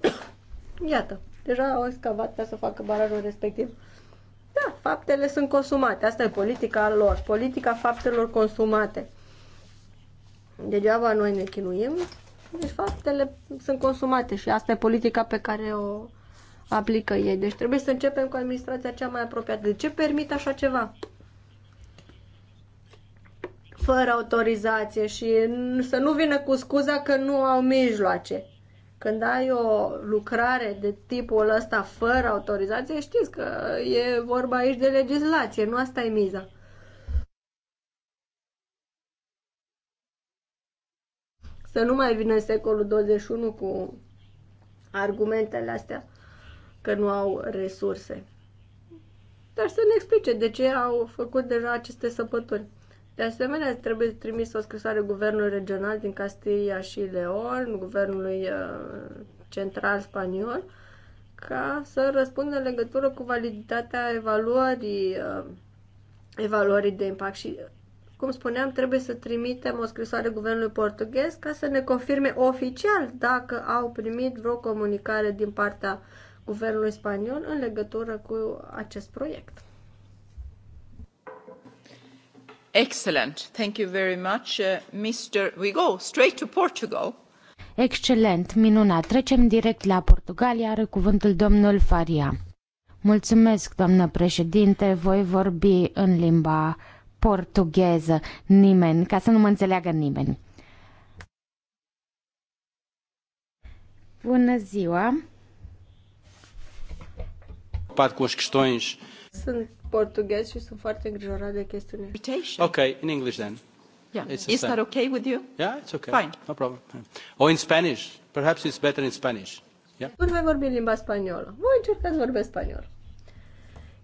D: Iată, deja au excavat ca să facă barajul respectiv. Da, faptele sunt consumate. Asta e politica lor, politica faptelor consumate. Degeaba noi ne chinuim, deci faptele sunt consumate și asta e politica pe care o aplică ei. Deci trebuie să începem cu administrația cea mai apropiată. De ce permit așa ceva? fără autorizație și să nu vină cu scuza că nu au mijloace. Când ai o lucrare de tipul ăsta fără autorizație, știți că e vorba aici de legislație, nu asta e miza. Să nu mai vină în secolul 21 cu argumentele astea că nu au resurse. Dar să ne explice de ce au făcut deja aceste săpături. De asemenea, trebuie trimis o scrisoare guvernului regional din Castilla și Leon, guvernului uh, central spaniol, ca să răspundă în legătură cu validitatea evaluării, uh, evaluării de impact și cum spuneam, trebuie să trimitem o scrisoare guvernului portughez ca să ne confirme oficial dacă au primit vreo comunicare din partea guvernului spaniol în legătură cu acest proiect.
B: Excellent. Thank you very much, uh, Mr. We go
D: straight to Portugal.
C: Excelent, minunat. Trecem direct la Portugalia. Are cuvântul domnul Faria. Mulțumesc, doamnă președinte. Voi vorbi în limba portugheză. Nimeni, ca să nu mă înțeleagă nimeni. Bună ziua.
D: Sunt portughez și sunt foarte îngrijorat de chestiune. Ok, in English then. Yeah. It's Is that okay with you?
A: Yeah, it's okay. Fine. No problem. Or in Spanish. Perhaps it's better in Spanish. Yeah.
D: Nu voi vorbi limba spaniolă. Voi încerca să vorbesc spaniol.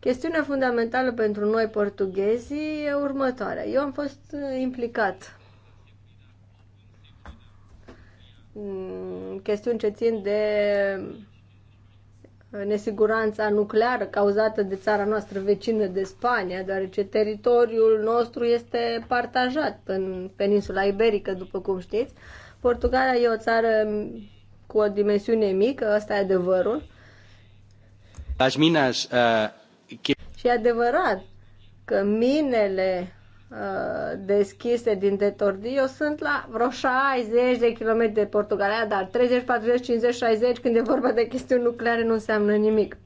D: Chestiunea fundamentală pentru noi portughezii e următoarea. Eu am fost uh, implicat în chestiuni ce țin de nesiguranța nucleară cauzată de țara noastră vecină de Spania, deoarece teritoriul nostru este partajat în peninsula iberică, după cum știți. Portugalia e o țară cu o dimensiune mică, asta e adevărul. Las minas, uh... Și e adevărat că minele Uh, deschise din Detordio sunt la vreo 60 de km de Portugalia, dar 30, 40, 50, 60 când e vorba de chestiuni nucleare nu înseamnă nimic.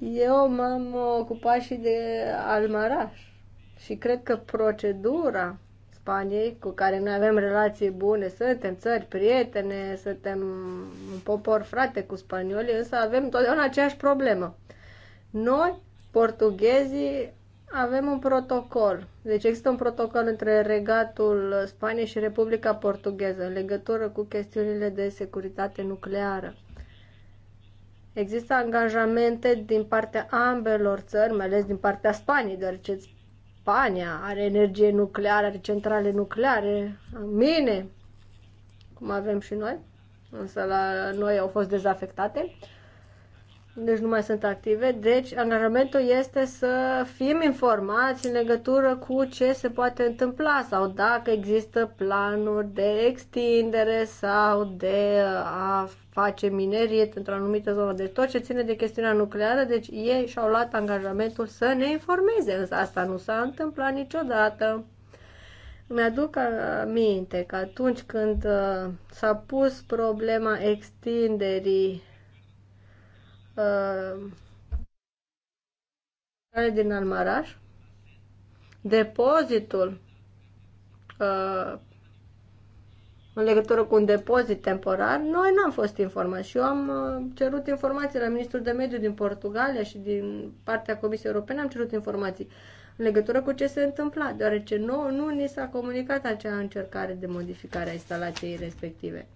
D: Eu m-am ocupat și de Almaraș și cred că procedura Spaniei, cu care noi avem relații bune, suntem țări prietene, suntem un popor frate cu spaniolii, însă avem totdeauna aceeași problemă. Noi portughezii avem un protocol. Deci există un protocol între Regatul Spaniei și Republica Portugheză în legătură cu chestiunile de securitate nucleară. Există angajamente din partea ambelor țări, mai ales din partea Spaniei, deoarece Spania are energie nucleară, are centrale nucleare, mine, cum avem și noi, însă la noi au fost dezafectate deci nu mai sunt active, deci angajamentul este să fim informați în legătură cu ce se poate întâmpla sau dacă există planuri de extindere sau de uh, a face minerit într-o anumită zonă. Deci tot ce ține de chestiunea nucleară, deci ei și-au luat angajamentul să ne informeze, însă asta nu s-a întâmplat niciodată. Mi-aduc uh, aminte că atunci când uh, s-a pus problema extinderii uh, din Almaraș, depozitul uh, în legătură cu un depozit temporar, noi n-am fost informați și eu am uh, cerut informații la Ministrul de Mediu din Portugalia și din partea Comisiei Europene am cerut informații în legătură cu ce se întâmpla, deoarece nu, nu ni s-a comunicat acea încercare de modificare a instalației respective.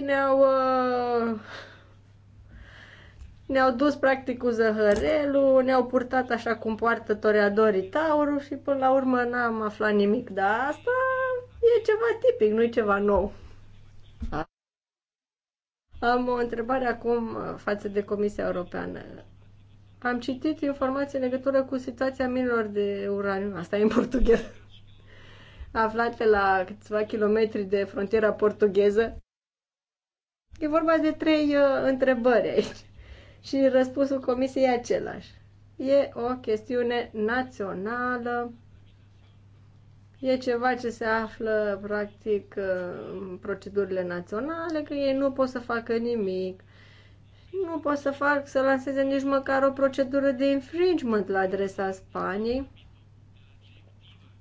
D: ne-au uh, ne-au dus practic cu zăhărelul, ne-au purtat așa cum poartă toreadorii taurul și până la urmă n-am aflat nimic, dar asta e ceva tipic, nu e ceva nou. Am o întrebare acum față de Comisia Europeană. Am citit informații în legătură cu situația minilor de uraniu, asta e în portugheză, aflate la câțiva kilometri de frontiera portugheză. E vorba de trei uh, întrebări aici și răspunsul comisiei e același. E o chestiune națională, e ceva ce se află practic uh, în procedurile naționale, că ei nu pot să facă nimic, nu pot să fac să lanseze nici măcar o procedură de infringement la adresa Spaniei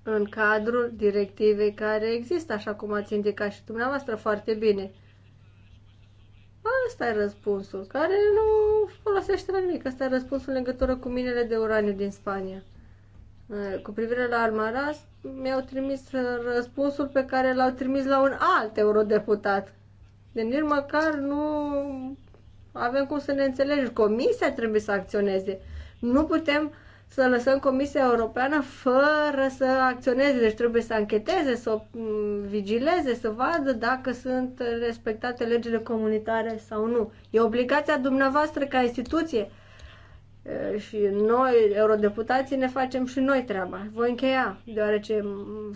D: în cadrul directivei care există, așa cum ați indicat și dumneavoastră foarte bine – Asta e răspunsul, care nu folosește la nimic. Asta e răspunsul în legătură cu minele de uraniu din Spania. Cu privire la Almaraz, mi-au trimis răspunsul pe care l-au trimis la un alt eurodeputat. De nici măcar nu avem cum să ne înțelegem. Comisia trebuie să acționeze. Nu putem să lăsăm Comisia Europeană fără să acționeze. Deci trebuie să ancheteze, să vigileze, să vadă dacă sunt respectate legile comunitare sau nu. E obligația dumneavoastră ca instituție. Și noi, eurodeputații, ne facem și noi treaba. Voi încheia, deoarece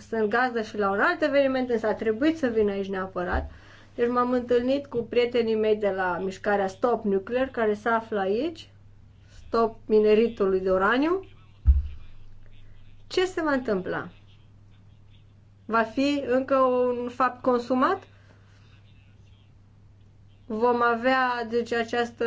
D: sunt gazdă și la un alt eveniment, însă a trebuit să vin aici neapărat. Deci m-am întâlnit cu prietenii mei de la mișcarea Stop Nuclear, care se află aici, stop mineritului de uraniu, ce se va întâmpla? Va fi încă un fapt consumat? Vom avea, deci, această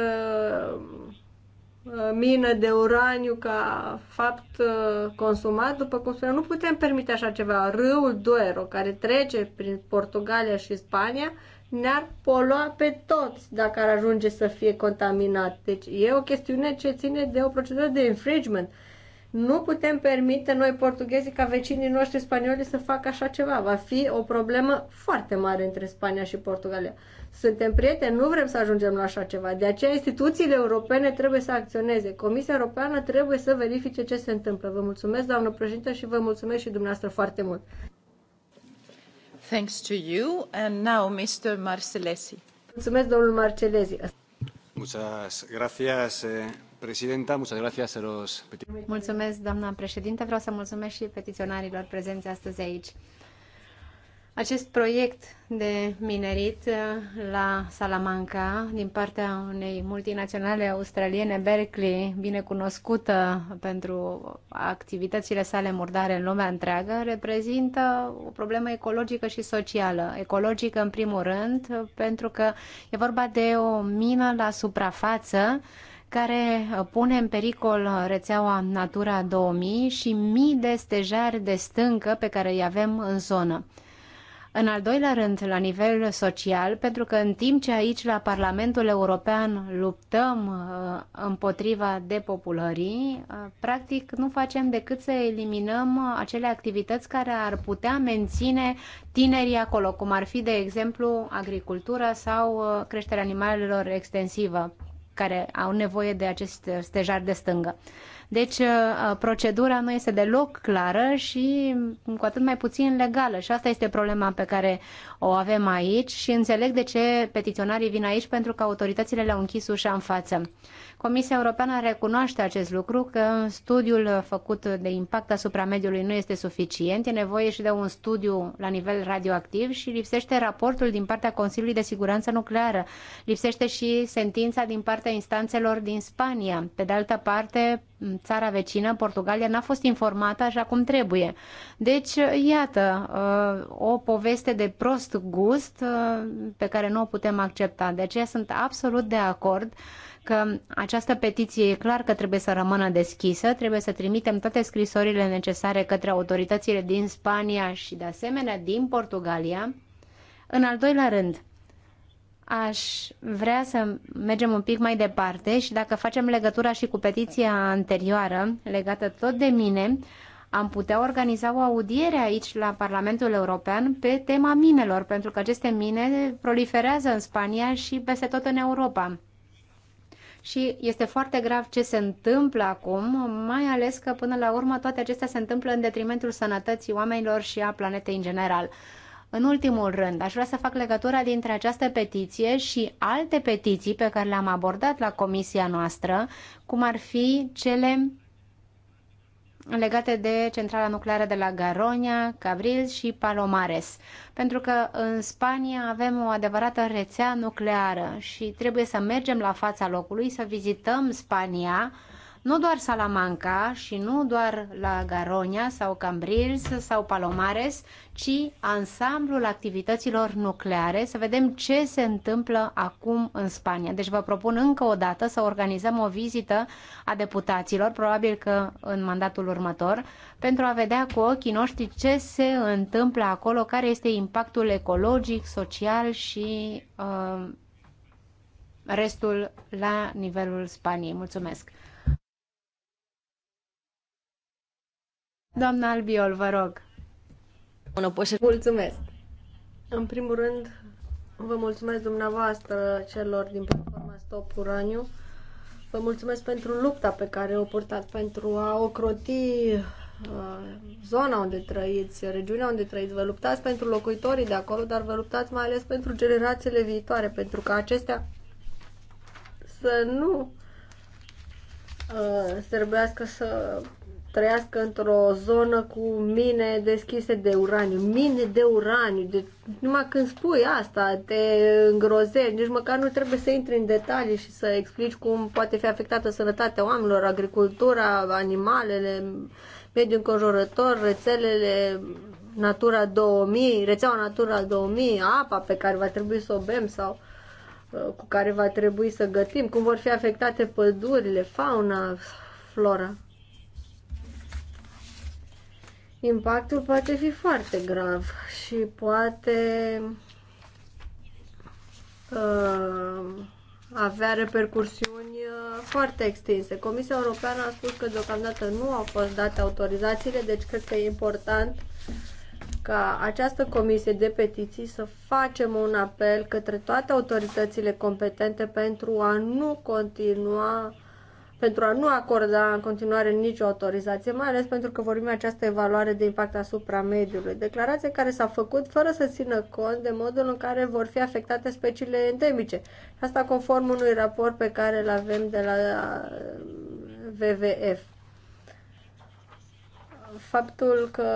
D: uh, mină de uraniu ca fapt uh, consumat, după cum spuneam, nu putem permite așa ceva. Râul Duero, care trece prin Portugalia și Spania, ne-ar polua pe toți dacă ar ajunge să fie contaminat. Deci e o chestiune ce ține de o procedură de infringement. Nu putem permite noi portughezii ca vecinii noștri spanioli să facă așa ceva. Va fi o problemă foarte mare între Spania și Portugalia. Suntem prieteni, nu vrem să ajungem la așa ceva. De aceea instituțiile europene trebuie să acționeze. Comisia Europeană trebuie să verifice ce se întâmplă. Vă mulțumesc, doamnă președintă, și vă mulțumesc și dumneavoastră foarte mult. Thanks to you. And now Mr. Mulțumesc, domnul eh,
B: Mulțumesc, Vreau să mulțumesc și petiționarilor prezenți astăzi aici. Acest proiect de minerit uh, la Salamanca din partea unei multinaționale australiene Berkeley, binecunoscută pentru activitățile sale murdare în lumea întreagă, reprezintă o problemă ecologică și socială. Ecologică în primul rând pentru că e vorba de o mină la suprafață care pune în pericol rețeaua Natura 2000 și mii de stejari de stâncă pe care îi avem în zonă. În al doilea rând, la nivel social, pentru că în timp ce aici la Parlamentul European luptăm uh, împotriva depopulării, uh, practic nu facem decât să eliminăm acele activități care ar putea menține tinerii acolo, cum ar fi, de exemplu, agricultura sau uh, creșterea animalelor extensivă, care au nevoie de acest stejar de stângă. Deci uh, uh, procedura nu este deloc clară și cu atât mai puțin legală și asta este problema pe care o avem aici și înțeleg de ce petiționarii vin aici pentru că autoritățile le-au închis ușa în față. Comisia Europeană recunoaște acest lucru, că studiul făcut de impact asupra mediului nu este suficient, e nevoie și de un studiu la nivel radioactiv și lipsește raportul din partea Consiliului de Siguranță Nucleară, lipsește și sentința din partea instanțelor din Spania. Pe de altă parte, țara vecină, Portugalia, n-a fost informată așa cum trebuie. Deci, iată, uh, o poveste de prost gust uh, pe care nu o putem accepta. De aceea sunt absolut de acord că această petiție e clar că trebuie să rămână deschisă, trebuie să trimitem toate scrisorile necesare către autoritățile din Spania și de asemenea din Portugalia. În al doilea rând, aș vrea să mergem un pic mai departe și dacă facem legătura și cu petiția anterioară, legată tot de mine, am putea organiza o audiere aici la Parlamentul European pe tema minelor, pentru că aceste mine proliferează în Spania și peste tot în Europa și este foarte grav ce se întâmplă acum, mai ales că până la urmă toate acestea se întâmplă în detrimentul sănătății oamenilor și a planetei în general. În ultimul rând, aș vrea să fac legătura dintre această petiție și alte petiții pe care le-am abordat la comisia noastră, cum ar fi cele legate de centrala nucleară de la Garonia, Cabril și Palomares. Pentru că în Spania avem o adevărată rețea nucleară și trebuie să mergem la fața locului, să vizităm Spania, nu doar Salamanca și nu doar la Garonia sau Cambrils sau Palomares, ci ansamblul activităților nucleare, să vedem ce se întâmplă acum în Spania. Deci vă propun încă o dată să organizăm o vizită a deputaților, probabil că în mandatul următor, pentru a vedea cu ochii noștri ce se întâmplă acolo, care este impactul ecologic, social și uh, restul la nivelul Spaniei. Mulțumesc! Doamna Albiol, vă rog. Bună, poșe.
D: Mulțumesc. În primul rând, vă mulțumesc dumneavoastră celor din platforma Stop Uraniu. Vă mulțumesc pentru lupta pe care o purtat pentru a ocroti uh, zona unde trăiți, regiunea unde trăiți, vă luptați pentru locuitorii de acolo, dar vă luptați mai ales pentru generațiile viitoare, pentru că acestea să nu uh, serbească să trăiască într-o zonă cu mine deschise de uraniu. Mine de uraniu. De, numai când spui asta, te îngrozești. Nici măcar nu trebuie să intri în detalii și să explici cum poate fi afectată sănătatea oamenilor, agricultura, animalele, mediul înconjurător, rețelele Natura 2000, rețeaua Natura 2000, apa pe care va trebui să o bem sau uh, cu care va trebui să gătim, cum vor fi afectate pădurile, fauna, flora impactul poate fi foarte grav și poate uh, avea repercursiuni uh, foarte extinse. Comisia Europeană a spus că deocamdată nu au fost date autorizațiile, deci cred că e important ca această comisie de petiții să facem un apel către toate autoritățile competente pentru a nu continua pentru a nu acorda în continuare nicio autorizație, mai ales pentru că vorbim această evaluare de impact asupra mediului. Declarație care s-a făcut fără să țină cont de modul în care vor fi afectate speciile endemice. Asta conform unui raport pe care îl avem de la uh, WWF faptul că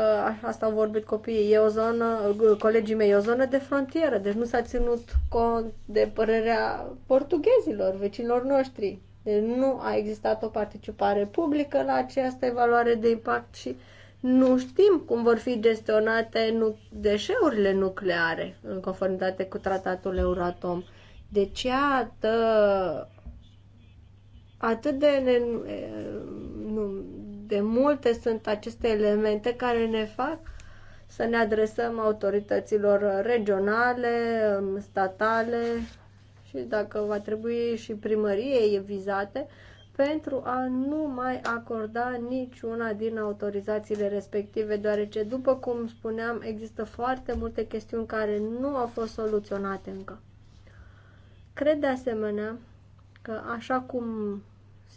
D: asta au vorbit copiii, e o zonă, uh, colegii mei, e o zonă de frontieră, deci nu s-a ținut cont de părerea portughezilor, vecinilor noștri. Nu a existat o participare publică la această evaluare de impact și nu știm cum vor fi gestionate nu- deșeurile nucleare în conformitate cu tratatul Euratom. Deci, iată, atât de, nu, de multe sunt aceste elemente care ne fac să ne adresăm autorităților regionale, statale, și dacă va trebui și primăriei vizate pentru a nu mai acorda niciuna din autorizațiile respective, deoarece, după cum spuneam, există foarte multe chestiuni care nu au fost soluționate încă. Cred de asemenea că, așa cum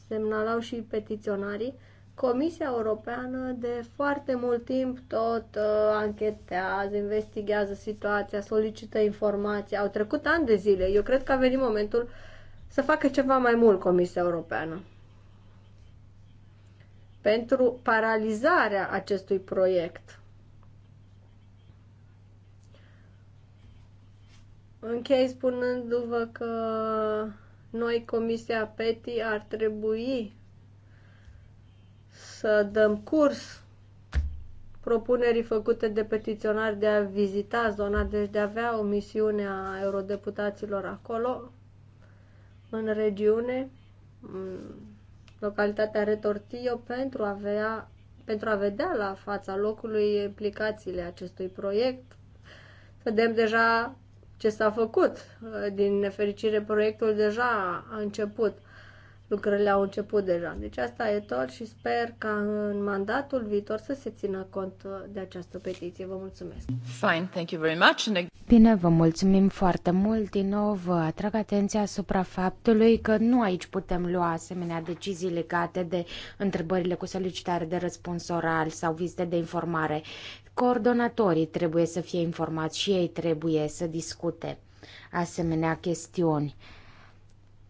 D: semnalau și petiționarii, Comisia Europeană de foarte mult timp tot uh, anchetează, investigează situația, solicită informații. Au trecut ani de zile. Eu cred că a venit momentul să facă ceva mai mult Comisia Europeană pentru paralizarea acestui proiect. Închei spunându-vă că noi, Comisia PETI, ar trebui să dăm curs propunerii făcute de petiționari de a vizita zona, deci de a avea o misiune a eurodeputaților acolo, în regiune, în localitatea Retortio, pentru a, avea, pentru a vedea la fața locului implicațiile acestui proiect. Vedem deja ce s-a făcut. Din nefericire, proiectul deja a început lucrările au început deja. Deci asta e tot și sper ca în mandatul viitor să se țină cont uh, de această petiție. Vă mulțumesc! Fine, thank you very much!
C: Bine, vă mulțumim foarte mult. Din nou vă atrag atenția asupra faptului că nu aici putem lua asemenea decizii legate de întrebările cu solicitare de răspuns oral sau vizite de informare. Coordonatorii trebuie să fie informați și ei trebuie să discute asemenea chestiuni.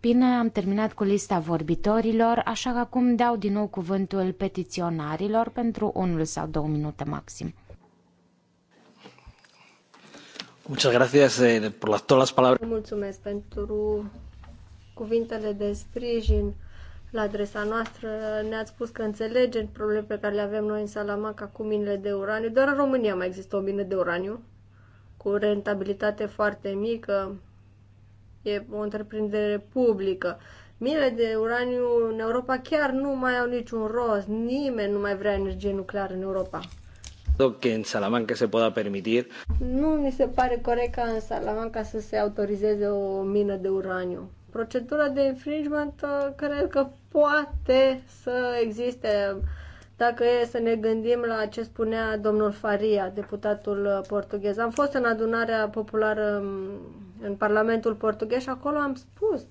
C: Bine, am terminat cu lista vorbitorilor, așa că acum dau din nou cuvântul petiționarilor pentru unul sau două minute maxim.
A: Muchas gracias eh, por las, todas las palabras.
D: Mulțumesc pentru cuvintele de sprijin la adresa noastră. Ne-ați spus că înțelegem problemele pe care le avem noi în Salamanca cu minele de uraniu. Doar în România mai există o mină de uraniu cu rentabilitate foarte mică e o întreprindere publică. Mile de uraniu în Europa chiar nu mai au niciun rost. Nimeni nu mai vrea energie nucleară în Europa.
A: Că în Salamanca se poate permite.
D: Nu mi se pare corect ca în Salamanca să se autorizeze o mină de uraniu. Procedura de infringement uh, cred că poate să existe dacă e să ne gândim la ce spunea domnul Faria, deputatul uh, portughez. Am fost în adunarea populară mm, în Parlamentul portughez și acolo am spus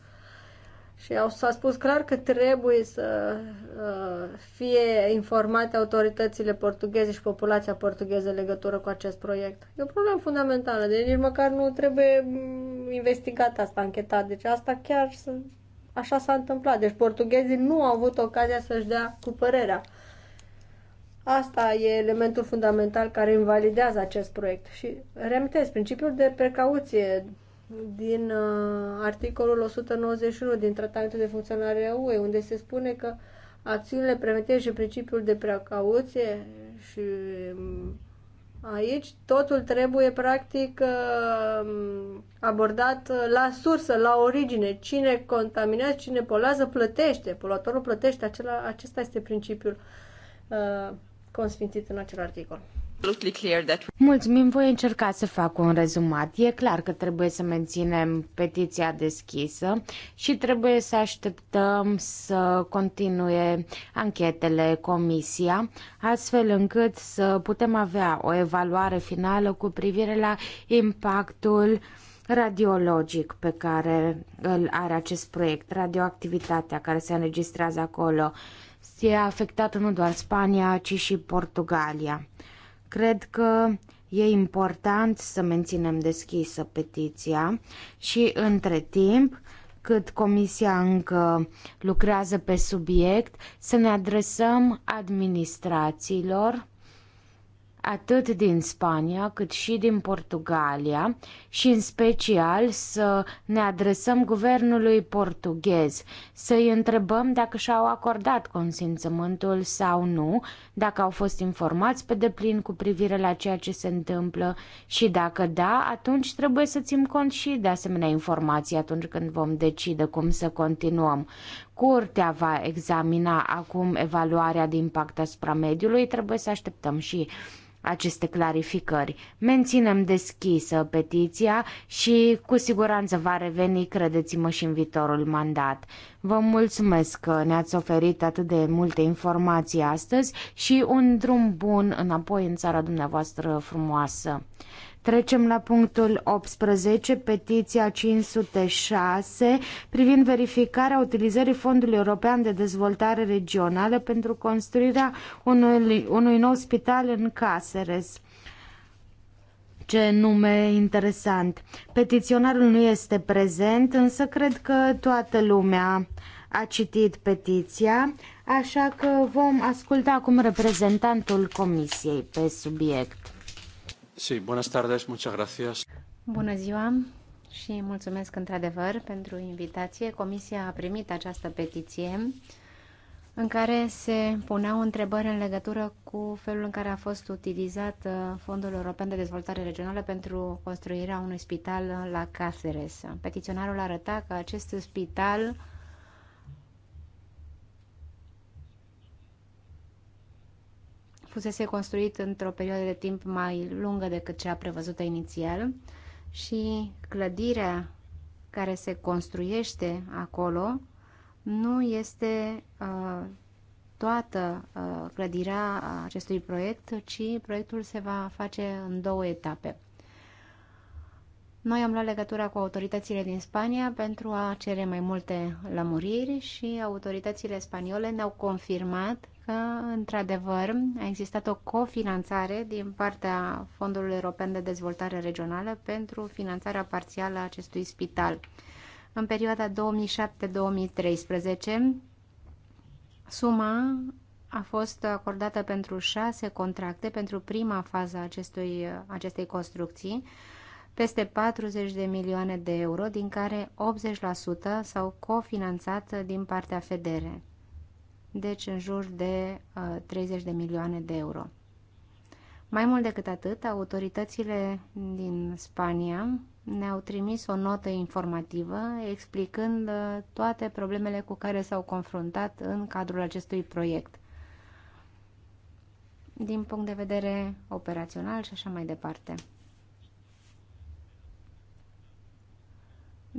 D: și s-a spus clar că trebuie să uh, fie informate autoritățile portugheze și populația portugheză în legătură cu acest proiect. E o problemă fundamentală, deci nici măcar nu trebuie mm, investigat asta, anchetat. Deci asta chiar să... așa s-a întâmplat. Deci portughezii nu au avut ocazia să-și dea cu părerea. Asta e elementul fundamental care invalidează acest proiect. Și reamintesc principiul de precauție din uh, articolul 191 din tratamentul de Funcționare a UE, unde se spune că acțiunile preventive și principiul de precauție și um, aici totul trebuie practic um, abordat uh, la sursă, la origine. Cine contaminează, cine polează, plătește. Poluatorul plătește. Acela, acesta este principiul uh, consfințit în acel articol.
C: Mulțumim, voi încerca să fac un rezumat. E clar că trebuie să menținem petiția deschisă și trebuie să așteptăm să continue anchetele comisia, astfel încât să putem avea o evaluare finală cu privire la impactul radiologic pe care îl are acest proiect, radioactivitatea care se înregistrează acolo e afectată nu doar Spania, ci și Portugalia. Cred că e important să menținem deschisă petiția și între timp cât comisia încă lucrează pe subiect, să ne adresăm administrațiilor atât din Spania cât și din Portugalia și în special să ne adresăm guvernului portughez, să-i întrebăm dacă și-au acordat consimțământul sau nu, dacă au fost informați pe deplin cu privire la ceea ce se întâmplă și dacă da, atunci trebuie să țin cont și de asemenea informații atunci când vom decide cum să continuăm. Curtea va examina acum evaluarea de impact asupra mediului, trebuie să așteptăm și aceste clarificări. Menținem deschisă petiția și cu siguranță va reveni, credeți-mă, și în viitorul mandat. Vă mulțumesc că ne-ați oferit atât de multe informații astăzi și un drum bun înapoi în țara dumneavoastră frumoasă. Trecem la punctul 18, petiția 506, privind verificarea utilizării Fondului European de Dezvoltare Regională pentru construirea unui, unui nou spital în Caseres. Ce nume interesant. Petiționarul nu este prezent, însă cred că toată lumea a citit petiția, așa că vom asculta acum reprezentantul Comisiei pe subiect.
A: Sí, buenas tardes, muchas gracias.
B: Bună ziua și mulțumesc într-adevăr pentru invitație. Comisia a primit această petiție în care se puneau întrebări în legătură cu felul în care a fost utilizat uh, Fondul European de Dezvoltare Regională pentru construirea unui spital uh, la Cáceres. Petiționarul arăta că acest spital fusese construit într-o perioadă de timp mai lungă decât cea prevăzută inițial și clădirea care se construiește acolo nu este uh, toată uh, clădirea acestui proiect, ci proiectul se va face în două etape. Noi am luat legătura cu autoritățile din Spania pentru a cere mai multe lămuriri și autoritățile spaniole ne-au confirmat că, într-adevăr, a existat o cofinanțare din partea Fondului European de Dezvoltare Regională pentru finanțarea parțială a acestui spital. În perioada 2007-2013, suma a fost acordată pentru șase contracte pentru prima fază a acestui, acestei construcții, peste 40 de milioane de euro, din care 80% s-au cofinanțat din partea FEDERE deci în jur de 30 uh, de milioane de euro. Mai mult decât atât, autoritățile din Spania ne-au trimis o notă informativă explicând uh, toate problemele cu care s-au confruntat în cadrul acestui proiect din punct de vedere operațional și așa mai departe.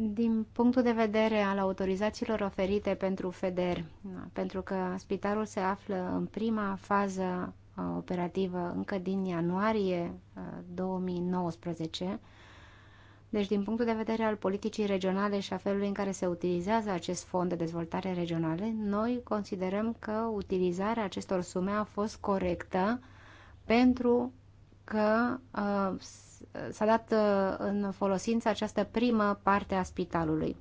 B: din punctul de vedere al autorizațiilor oferite pentru FEDER, da, pentru că spitalul se află în prima fază uh, operativă încă din ianuarie 2019, uh, deci din punctul de vedere al politicii regionale și a felului în care se utilizează acest fond de dezvoltare regională, noi considerăm că utilizarea acestor sume a fost corectă pentru că uh, s-a dat uh, în folosință această primă parte a spitalului.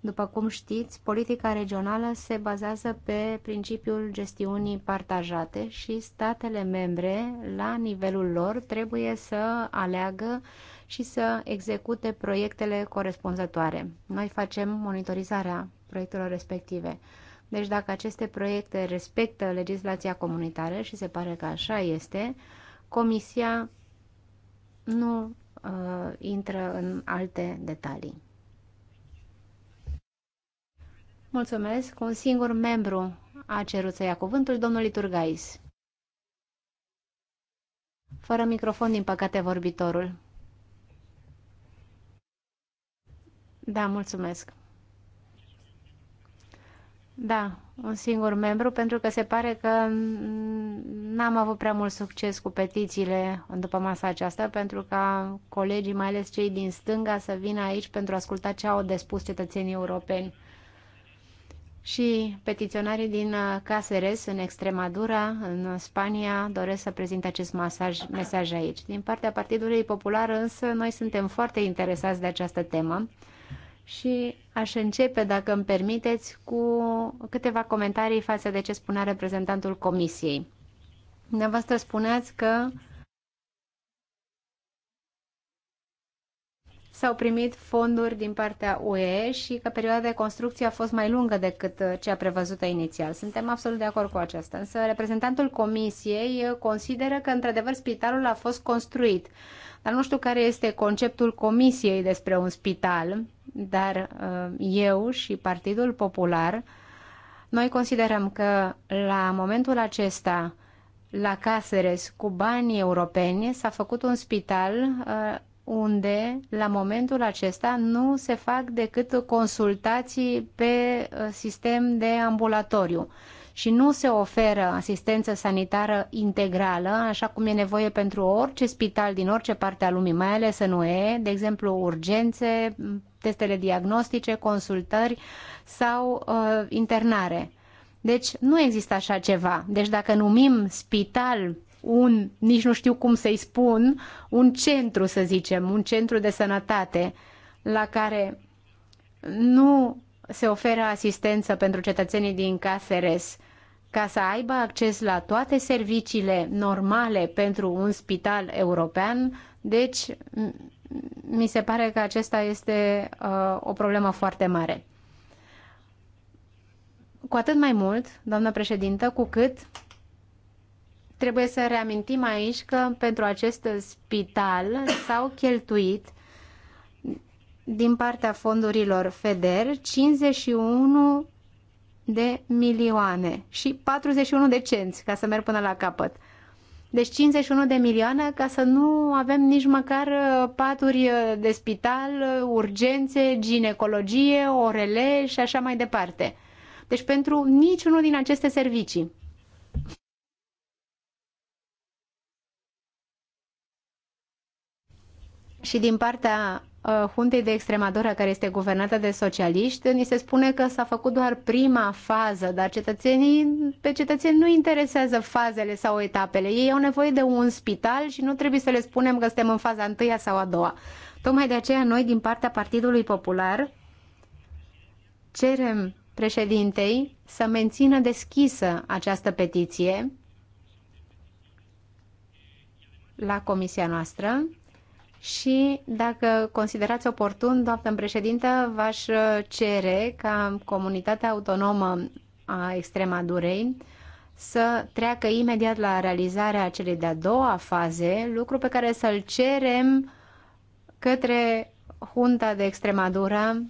B: După cum știți, politica regională se bazează pe principiul gestiunii partajate și statele membre, la nivelul lor, trebuie să aleagă și să execute proiectele corespunzătoare. Noi facem monitorizarea proiectelor respective. Deci dacă aceste proiecte respectă legislația comunitară și se pare că așa este, Comisia nu uh, intră în alte detalii. Mulțumesc. Un singur membru a cerut să ia cuvântul, domnul Iturgais. Fără microfon, din păcate, vorbitorul. Da, mulțumesc. Da, un singur membru, pentru că se pare că n-am avut prea mult succes cu petițiile după masa aceasta, pentru ca colegii, mai ales cei din stânga, să vină aici pentru a asculta ce au de spus cetățenii europeni. Și petiționarii din uh, Caseres, în Extremadura, în Spania, doresc să prezint acest masaj, mesaj aici. Din partea Partidului Popular, însă, noi suntem foarte interesați de această temă și aș începe, dacă îmi permiteți, cu câteva comentarii față de ce spunea reprezentantul Comisiei. Dumneavoastră spuneați că s-au primit fonduri din partea UE și că perioada de construcție a fost mai lungă decât cea prevăzută inițial. Suntem absolut de acord cu aceasta, însă reprezentantul Comisiei consideră că, într-adevăr, spitalul a fost construit. Dar nu știu care este conceptul comisiei despre un spital, dar uh, eu și Partidul Popular, noi considerăm că la momentul acesta, la Caseres, cu banii europeni, s-a făcut un spital uh, unde, la momentul acesta, nu se fac decât consultații pe uh, sistem de ambulatoriu și nu se oferă asistență sanitară integrală, așa cum e nevoie pentru orice spital din orice parte a lumii, mai ales în UE, de exemplu urgențe, testele diagnostice, consultări sau uh, internare. Deci nu există așa ceva. Deci dacă numim spital un, nici nu știu cum să-i spun, un centru, să zicem, un centru de sănătate la care nu se oferă asistență pentru cetățenii din KSRS ca să aibă acces la toate serviciile normale pentru un spital european. Deci, mi se pare că acesta este uh, o problemă foarte mare. Cu atât mai mult, doamnă președintă, cu cât trebuie să reamintim aici că pentru acest spital s-au cheltuit din partea fondurilor FEDER 51 de milioane și 41 de cenți, ca să merg până la capăt. Deci 51 de milioane ca să nu avem nici măcar uh, paturi uh, de spital, uh, urgențe, ginecologie, orele și așa mai departe. Deci pentru niciunul din aceste servicii. Și din partea uh, huntei de Extremadura, care este guvernată de socialiști, ni se spune că s-a făcut doar prima fază, dar cetățenii, pe cetățeni nu interesează fazele sau etapele. Ei au nevoie de un spital și nu trebuie să le spunem că suntem în faza întâia sau a doua. Tocmai de aceea noi, din partea Partidului Popular, cerem președintei să mențină deschisă această petiție la comisia noastră și dacă considerați oportun, doamnă președintă, v-aș uh, cere ca comunitatea autonomă a Extremadurei să treacă imediat la realizarea celei de-a doua faze, lucru pe care să-l cerem către Junta de Extremadura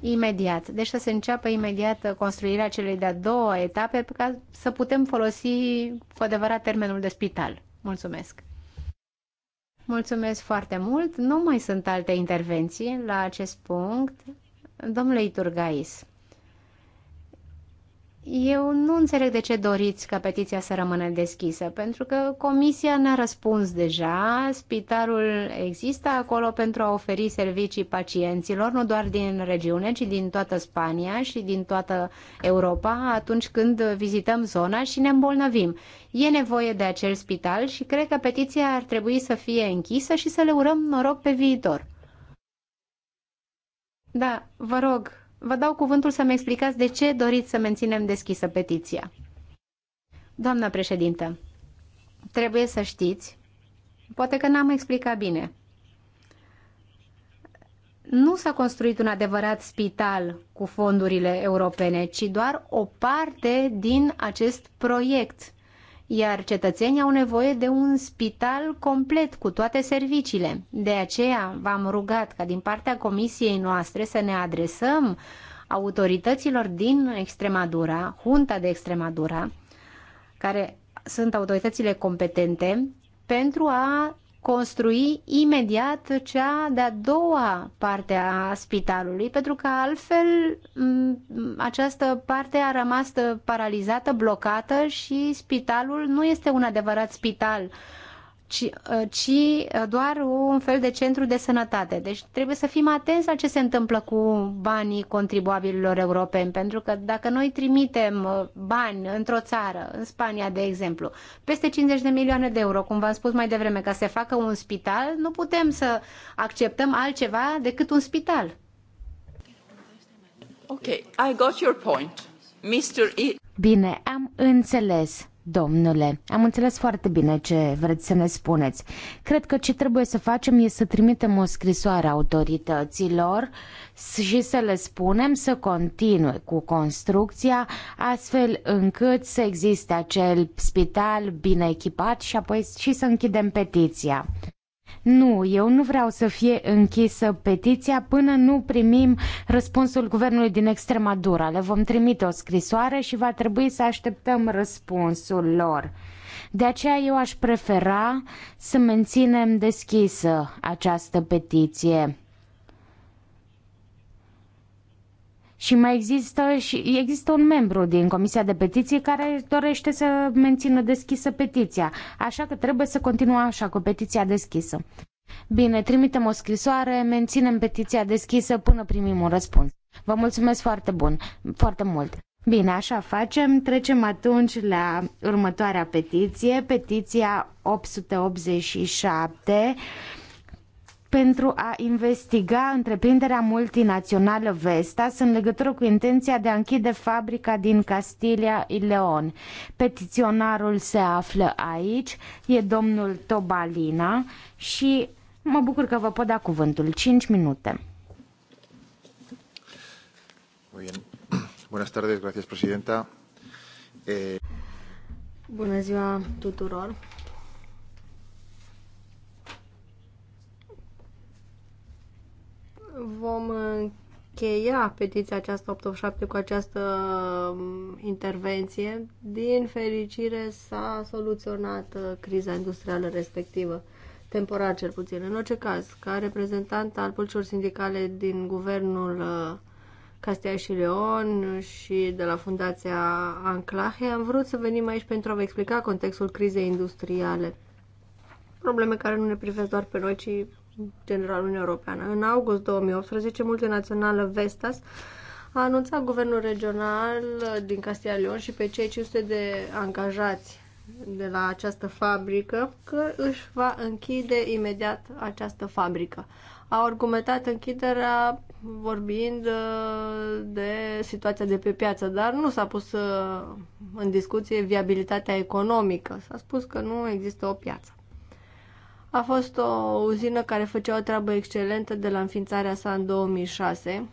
B: imediat. Deci să se înceapă imediat construirea celei de-a doua etape ca să putem folosi cu adevărat termenul de spital. Mulțumesc! Mulțumesc foarte mult. Nu mai sunt alte intervenții la acest punct. Domnule Iturgais eu nu înțeleg de ce doriți ca petiția să rămână deschisă, pentru că comisia ne-a răspuns deja, spitalul există acolo pentru a oferi servicii pacienților, nu doar din regiune, ci din toată Spania și din toată Europa, atunci când vizităm zona și ne îmbolnăvim. E nevoie de acel spital și cred că petiția ar trebui să fie închisă și să le urăm noroc pe viitor. Da, vă rog, vă dau cuvântul să-mi explicați de ce doriți să menținem deschisă petiția. Doamna președintă, trebuie să știți, poate că n-am explicat bine, nu s-a construit un adevărat spital cu fondurile europene, ci doar o parte din acest proiect iar cetățenii au nevoie de un spital complet cu toate serviciile. De aceea v-am rugat ca din partea comisiei noastre să ne adresăm autorităților din Extremadura, Junta de Extremadura, care sunt autoritățile competente, pentru a construi imediat cea de-a doua parte a spitalului, pentru că altfel această parte a rămas paralizată, blocată și spitalul nu este un adevărat spital ci, uh, ci uh, doar un fel de centru de sănătate. Deci trebuie să fim atenți la ce se întâmplă cu banii contribuabililor europeni, pentru că dacă noi trimitem uh, bani într-o țară, în Spania, de exemplu, peste 50 de milioane de euro, cum v-am spus mai devreme, ca să facă un spital, nu putem să acceptăm altceva decât un spital. Ok, I got your point. Mr. E
C: Bine, am înțeles. Domnule, am înțeles foarte bine ce vreți să ne spuneți. Cred că ce trebuie să facem este să trimitem o scrisoare autorităților și să le spunem să continue cu construcția astfel încât să existe acel spital bine echipat și apoi și să închidem petiția. Nu, eu nu vreau să fie închisă petiția până nu primim răspunsul guvernului din Extremadura. Le vom trimite o scrisoare și va trebui să așteptăm răspunsul lor. De aceea eu aș prefera să menținem deschisă această petiție. Și mai există și există un membru din Comisia de Petiții care dorește să mențină deschisă petiția, așa că trebuie să continuăm așa cu petiția deschisă. Bine, trimitem o scrisoare, menținem petiția deschisă până primim un răspuns. Vă mulțumesc foarte bun, foarte mult. Bine, așa facem. Trecem atunci la următoarea petiție, petiția 887 pentru a investiga întreprinderea multinațională Vestas în legătură cu intenția de a închide fabrica din Castilia și Leon. Petiționarul se află aici, e domnul Tobalina și mă bucur că vă pot da cuvântul. 5 minute.
A: tardes, gracias, presidenta. Eh...
D: Bună ziua tuturor. Vom încheia petiția aceasta 887 cu această um, intervenție. Din fericire s-a soluționat uh, criza industrială respectivă, temporar cel puțin. În orice caz, ca reprezentant al pulcilor sindicale din guvernul uh, Castea și Leon și de la Fundația Anclahe, am vrut să venim aici pentru a vă explica contextul crizei industriale. Probleme care nu ne privesc doar pe noi, ci general Uniunea Europeană. În august 2018, multinațională Vestas a anunțat guvernul regional din Castia Leon și pe cei 500 de angajați de la această fabrică că își va închide imediat această fabrică. Au argumentat închiderea vorbind uh, de situația de pe piață, dar nu s-a pus uh, în discuție viabilitatea economică. S-a spus că nu există o piață. A fost o uzină care făcea o treabă excelentă de la înființarea sa în 2006,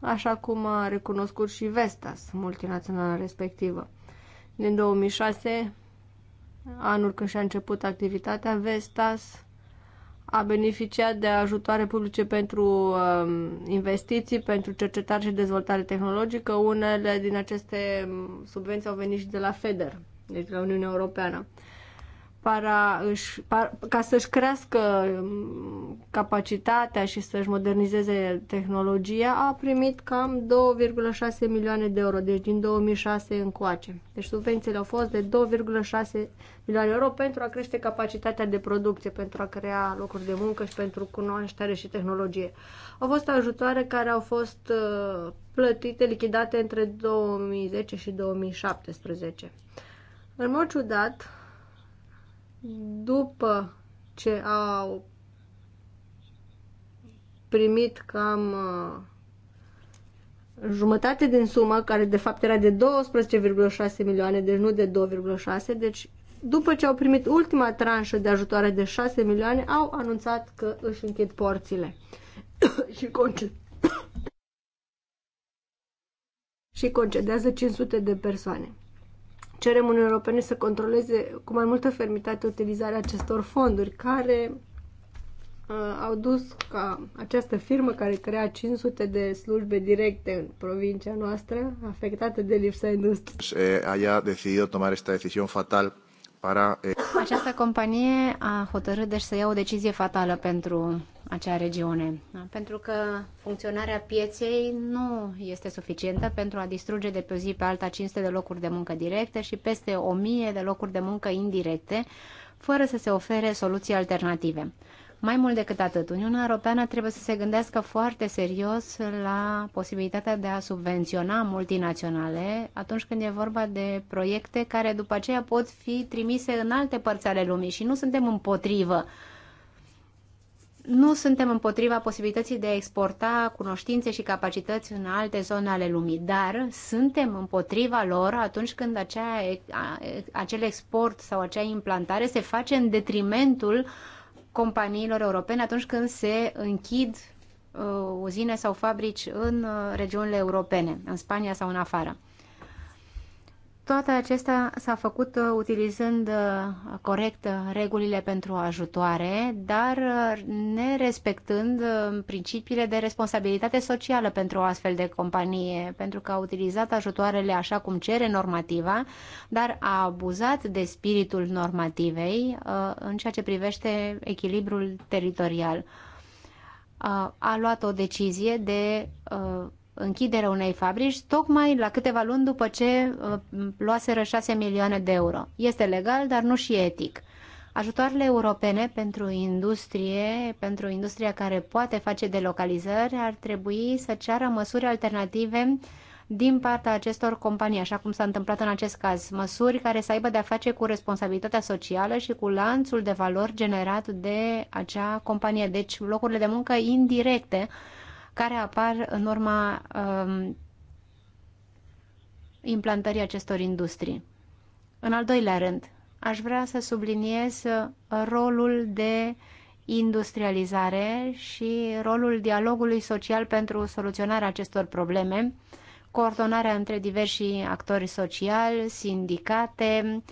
D: așa cum a recunoscut și Vestas, multinaționala respectivă. Din 2006, anul când și-a început activitatea, Vestas a beneficiat de ajutoare publice pentru um, investiții, pentru cercetare și dezvoltare tehnologică. Unele din aceste um, subvenții au venit și de la FEDER, deci de la Uniunea Europeană. Uh, para își, para, ca să-și crească mm, capacitatea și să-și modernizeze tehnologia, a primit cam 2,6 milioane de euro, deci din 2006 încoace. Deci subvențiile au fost de 2,6 milioane de euro pentru a crește capacitatea de producție, pentru a crea locuri de muncă și pentru cunoaștere și tehnologie. Au fost ajutoare care au fost uh, plătite, lichidate între 2010 și 2017. În mod ciudat, după ce au primit cam uh, jumătate din sumă, care de fapt era de 12,6 milioane, deci nu de 2,6, deci după ce au primit ultima tranșă de ajutoare de 6 milioane, au anunțat că își închid porțile și, conced... și concedează 500 de persoane cerem Uniunii Europene să controleze cu mai multă fermitate utilizarea acestor fonduri care uh, au dus ca această firmă care crea 500 de slujbe directe în provincia noastră, afectată de lipsa industriei.
A: Eh, haya decidido fatal para... Eh,
B: această companie a hotărât deci să ia o decizie fatală pentru acea regiune, da, pentru că funcționarea pieței nu este suficientă pentru a distruge de pe zi pe alta 500 de locuri de muncă directe și peste 1000 de locuri de muncă indirecte, fără să se ofere soluții alternative. Mai mult decât atât, Uniunea Europeană trebuie să se gândească foarte serios la posibilitatea de a subvenționa multinaționale atunci când e vorba de proiecte care după aceea pot fi trimise în alte părți ale lumii și nu suntem împotrivă uh, nu suntem împotriva posibilității de a exporta cunoștințe și capacități în alte zone ale lumii, dar suntem împotriva lor atunci când acea, acel export sau acea implantare se face în detrimentul companiilor europene atunci când se închid uh, uzine sau fabrici în uh, regiunile europene, în Spania sau în afară. Toate acestea s-a făcut uh, utilizând uh, corect uh, regulile pentru ajutoare, dar nerespectând principiile de responsabilitate socială pentru o astfel de companie, pentru că a utilizat ajutoarele așa cum cere normativa, dar a abuzat de spiritul normativei în ceea ce privește echilibrul teritorial a luat o decizie de închiderea unei fabrici tocmai la câteva luni după ce uh, luaseră 6 milioane de euro. Este legal, dar nu și etic. Ajutoarele europene pentru industrie, pentru industria care poate face delocalizări, ar trebui să ceară măsuri alternative din partea acestor companii, așa cum s-a întâmplat în acest caz, măsuri care să aibă de-a face cu responsabilitatea socială și cu lanțul de valori generat de acea companie, deci locurile de muncă indirecte care apar în urma um, implantării acestor industrii. În al doilea rând, aș vrea să subliniez rolul de industrializare și rolul dialogului social pentru soluționarea acestor probleme, coordonarea între diversi actori sociali, sindicate,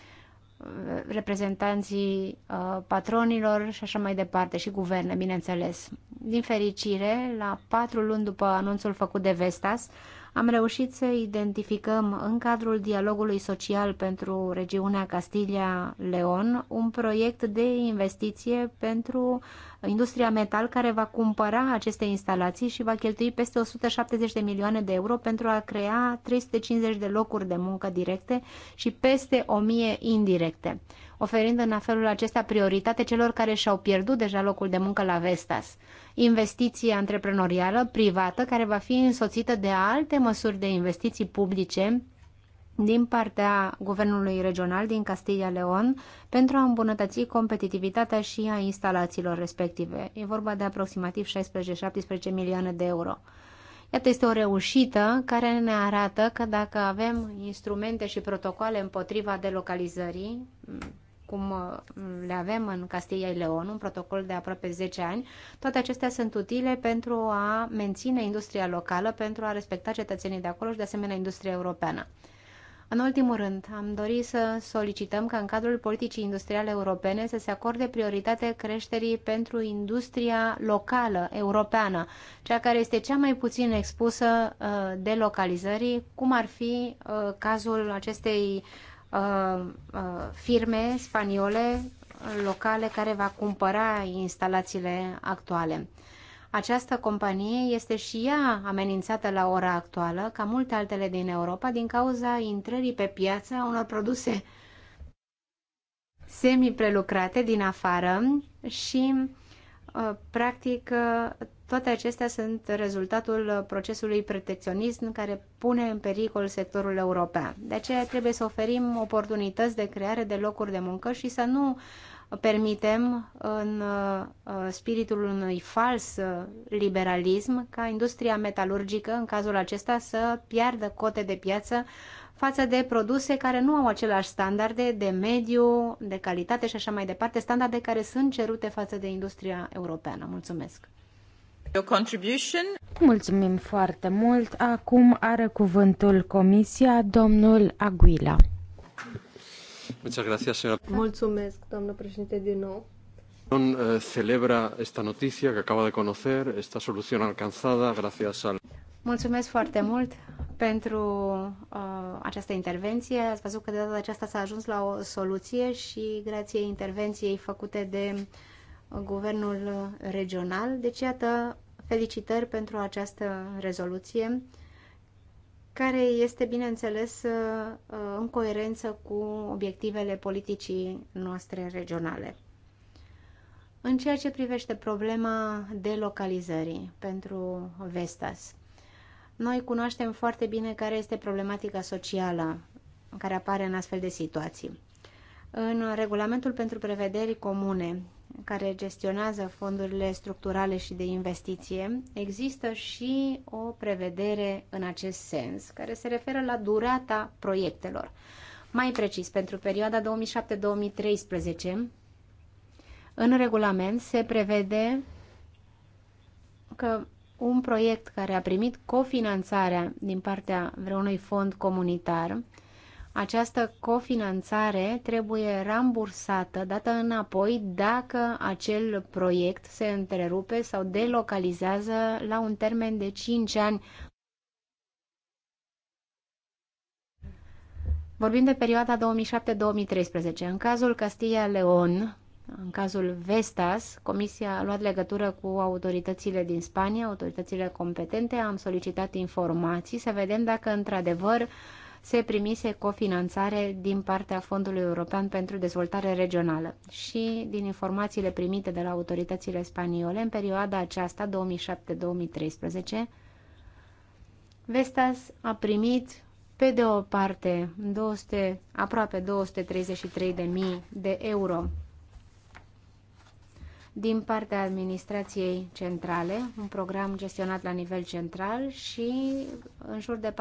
B: reprezentanții uh, patronilor și așa mai departe, și guverne, bineînțeles. Din fericire, la patru luni după anunțul făcut de Vestas, uh, am reușit să identificăm în cadrul dialogului social pentru regiunea Castilia-Leon un proiect de investiție pentru industria metal care va cumpăra aceste instalații și va cheltui peste 170 de milioane de euro pentru a crea 350 de locuri de muncă directe și peste 1000 indirecte, oferind în felul acesta prioritate celor care și-au pierdut deja locul de muncă la Vestas investiție antreprenorială privată care va fi însoțită de alte măsuri de investiții publice din partea Guvernului Regional din Castilla leon pentru a îmbunătăți competitivitatea și a instalațiilor respective. E vorba de aproximativ 16-17 milioane de euro. Iată, este o reușită care ne arată că dacă avem instrumente și protocoale împotriva delocalizării, cum mm, le avem în Castilla y Leon, un protocol de aproape 10 ani, toate acestea sunt utile pentru a menține industria locală, pentru a respecta cetățenii de acolo și de asemenea industria europeană. În ultimul rând, am dorit să solicităm ca în cadrul politicii industriale europene să se acorde prioritate creșterii pentru industria locală europeană, cea care este cea mai puțin expusă uh, de localizării, cum ar fi uh, cazul acestei Uh, uh, firme spaniole locale care va cumpăra instalațiile actuale. Această companie este și ea amenințată la ora actuală, ca multe altele din Europa, din cauza intrării pe piață a unor produse semi-prelucrate din afară și, uh, practic, toate acestea sunt rezultatul procesului protecționism care pune în pericol sectorul european. De aceea trebuie să oferim oportunități de creare de locuri de muncă și să nu permitem în uh, spiritul unui fals uh, liberalism ca industria metalurgică, în cazul acesta, să piardă cote de piață față de produse care nu au același standarde de mediu, de calitate și așa mai departe, standarde care sunt cerute față de industria europeană. Mulțumesc!
C: Mulțumim foarte mult. Acum are cuvântul Comisia, domnul Aguila.
A: Mulțumesc,
C: doamnă președinte, din nou.
A: Eh, celebra esta noticia que acaba de conocer, esta solución alcanzada gracias al...
B: Mulțumesc foarte mult pentru uh, această intervenție. Ați văzut că de data aceasta s-a ajuns la o soluție și grație intervenției făcute de uh, guvernul regional. Deci, iată, felicitări pentru această rezoluție, care este, bineînțeles, uh, în coerență cu obiectivele politicii noastre regionale. În ceea ce privește problema delocalizării pentru Vestas, noi cunoaștem foarte bine care este problematica socială care apare în astfel de situații. În regulamentul pentru prevederi comune care gestionează fondurile structurale și de investiție, există și o prevedere în acest sens, care se referă la durata proiectelor. Mai precis, pentru perioada 2007-2013, în regulament se prevede că un proiect care a primit cofinanțarea din partea vreunui fond comunitar această cofinanțare trebuie rambursată, dată înapoi, dacă acel proiect se întrerupe sau delocalizează la un termen de 5 ani. Vorbim de perioada 2007-2013. În cazul Castilla-León, în cazul Vestas, Comisia a luat legătură cu autoritățile din Spania, autoritățile competente, am solicitat informații să vedem dacă într-adevăr se primise cofinanțare din partea Fondului European pentru Dezvoltare Regională și din informațiile primite de la autoritățile spaniole în perioada aceasta 2007-2013, Vestas a primit pe de o parte 200, aproape 233.000 de euro din partea administrației centrale, un program gestionat la nivel central și în jur de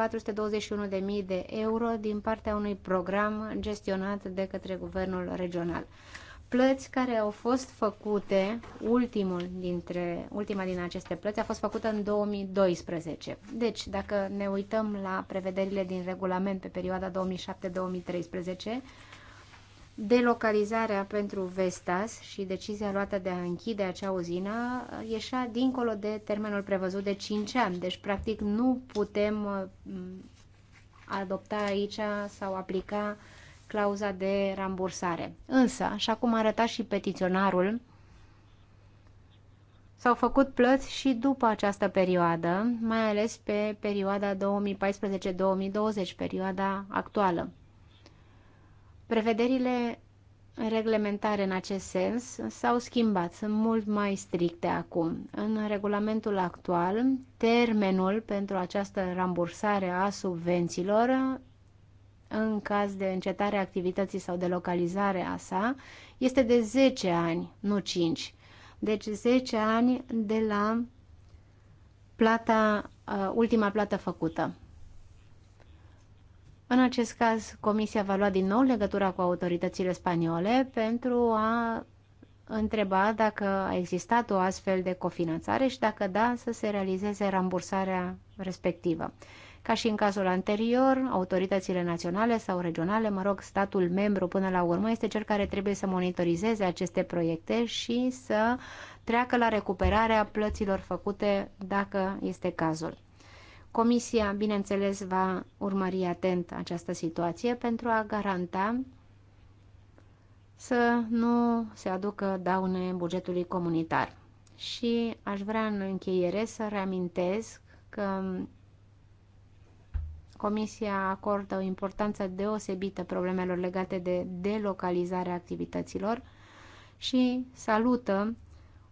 B: 421.000 de euro din partea unui program gestionat de către guvernul regional. Plăți care au fost făcute, ultimul dintre, ultima din aceste plăți a fost făcută în 2012. Deci, dacă ne uităm la prevederile din regulament pe perioada 2007-2013, delocalizarea pentru Vestas și decizia luată de a închide acea uzină ieșea dincolo de termenul prevăzut de 5 ani. Deci, practic, nu putem mm, adopta aici sau aplica clauza de rambursare. Însă, așa cum arăta și petiționarul, S-au făcut plăți și după această perioadă, mai ales pe perioada 2014-2020, perioada actuală. Prevederile reglementare în acest sens s-au schimbat, sunt mult mai stricte acum. În regulamentul actual, termenul pentru această rambursare a subvențiilor în caz de încetare activității sau de localizare a sa este de 10 ani, nu 5. Deci 10 ani de la plata, uh, ultima plată făcută. În acest caz, Comisia va lua din nou legătura cu autoritățile spaniole pentru a întreba dacă a existat o astfel de cofinanțare și dacă da, să se realizeze rambursarea respectivă. Ca și în cazul anterior, autoritățile naționale sau regionale, mă rog, statul membru până la urmă este cel care trebuie să monitorizeze aceste proiecte și să treacă la recuperarea plăților făcute dacă este cazul. Comisia, bineînțeles, va urmări atent această situație pentru a garanta să nu se aducă daune bugetului comunitar. Și aș vrea în încheiere să reamintesc că Comisia acordă o importanță deosebită problemelor legate de delocalizarea activităților și salută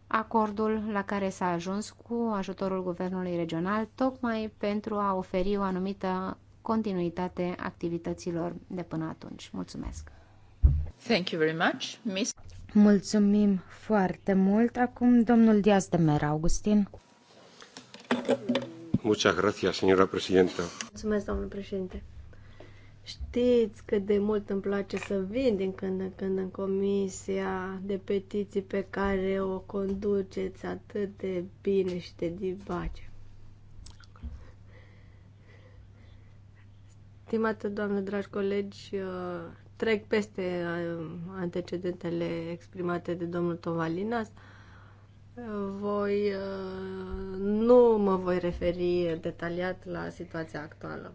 B: acordul la care s-a ajuns cu ajutorul guvernului regional, tocmai pentru a oferi o anumită continuitate activităților de până atunci. Mulțumesc! Thank you very much,
C: Miss. Mulțumim foarte mult. Acum domnul Diaz de Mera, Augustin.
A: Muchas gracias, señora presidenta.
D: Mulțumesc, domnul președinte. Știți cât de mult îmi place să vin din când în când în comisia de petiții pe care o conduceți atât de bine și de divace. Stimată doamnă, dragi colegi, uh, trec peste uh, antecedentele exprimate de domnul Tovalinas. Voi, uh, nu mă voi referi detaliat la situația actuală.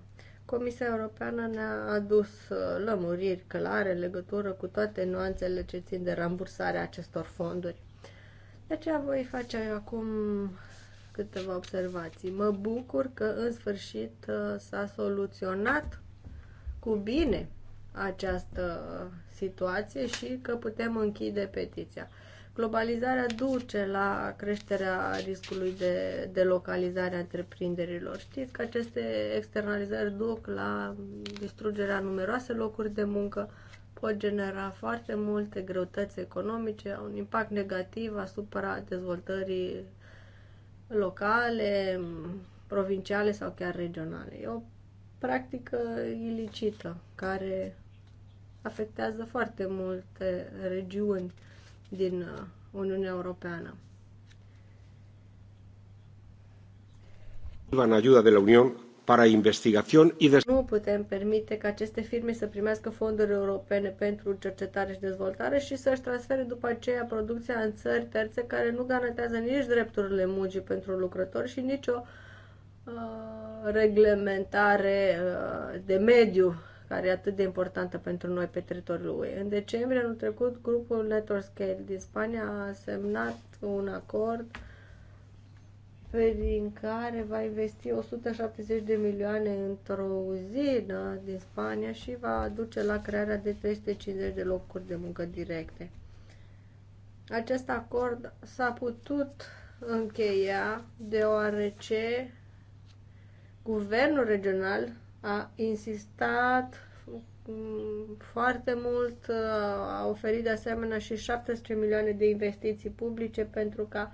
D: Comisia Europeană ne-a adus uh, lămuriri clare legătură cu toate nuanțele ce țin de rambursarea acestor fonduri. De aceea voi face acum câteva observații. Mă bucur că în sfârșit uh, s-a soluționat cu bine această uh, situație și că putem închide petiția. Globalizarea duce la creșterea riscului de de localizare a întreprinderilor. Știți că aceste externalizări duc la distrugerea numeroase locuri de muncă, pot genera foarte multe greutăți economice, au un impact negativ asupra dezvoltării locale, provinciale sau chiar regionale. E o practică ilicită care afectează foarte multe regiuni din uh, Uniunea Europeană.
A: În ajuda de la Uniune para investigación y des...
D: Nu putem permite ca aceste firme să primească fonduri europene pentru cercetare și dezvoltare și să-și transfere după aceea producția în țări terțe care nu garantează nici drepturile muncii pentru lucrători și nicio uh, reglementare uh, de mediu care e atât de importantă pentru noi pe teritoriul UE. În decembrie anul trecut, grupul Scale din Spania a semnat un acord prin care va investi 170 de milioane într-o uzină din Spania și va duce la crearea de 350 de locuri de muncă directe. Acest acord s-a putut încheia deoarece guvernul regional a insistat mm, foarte mult, a oferit de asemenea și 17 milioane de investiții publice pentru ca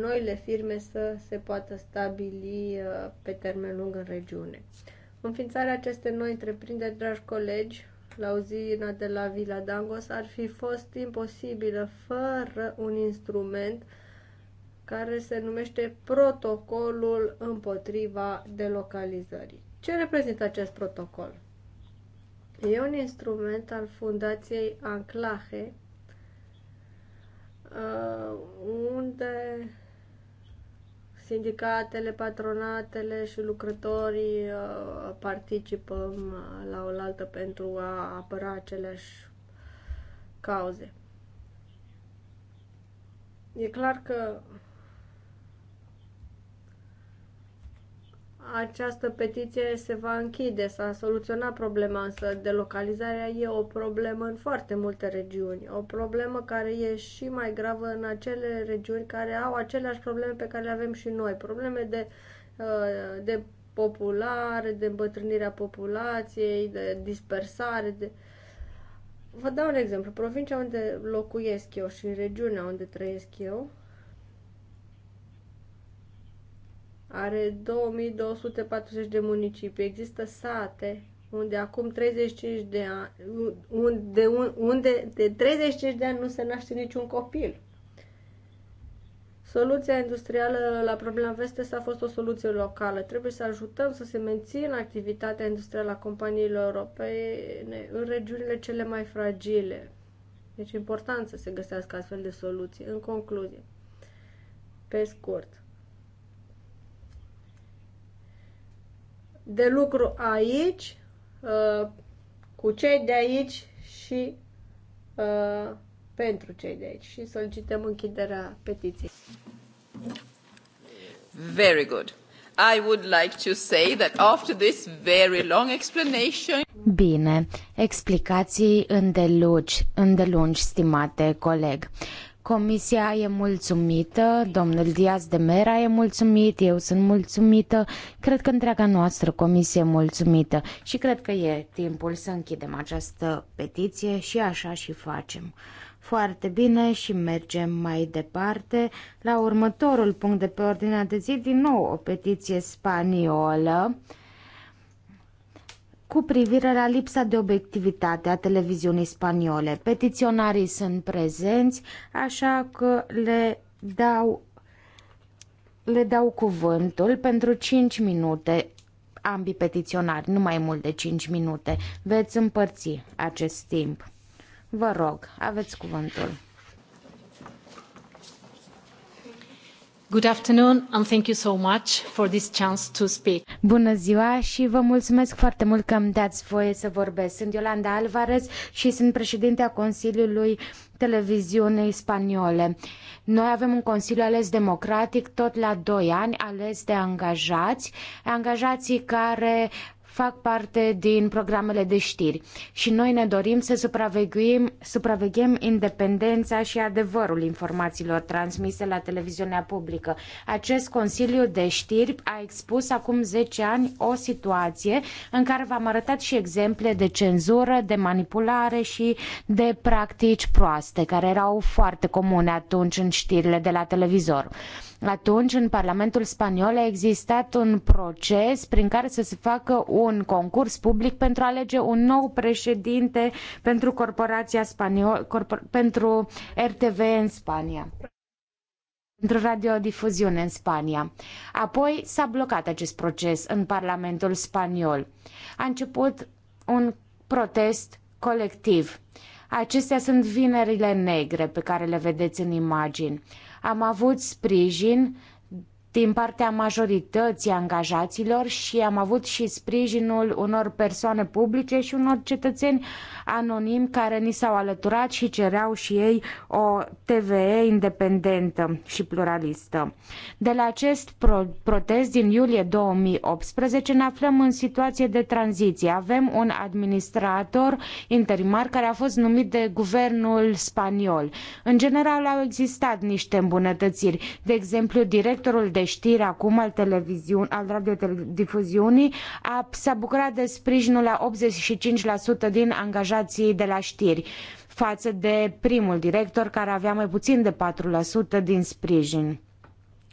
D: noile firme să se poată stabili pe termen lung în regiune. Înființarea acestei noi întreprinderi, dragi colegi, la uzina de la Vila Dangos ar fi fost imposibilă fără un instrument care se numește protocolul împotriva delocalizării. Ce reprezintă acest protocol? E un instrument al Fundației Anclahe, uh, unde sindicatele, patronatele și lucrătorii uh, participăm uh, la oaltă pentru a apăra aceleași cauze. E clar că această petiție se va închide, s-a soluționat problema, însă delocalizarea e o problemă în foarte multe regiuni, o problemă care e și mai gravă în acele regiuni care au aceleași probleme pe care le avem și noi, probleme de, uh, de populare, de îmbătrânirea populației, de dispersare, de... Vă dau un exemplu. Provincia unde locuiesc eu și regiunea unde trăiesc eu, are 2240 de municipii. Există sate unde acum 35 de ani, unde, unde de 35 de ani nu se naște niciun copil. Soluția industrială la problema Vestes a fost o soluție locală. Trebuie să ajutăm să se mențină activitatea industrială a companiilor europene în regiunile cele mai fragile. Deci e important să se găsească astfel de soluții. În concluzie, pe scurt, de lucru aici, uh, cu cei de aici și uh, pentru cei de aici și solicităm închiderea petiției.
B: Very good. I would like to say that after this very long explanation...
C: Bine, explicații îndelungi, îndelungi, stimate coleg. Comisia e mulțumită, domnul Diaz de Mera e mulțumit, eu sunt mulțumită, cred că întreaga noastră comisie e mulțumită și cred că e timpul să închidem această petiție și așa și facem. Foarte bine și mergem mai departe la următorul punct de pe ordinea de zi, din nou o petiție spaniolă cu privire la lipsa de obiectivitate a televiziunii spaniole. Petiționarii sunt prezenți, așa că le dau, le dau cuvântul pentru 5 minute ambii petiționari, nu mai mult de 5 minute. Veți împărți acest timp. Vă rog, aveți cuvântul. Good afternoon
B: and thank you so much for this chance to speak.
C: Bună ziua și vă mulțumesc foarte mult că îmi dați voie să vorbesc. Sunt Yolanda Alvarez și sunt președintea Consiliului televiziunii spaniole. Noi avem un consiliu ales democratic tot la 2 ani, ales de angajați, angajații care fac parte din programele de știri și noi ne dorim să supraveghem, supraveghem independența și adevărul informațiilor transmise la televiziunea publică. Acest Consiliu de Știri a expus acum 10 ani o situație în care v-am arătat și exemple de cenzură, de manipulare și de practici proaste, care erau foarte comune atunci în știrile de la televizor. Atunci, în Parlamentul Spaniol a existat un proces prin care să se facă un concurs public pentru a alege un nou președinte pentru corporația spaniol, corpor, pentru RTV în Spania pentru radiodifuziune în Spania. Apoi s-a blocat acest proces în Parlamentul spaniol. A început un protest colectiv. Acestea sunt vinerile negre pe care le vedeți în imagini. Am avut sprijin din partea majorității angajaților și am avut și sprijinul unor persoane publice și unor cetățeni anonimi care ni s-au alăturat și cereau și ei o TVE independentă și pluralistă. De la acest pro- protest din iulie 2018 ne aflăm în situație de tranziție. Avem un administrator interimar care a fost numit de guvernul spaniol. În general au existat niște îmbunătățiri. De exemplu, directorul de știri acum al, televiziun, al radiodifuziunii a, s-a bucurat de sprijinul la 85% din angajații de la știri față de primul director care avea mai puțin de 4% din sprijin.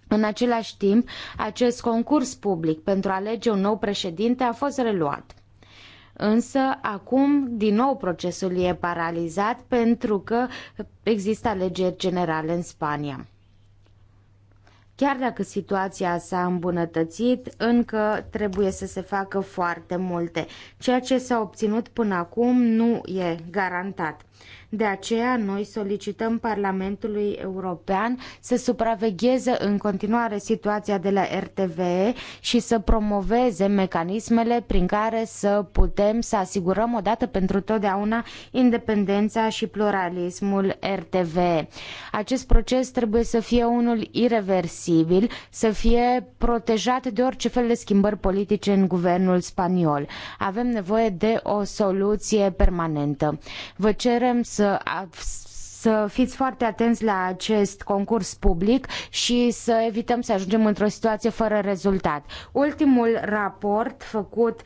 C: În același timp, acest concurs public pentru a alege un nou președinte a fost reluat. Însă, acum, din nou, procesul e paralizat pentru că există alegeri generale în Spania. Chiar dacă situația s-a îmbunătățit, încă trebuie să se facă foarte multe. Ceea ce s-a obținut până acum nu e garantat. De aceea, noi solicităm Parlamentului European să supravegheze în continuare situația de la RTVE și să promoveze mecanismele prin care să putem să asigurăm odată pentru totdeauna independența și pluralismul RTVE. Acest proces trebuie să fie unul irreversibil, să fie protejat de orice fel de schimbări politice în guvernul spaniol. Avem nevoie de o soluție permanentă. Vă cerem putem să să fiți foarte atenți la acest concurs public și să evităm să ajungem într-o situație fără rezultat. Ultimul raport făcut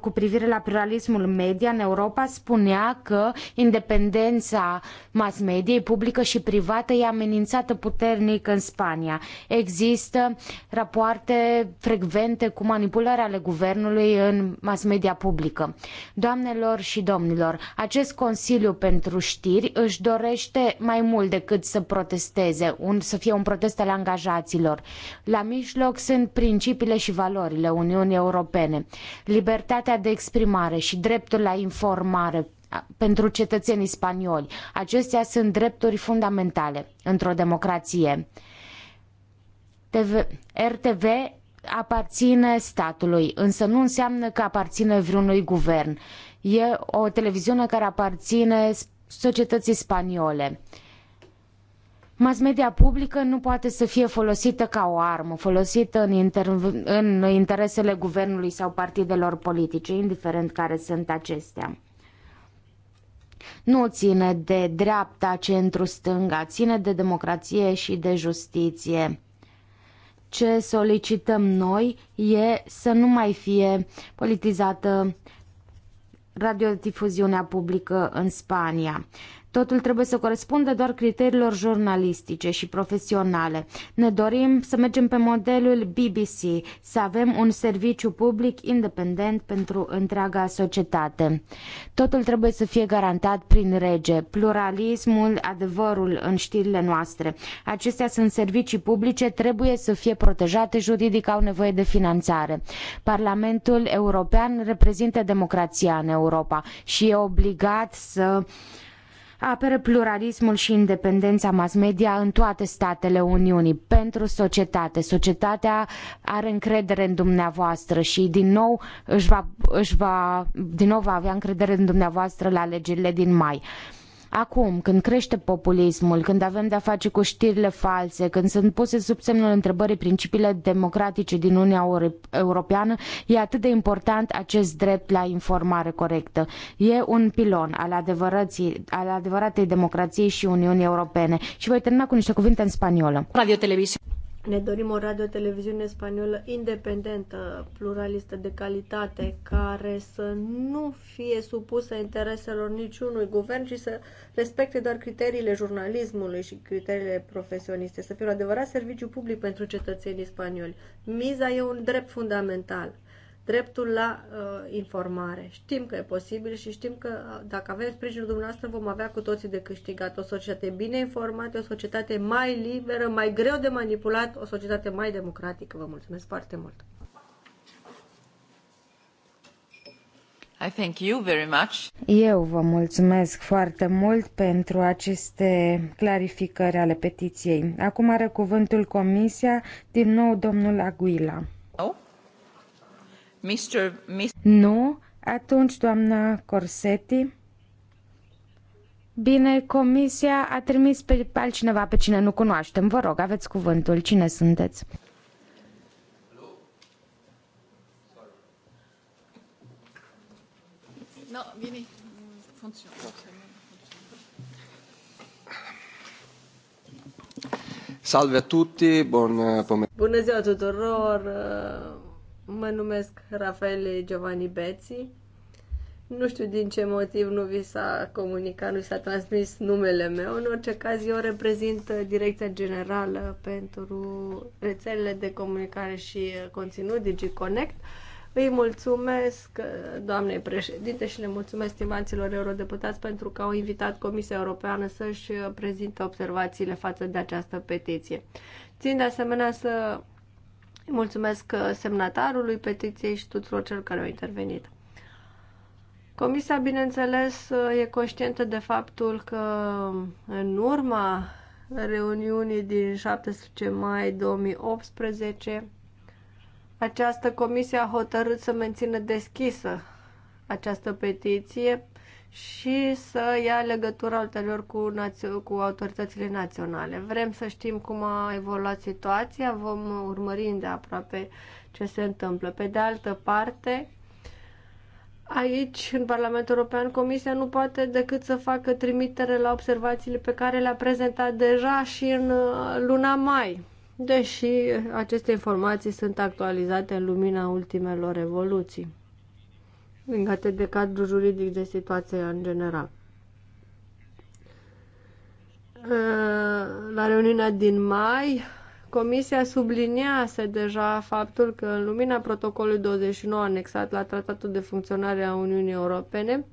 C: cu privire la pluralismul media în Europa spunea că independența mass mediei publică și privată e amenințată puternic în Spania. Există rapoarte frecvente cu manipulări ale guvernului în mass media publică. Doamnelor și domnilor, acest Consiliu pentru Știri își dorește dorește mai mult decât să protesteze, un, să fie un protest al angajaților. La mijloc sunt principiile și valorile Uniunii Europene, libertatea de exprimare și dreptul la informare pentru cetățenii spanioli. Acestea sunt drepturi fundamentale într-o democrație. TV, RTV aparține statului, însă nu înseamnă că aparține vreunui guvern. E o televiziune care aparține societăii spaniole. Mass media publică nu poate să fie folosită ca o armă, folosită în, inter- în interesele guvernului sau partidelor politice, indiferent care sunt acestea. Nu ține de dreapta, centru, stânga, ține de democrație și de justiție. Ce solicităm noi e să nu mai fie politizată radiodifuziunea publică în Spania. Totul trebuie să corespundă doar criteriilor jurnalistice și profesionale. Ne dorim să mergem pe modelul BBC, să avem un serviciu public independent pentru întreaga societate. Totul trebuie să fie garantat prin rege, pluralismul, adevărul în știrile noastre. Acestea sunt servicii publice, trebuie să fie protejate juridic, au nevoie de finanțare. Parlamentul European reprezintă democrația în Europa și e obligat să apără pluralismul și independența mass media în toate statele Uniunii, pentru societate. Societatea are încredere în dumneavoastră și din nou își va, își va, din nou va avea încredere în dumneavoastră la alegerile din mai. Acum, când crește populismul, când avem de-a face cu știrile false, când sunt puse sub semnul întrebării principiile democratice din Uniunea Europeană, e atât de important acest drept la informare corectă. E un pilon al, al adevăratei democrației și Uniunii Europene. Și voi termina cu niște cuvinte în spaniolă.
D: Radio ne dorim o radio-televiziune spaniolă independentă, pluralistă, de calitate, care să nu fie supusă intereselor niciunui guvern, ci să respecte doar criteriile jurnalismului și criteriile profesioniste, să fie un adevărat serviciu public pentru cetățenii spanioli. Miza e un drept fundamental dreptul la uh, informare. Știm că e posibil și știm că uh, dacă avem sprijinul dumneavoastră vom avea cu toții de câștigat o societate bine informată, o societate mai liberă, mai greu de manipulat, o societate mai democratică. Vă mulțumesc foarte mult! I thank you very much.
C: Eu vă mulțumesc foarte mult pentru aceste clarificări ale petiției. Acum are cuvântul Comisia, din nou domnul Aguila nu, atunci doamna Corsetti. Bine, comisia a trimis pe altcineva pe cine nu cunoaștem. Vă rog, aveți cuvântul. Cine sunteți?
D: Salve a tutti, buon pomeriggio. a tutti, tuturor, Mă numesc Rafael Giovanni Beții. Nu știu din ce motiv nu vi s-a comunicat, nu s-a transmis numele meu. În orice caz, eu reprezint Direcția Generală pentru rețelele de comunicare și conținut DigiConnect. Îi mulțumesc doamnei președinte și le mulțumesc stimaților eurodeputați pentru că au invitat Comisia Europeană să-și prezinte observațiile față de această petiție. Țin de asemenea să îi mulțumesc uh, semnatarului petiției și tuturor celor care au intervenit. Comisia, bineînțeles, uh, e conștientă de faptul că uh, în urma reuniunii din 17 mai 2018, această comisie a hotărât să mențină deschisă această petiție și să ia legătura ulterior cu, cu autoritățile naționale. Vrem să știm cum a evoluat situația, vom urmări îndeaproape ce se întâmplă. Pe de altă parte, aici, în Parlamentul European, Comisia nu poate decât să facă trimitere la observațiile pe care le-a prezentat deja și în uh, luna mai, deși aceste informații sunt actualizate în lumina ultimelor evoluții legate de cadrul juridic de situație în general. Ă, la reuniunea din mai, Comisia subliniase deja faptul că în lumina protocolului 29 anexat la Tratatul de Funcționare a Uniunii Europene,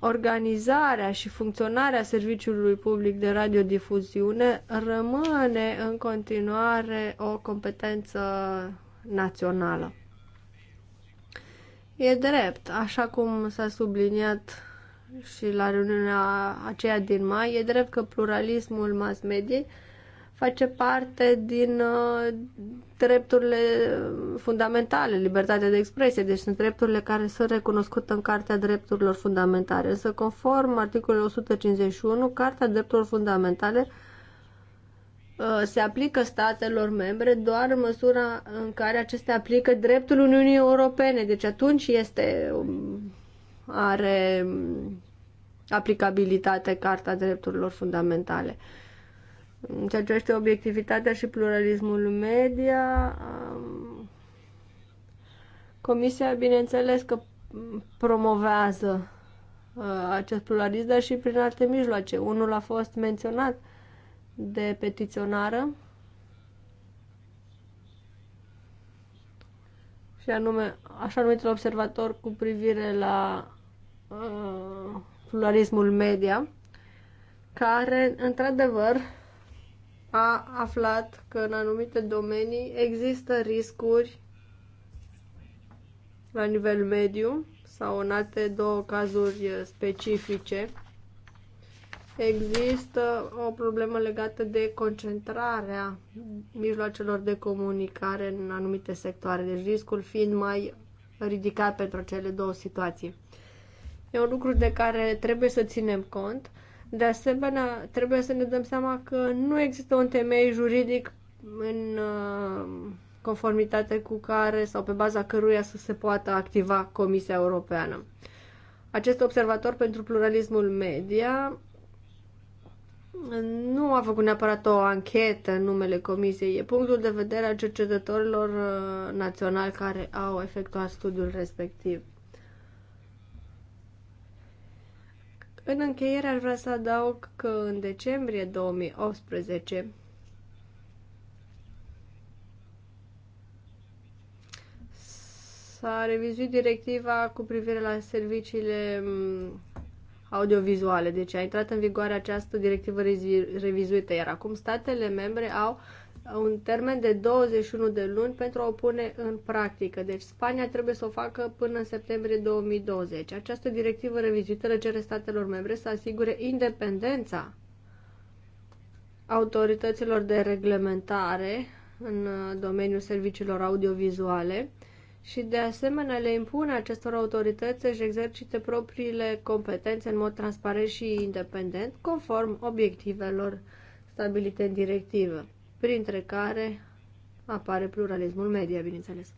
D: organizarea și funcționarea serviciului public de radiodifuziune rămâne în continuare o competență națională. E drept, așa cum s-a subliniat și la reuniunea aceea din mai, e drept că pluralismul mass media face parte din uh, drepturile fundamentale, libertatea de expresie, deci sunt drepturile care sunt recunoscute în Cartea Drepturilor Fundamentale. Însă, conform articolului 151, Cartea Drepturilor Fundamentale Uh, se aplică statelor membre doar în măsura în care acestea aplică dreptul Uniunii Europene. Deci atunci este um, are um, aplicabilitate Carta Drepturilor Fundamentale. În ceea ce este obiectivitatea și pluralismul media, um, Comisia, bineînțeles că promovează uh, acest pluralism, dar și prin alte mijloace. Unul a fost menționat de petiționară și anume așa numitul observator cu privire la uh, pluralismul media care într-adevăr a aflat că în anumite domenii există riscuri la nivel mediu sau în alte două cazuri specifice Există o problemă legată de concentrarea mijloacelor de comunicare în anumite sectoare, deci riscul fiind mai ridicat pentru cele două situații. E un lucru de care trebuie să ținem cont. De asemenea, trebuie să ne dăm seama că nu există un temei juridic în uh, conformitate cu care sau pe baza căruia să se poată activa Comisia Europeană. Acest observator pentru pluralismul media nu a făcut neapărat o anchetă în numele comisiei, e punctul de vedere al cercetătorilor uh, naționali care au efectuat studiul respectiv. În încheiere aș vrea să adaug că în decembrie 2018 s-a revizuit directiva cu privire la serviciile audiovizuale. Deci a intrat în vigoare această directivă revizuită, iar acum statele membre au un termen de 21 de luni pentru a o pune în practică. Deci Spania trebuie să o facă până în septembrie 2020. Această directivă revizuită le cere statelor membre să asigure independența autorităților de reglementare în uh, domeniul serviciilor audiovizuale, vizuale și de asemenea le impune acestor autorități să-și exercite propriile competențe în mod transparent și independent, conform obiectivelor stabilite în directivă, printre care apare pluralismul media, bineînțeles.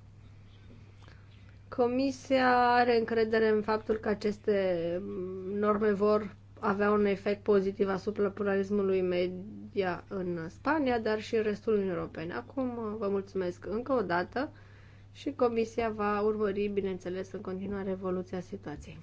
D: Comisia are încredere în faptul că aceste norme vor avea un efect pozitiv asupra pluralismului media în Spania, dar și în restul Uniunii Europene. Acum vă mulțumesc încă o dată și Comisia va urmări, bineînțeles, în continuare evoluția situației.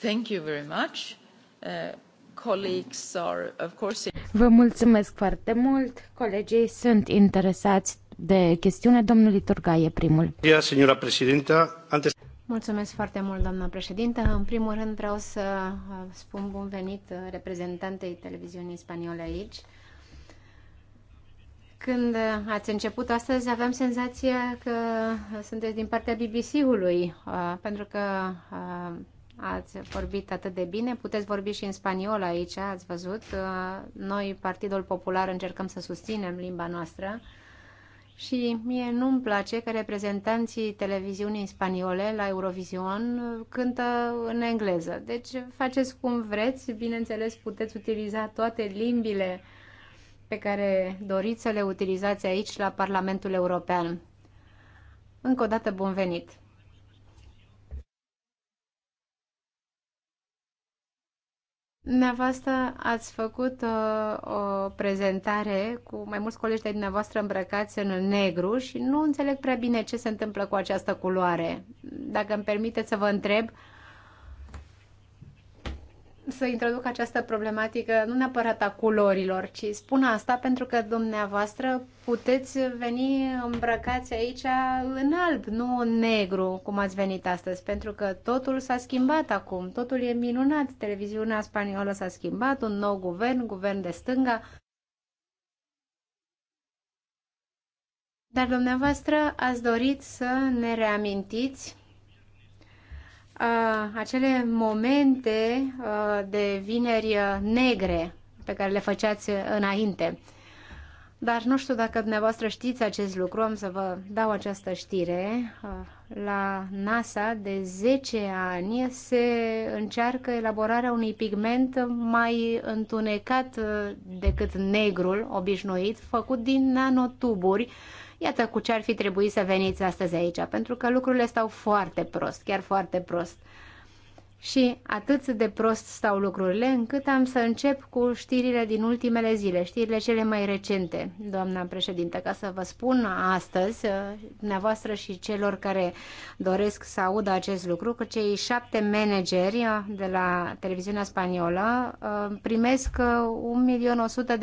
D: Thank you very much. Uh,
A: colleagues are, of
D: course...
C: Vă mulțumesc foarte mult. Colegii sunt interesați de chestiune. Domnul Liturgaie, primul.
A: Señora președinte. antes...
B: Mulțumesc foarte mult, doamna președintă. În primul rând vreau să uh, spun bun venit uh, reprezentantei televiziunii spaniole aici. Când ați început astăzi, aveam senzația că sunteți din partea BBC-ului, uh, pentru că uh, ați vorbit atât de bine. Puteți vorbi și în spaniolă aici, ați văzut. Uh, noi, Partidul Popular, încercăm să susținem limba noastră. Și mie nu-mi place că reprezentanții televiziunii spaniole la Eurovision cântă în engleză. Deci faceți cum vreți, bineînțeles puteți utiliza toate limbile pe care doriți să le utilizați aici la Parlamentul European. Încă o dată bun venit! Dumneavoastră ați făcut uh, o prezentare cu mai mulți colegi de dumneavoastră îmbrăcați în negru și nu înțeleg prea bine ce se întâmplă cu această culoare. Dacă îmi permiteți să vă întreb, uh, să introduc această problematică nu neapărat a culorilor, ci spun asta pentru că dumneavoastră puteți veni îmbrăcați aici în alb, nu în negru, cum ați venit astăzi, pentru că totul s-a schimbat acum, totul e minunat, televiziunea spaniolă s-a schimbat, un nou guvern, guvern de stânga. Dar dumneavoastră ați dorit să ne reamintiți Uh, acele momente uh, de vineri uh, negre pe care le făceați înainte. Dar nu știu dacă dumneavoastră știți acest lucru, am să vă dau această știre. La NASA de 10 ani se încearcă elaborarea unui pigment mai întunecat decât negrul obișnuit, făcut din nanotuburi Iată cu ce ar fi trebuit să veniți astăzi aici, pentru că lucrurile stau foarte prost, chiar foarte prost. Și atât de prost stau lucrurile, încât am să încep cu știrile din ultimele zile, știrile cele mai recente, doamna președinte, ca să vă spun astăzi, dumneavoastră și celor care doresc să audă acest lucru, că cei șapte manageri de la televiziunea spaniolă uh, primesc 1.100.000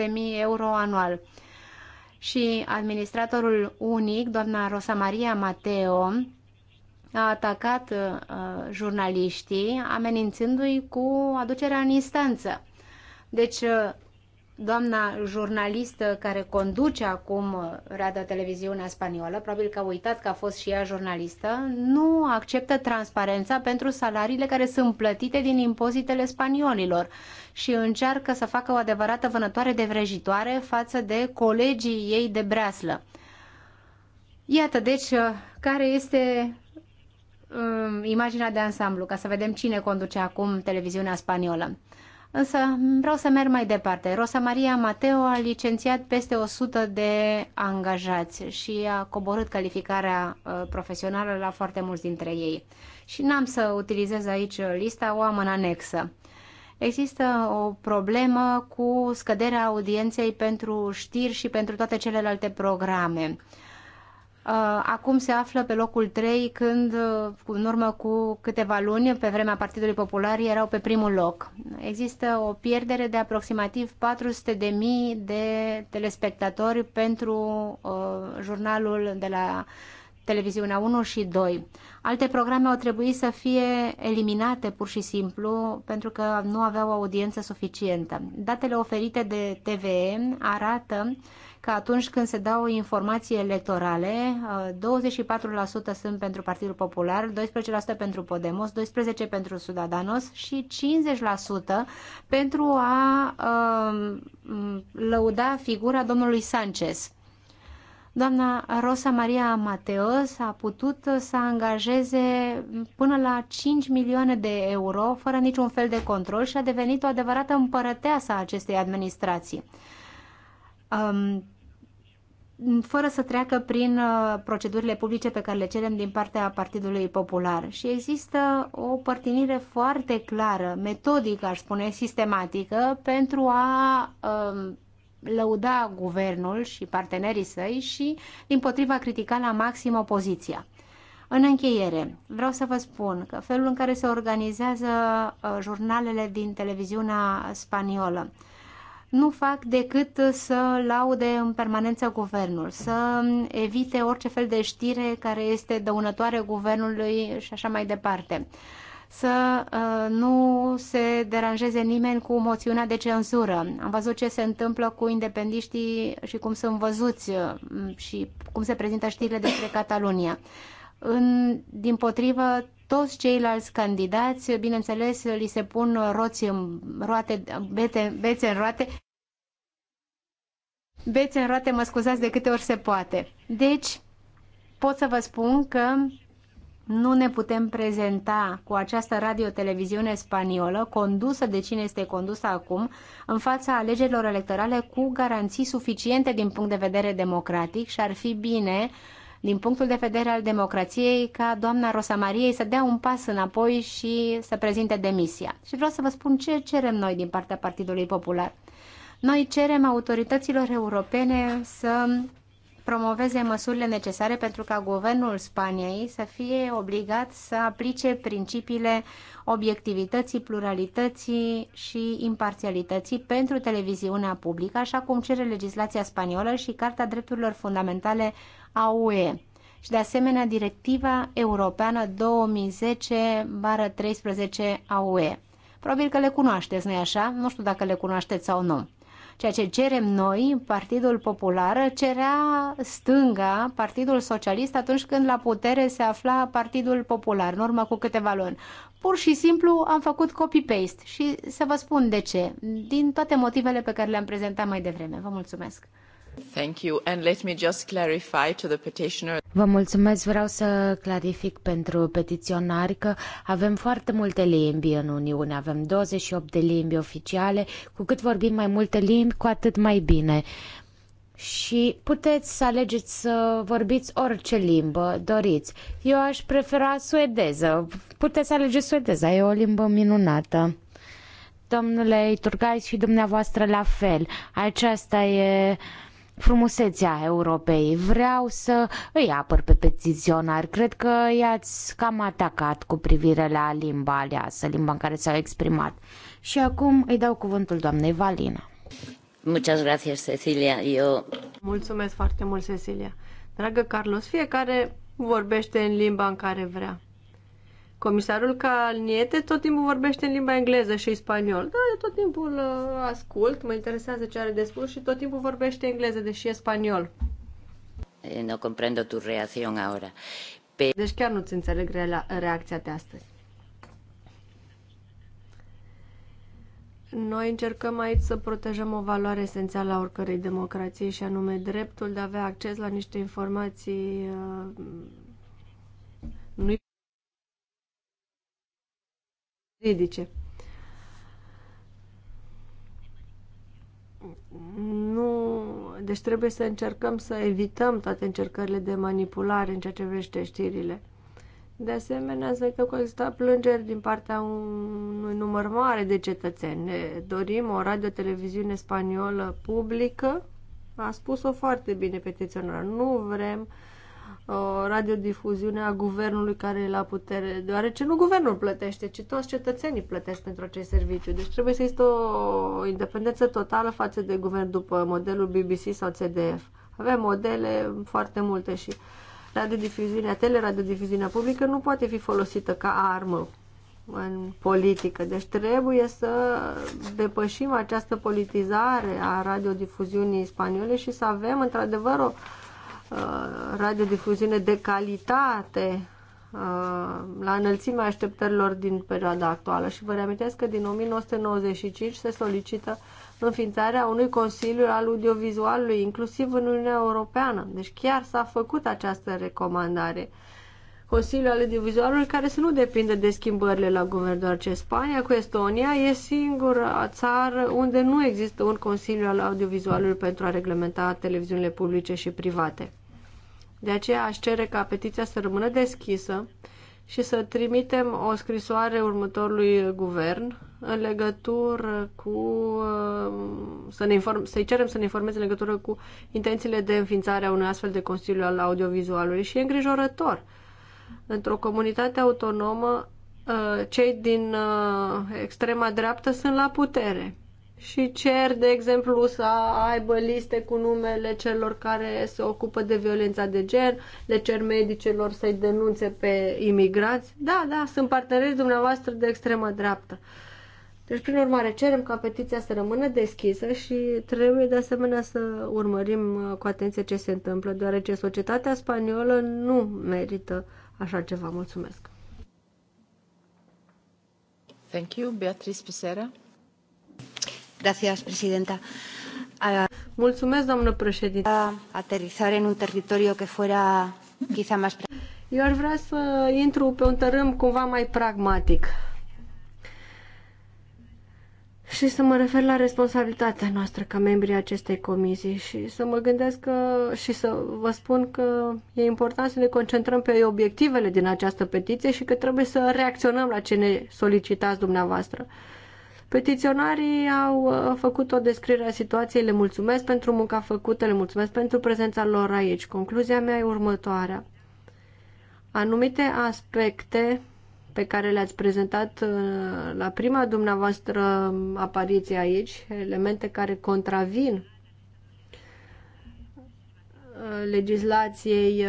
B: uh, euro anual și administratorul unic, doamna Rosa Maria Mateo, a atacat uh, jurnaliștii, amenințându-i cu aducerea în instanță. Deci, uh, doamna jurnalistă care conduce acum uh, Radio Televiziunea Spaniolă, probabil că a uitat că a fost și ea jurnalistă, nu acceptă transparența pentru salariile care sunt plătite din impozitele spaniolilor și încearcă să facă o adevărată vânătoare de vrăjitoare față de colegii ei de breaslă. Iată, deci, care este um, imaginea de ansamblu, ca să vedem cine conduce acum televiziunea spaniolă. Însă vreau să merg mai departe. Rosa Maria Mateo a licențiat peste 100 de angajați și a coborât calificarea uh, profesională la foarte mulți dintre ei. Și n-am să utilizez aici lista, o am în anexă. Există o problemă cu scăderea audienței pentru știri și pentru toate celelalte programe. Uh, acum se află pe locul 3 când, uh, în urmă cu câteva luni, pe vremea Partidului Popular, erau pe primul loc. Există o pierdere de aproximativ 400.000 de telespectatori pentru uh, jurnalul de la televiziunea 1 și 2. Alte programe au trebuit să fie eliminate pur și simplu pentru că nu aveau audiență suficientă. Datele oferite de TVE arată că atunci când se dau informații electorale, 24% sunt pentru Partidul Popular, 12% pentru Podemos, 12% pentru Sudadanos și 50% pentru a um, lăuda figura domnului Sanchez. Doamna Rosa Maria Mateos a putut să angajeze până la 5 milioane de euro fără niciun fel de control și a devenit o adevărată împărăteasă a acestei administrații. Um, fără să treacă prin uh, procedurile publice pe care le cerem din partea Partidului Popular. Și există o părtinire foarte clară, metodică, aș spune, sistematică, pentru a um, lăuda guvernul și partenerii săi și, din potriva, critica la maxim opoziția. În încheiere, vreau să vă spun că felul în care se organizează uh, jurnalele din televiziunea spaniolă nu fac decât să laude în permanență guvernul, să evite orice fel de știre care este dăunătoare guvernului și așa mai departe să uh, nu se deranjeze nimeni cu moțiunea de cenzură. Am văzut ce se întâmplă cu independiștii și cum sunt văzuți uh, și cum se prezintă știrile despre Catalunia. În, din potrivă, toți ceilalți candidați, bineînțeles, li se pun roți în roate, bete, bețe în roate, bețe în roate, mă scuzați, de câte ori se poate. Deci, pot să vă spun că nu ne putem prezenta cu această radioteleviziune spaniolă, condusă de cine este condusă acum, în fața alegerilor electorale cu garanții suficiente din punct de vedere democratic și ar fi bine din punctul de vedere al democrației, ca doamna Rosa Mariei să dea un pas înapoi și să prezinte demisia. Și vreau să vă spun ce cerem noi din partea Partidului Popular. Noi cerem autorităților europene să promoveze măsurile necesare pentru ca guvernul Spaniei să fie obligat să aplice principiile obiectivității, pluralității și imparțialității pentru televiziunea publică, așa cum cere legislația spaniolă și Carta Drepturilor Fundamentale a UE și de asemenea Directiva Europeană 2010-13 a UE. Probabil că le cunoașteți, nu-i așa? Nu știu dacă le cunoașteți sau nu. Ceea ce cerem noi, Partidul Popular, cerea stânga, Partidul Socialist, atunci când la putere se afla Partidul Popular, în urmă cu câteva luni. Pur și simplu am făcut copy-paste și să vă spun de ce, din
C: toate motivele pe care le-am prezentat mai devreme. Vă mulțumesc!
B: Thank you and let me just clarify to the petitioner.
C: Vă mulțumesc, vreau să clarific pentru petiționari că avem foarte multe limbi în Uniune, avem 28 de limbi oficiale, cu cât vorbim mai multe limbi, cu atât mai bine. Și puteți să alegeți să vorbiți orice limbă doriți. Eu aș prefera suedeză. Puteți alege suedeza, e o limbă minunată domnule Iturgais și dumneavoastră la fel. Aceasta e frumusețea Europei. Vreau să îi apăr pe petiționari. Cred că i-ați cam atacat cu privire la limba aleasă, limba în care s-au exprimat. Și acum îi dau cuvântul doamnei
D: Valina. Muchas gracias, Cecilia. Eu... Mulțumesc foarte mult, Cecilia. Dragă Carlos, fiecare vorbește în limba în care vrea. Comisarul Calniete tot timpul vorbește în limba engleză și spaniol. Da, eu tot timpul uh, ascult, mă interesează ce are de spus și tot timpul vorbește engleză, deși e spaniol. Eh, nu comprendo tu reacțion ahora. Pe... Deci chiar nu-ți înțeleg re- reacția de astăzi. Noi încercăm aici să protejăm o valoare esențială a oricărei democrației și anume dreptul de a avea acces la niște informații uh, nu ridice. Nu, deci trebuie să încercăm să evităm toate încercările de manipulare în ceea ce vrește știrile. De asemenea, să că există plângeri din partea unui număr mare de cetățeni. Ne dorim o radio-televiziune spaniolă publică. A spus-o foarte bine petiționarea. Nu vrem uh, o radiodifuziune a guvernului care e la putere, deoarece nu guvernul plătește, ci toți cetățenii plătesc pentru acest serviciu. Deci trebuie să există o independență totală față de guvern după modelul BBC sau CDF. Avem modele foarte multe și radiodifuziunea, teleradiodifuziunea publică nu poate fi folosită ca armă în politică. Deci trebuie să depășim această politizare a radiodifuziunii spaniole și să avem într-adevăr o Uh, radiodifuziune de calitate uh, la înălțimea așteptărilor din perioada actuală și vă reamintesc că din 1995 se solicită înființarea unui consiliu al audiovizualului, inclusiv în Uniunea Europeană. Deci chiar s-a făcut această recomandare. Consiliul Audiovizualului, care să nu depinde de schimbările la guvern, ce Spania cu Estonia e singura țară unde nu există un Consiliu al Audiovizualului pentru a reglementa televiziunile publice și private. De aceea aș cere ca petiția să rămână deschisă și să trimitem o scrisoare următorului guvern în legătură cu uh, să ne inform, să-i cerem să ne informeze în legătură cu intențiile de înființare a unui astfel de consiliu al audiovizualului și e îngrijorător. Într-o comunitate autonomă, uh, cei din uh, extrema dreaptă sunt la putere și cer, de exemplu, să aibă liste cu numele celor care se ocupă de violența de gen, le cer medicilor să-i denunțe pe imigranți. Da, da, sunt parteneri dumneavoastră de extremă dreaptă. Deci, prin urmare, cerem ca petiția să rămână deschisă și trebuie de asemenea să urmărim uh, cu atenție ce se întâmplă, deoarece societatea spaniolă nu merită așa ceva. Mulțumesc! Thank you, Beatrice Pisera. Gracias, presidenta. Mulțumesc, doamnă președinte. Aterizar în un teritoriu care fuera quizá más... Eu ar vrea să intru pe un tărâm cumva mai pragmatic și să mă refer la responsabilitatea noastră ca membrii acestei comisii și să mă gândesc că, și să vă spun că e important să ne concentrăm pe obiectivele din această petiție și că trebuie să reacționăm la ce ne solicitați dumneavoastră. Uh, Petiționarii au uh, făcut o descriere a situației, le mulțumesc pentru munca făcută, le mulțumesc pentru prezența lor aici. Concluzia mea e următoarea. Anumite aspecte pe care le-ați prezentat uh, la prima dumneavoastră apariție aici, elemente care contravin uh, legislației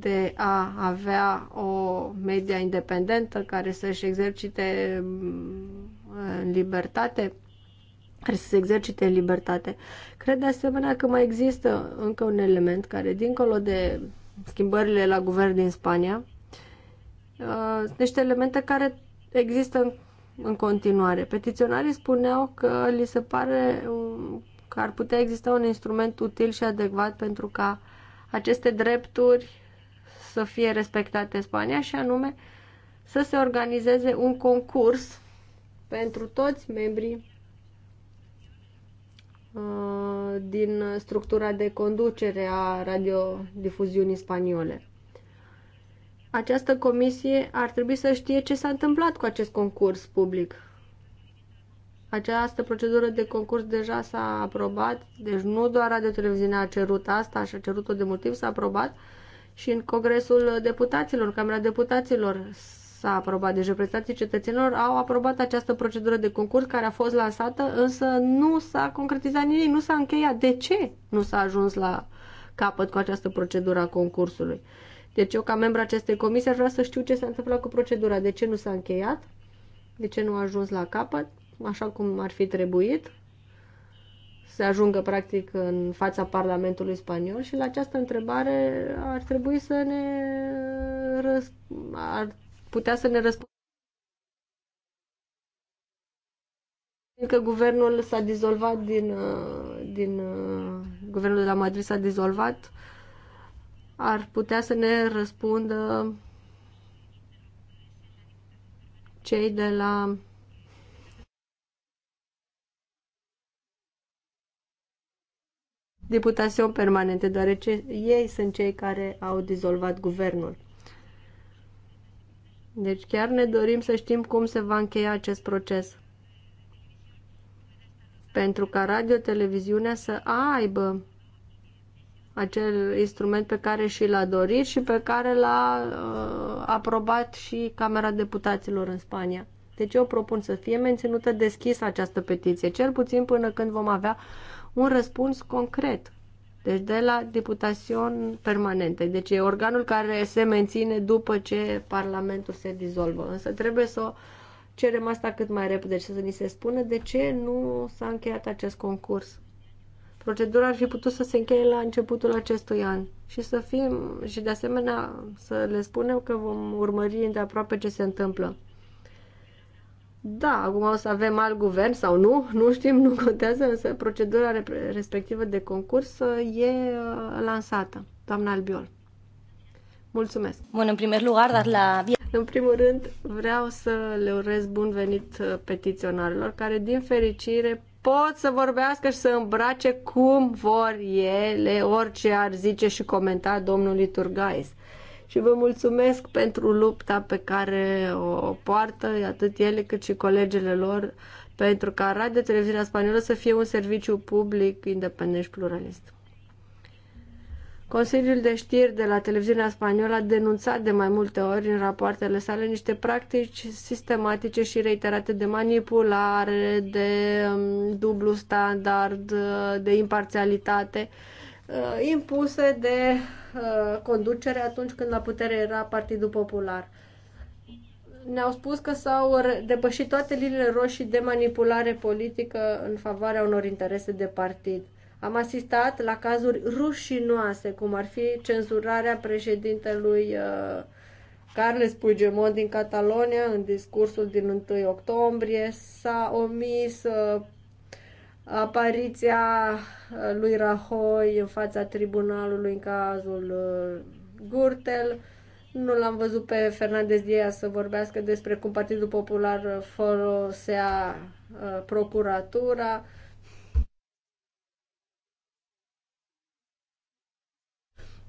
D: de a avea o media independentă care să-și exercite mm, în libertate, care să se exercite în libertate. Cred de asemenea că mai există încă un element care, dincolo de schimbările la guvern din Spania, uh, sunt niște elemente care există în continuare. Petiționarii spuneau că li se pare um, că ar putea exista un instrument util și adecvat pentru ca aceste drepturi să fie respectate în Spania și anume să se organizeze un concurs pentru toți membrii uh, din structura de conducere a radiodifuziunii spaniole. Această comisie ar trebui să știe ce s-a întâmplat cu acest concurs public. Această procedură de concurs deja s-a aprobat, deci nu doar Radio Televiziunea a cerut asta și a cerut-o de motiv, s-a aprobat, și în Congresul Deputaților, Camera Deputaților s-a aprobat. Deci reprezentanții cetățenilor au aprobat această procedură de concurs care a fost lansată, însă nu s-a concretizat nimic, nu s-a încheiat. De ce nu s-a ajuns la capăt cu această procedură a concursului? Deci eu, ca membru acestei comisii, aș vrea să știu ce s-a întâmplat cu procedura, de ce nu s-a încheiat, de ce nu a ajuns la capăt, așa cum ar fi trebuit să ajungă practic în fața Parlamentului spaniol și la această întrebare ar trebui să ne răs- ar putea să ne răspundă că guvernul s-a dizolvat din, uh, din uh, guvernul de la Madrid s-a dizolvat ar putea să ne răspundă cei de la deputațion permanente, deoarece ei sunt cei care au dizolvat guvernul. Deci chiar ne dorim să știm cum se va încheia acest proces. Pentru ca radio-televiziunea să aibă acel instrument pe care și l-a dorit și pe care l-a uh, aprobat și Camera Deputaților în Spania. Deci eu propun să fie menținută deschisă această petiție, cel puțin până când vom avea uh, un răspuns concret. Deci de la deputațion permanente. Deci e organul care se menține după ce Parlamentul se dizolvă. Însă trebuie să cerem asta cât mai repede și să ni se spună de ce nu s-a încheiat acest concurs. Procedura ar fi putut să se încheie la începutul acestui an și să fim și de asemenea să le spunem că vom urmări îndeaproape ce se întâmplă. Da, acum o să avem alt guvern sau nu, nu știm, nu contează, însă procedura respectivă de concurs uh, e uh, lansată. Doamna Albiol. Mulțumesc. Bun, în primul lugar, dar la... În primul rând, vreau să le urez bun venit uh, petiționarilor care, din fericire, pot să vorbească și să îmbrace cum vor ele orice ar zice și comenta domnul Liturgais și vă mulțumesc pentru lupta pe care o poartă atât ele cât și colegele lor pentru ca Radio Televiziunea Spaniolă să fie un serviciu public independent și pluralist. Consiliul de știri de la televiziunea spaniolă a denunțat de mai multe ori în rapoartele sale niște practici sistematice și reiterate de manipulare, de um, dublu standard, de imparțialitate, uh, impuse de uh, conducere atunci când la putere era Partidul Popular. Ne-au spus că s-au depășit toate liniile roșii de manipulare politică în favoarea unor interese de partid. Am asistat la cazuri rușinoase, cum ar fi cenzurarea președintelui uh, Carles Puigdemont din Catalonia în discursul din 1 octombrie s-a omis uh, apariția uh, lui Rahoi în fața tribunalului în cazul uh, Gurtel, Nu l-am văzut pe Fernandez Diaz să vorbească despre cum Partidul Popular uh, folosea procuratura.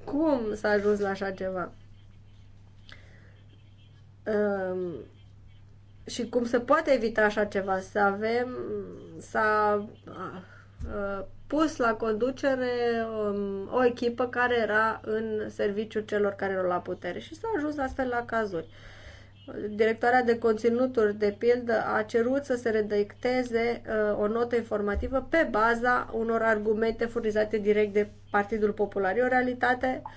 D: Cum s-a ajuns la așa ceva? Um, și cum se poate evita așa ceva. Să avem, să pus la conducere um, o echipă care era în serviciul celor care erau la putere și s-a ajuns astfel la cazuri. Directoarea de conținuturi, de pildă, a cerut să se redacteze uh, o notă informativă pe baza unor argumente furnizate direct de Partidul Popular. E o realitate uh,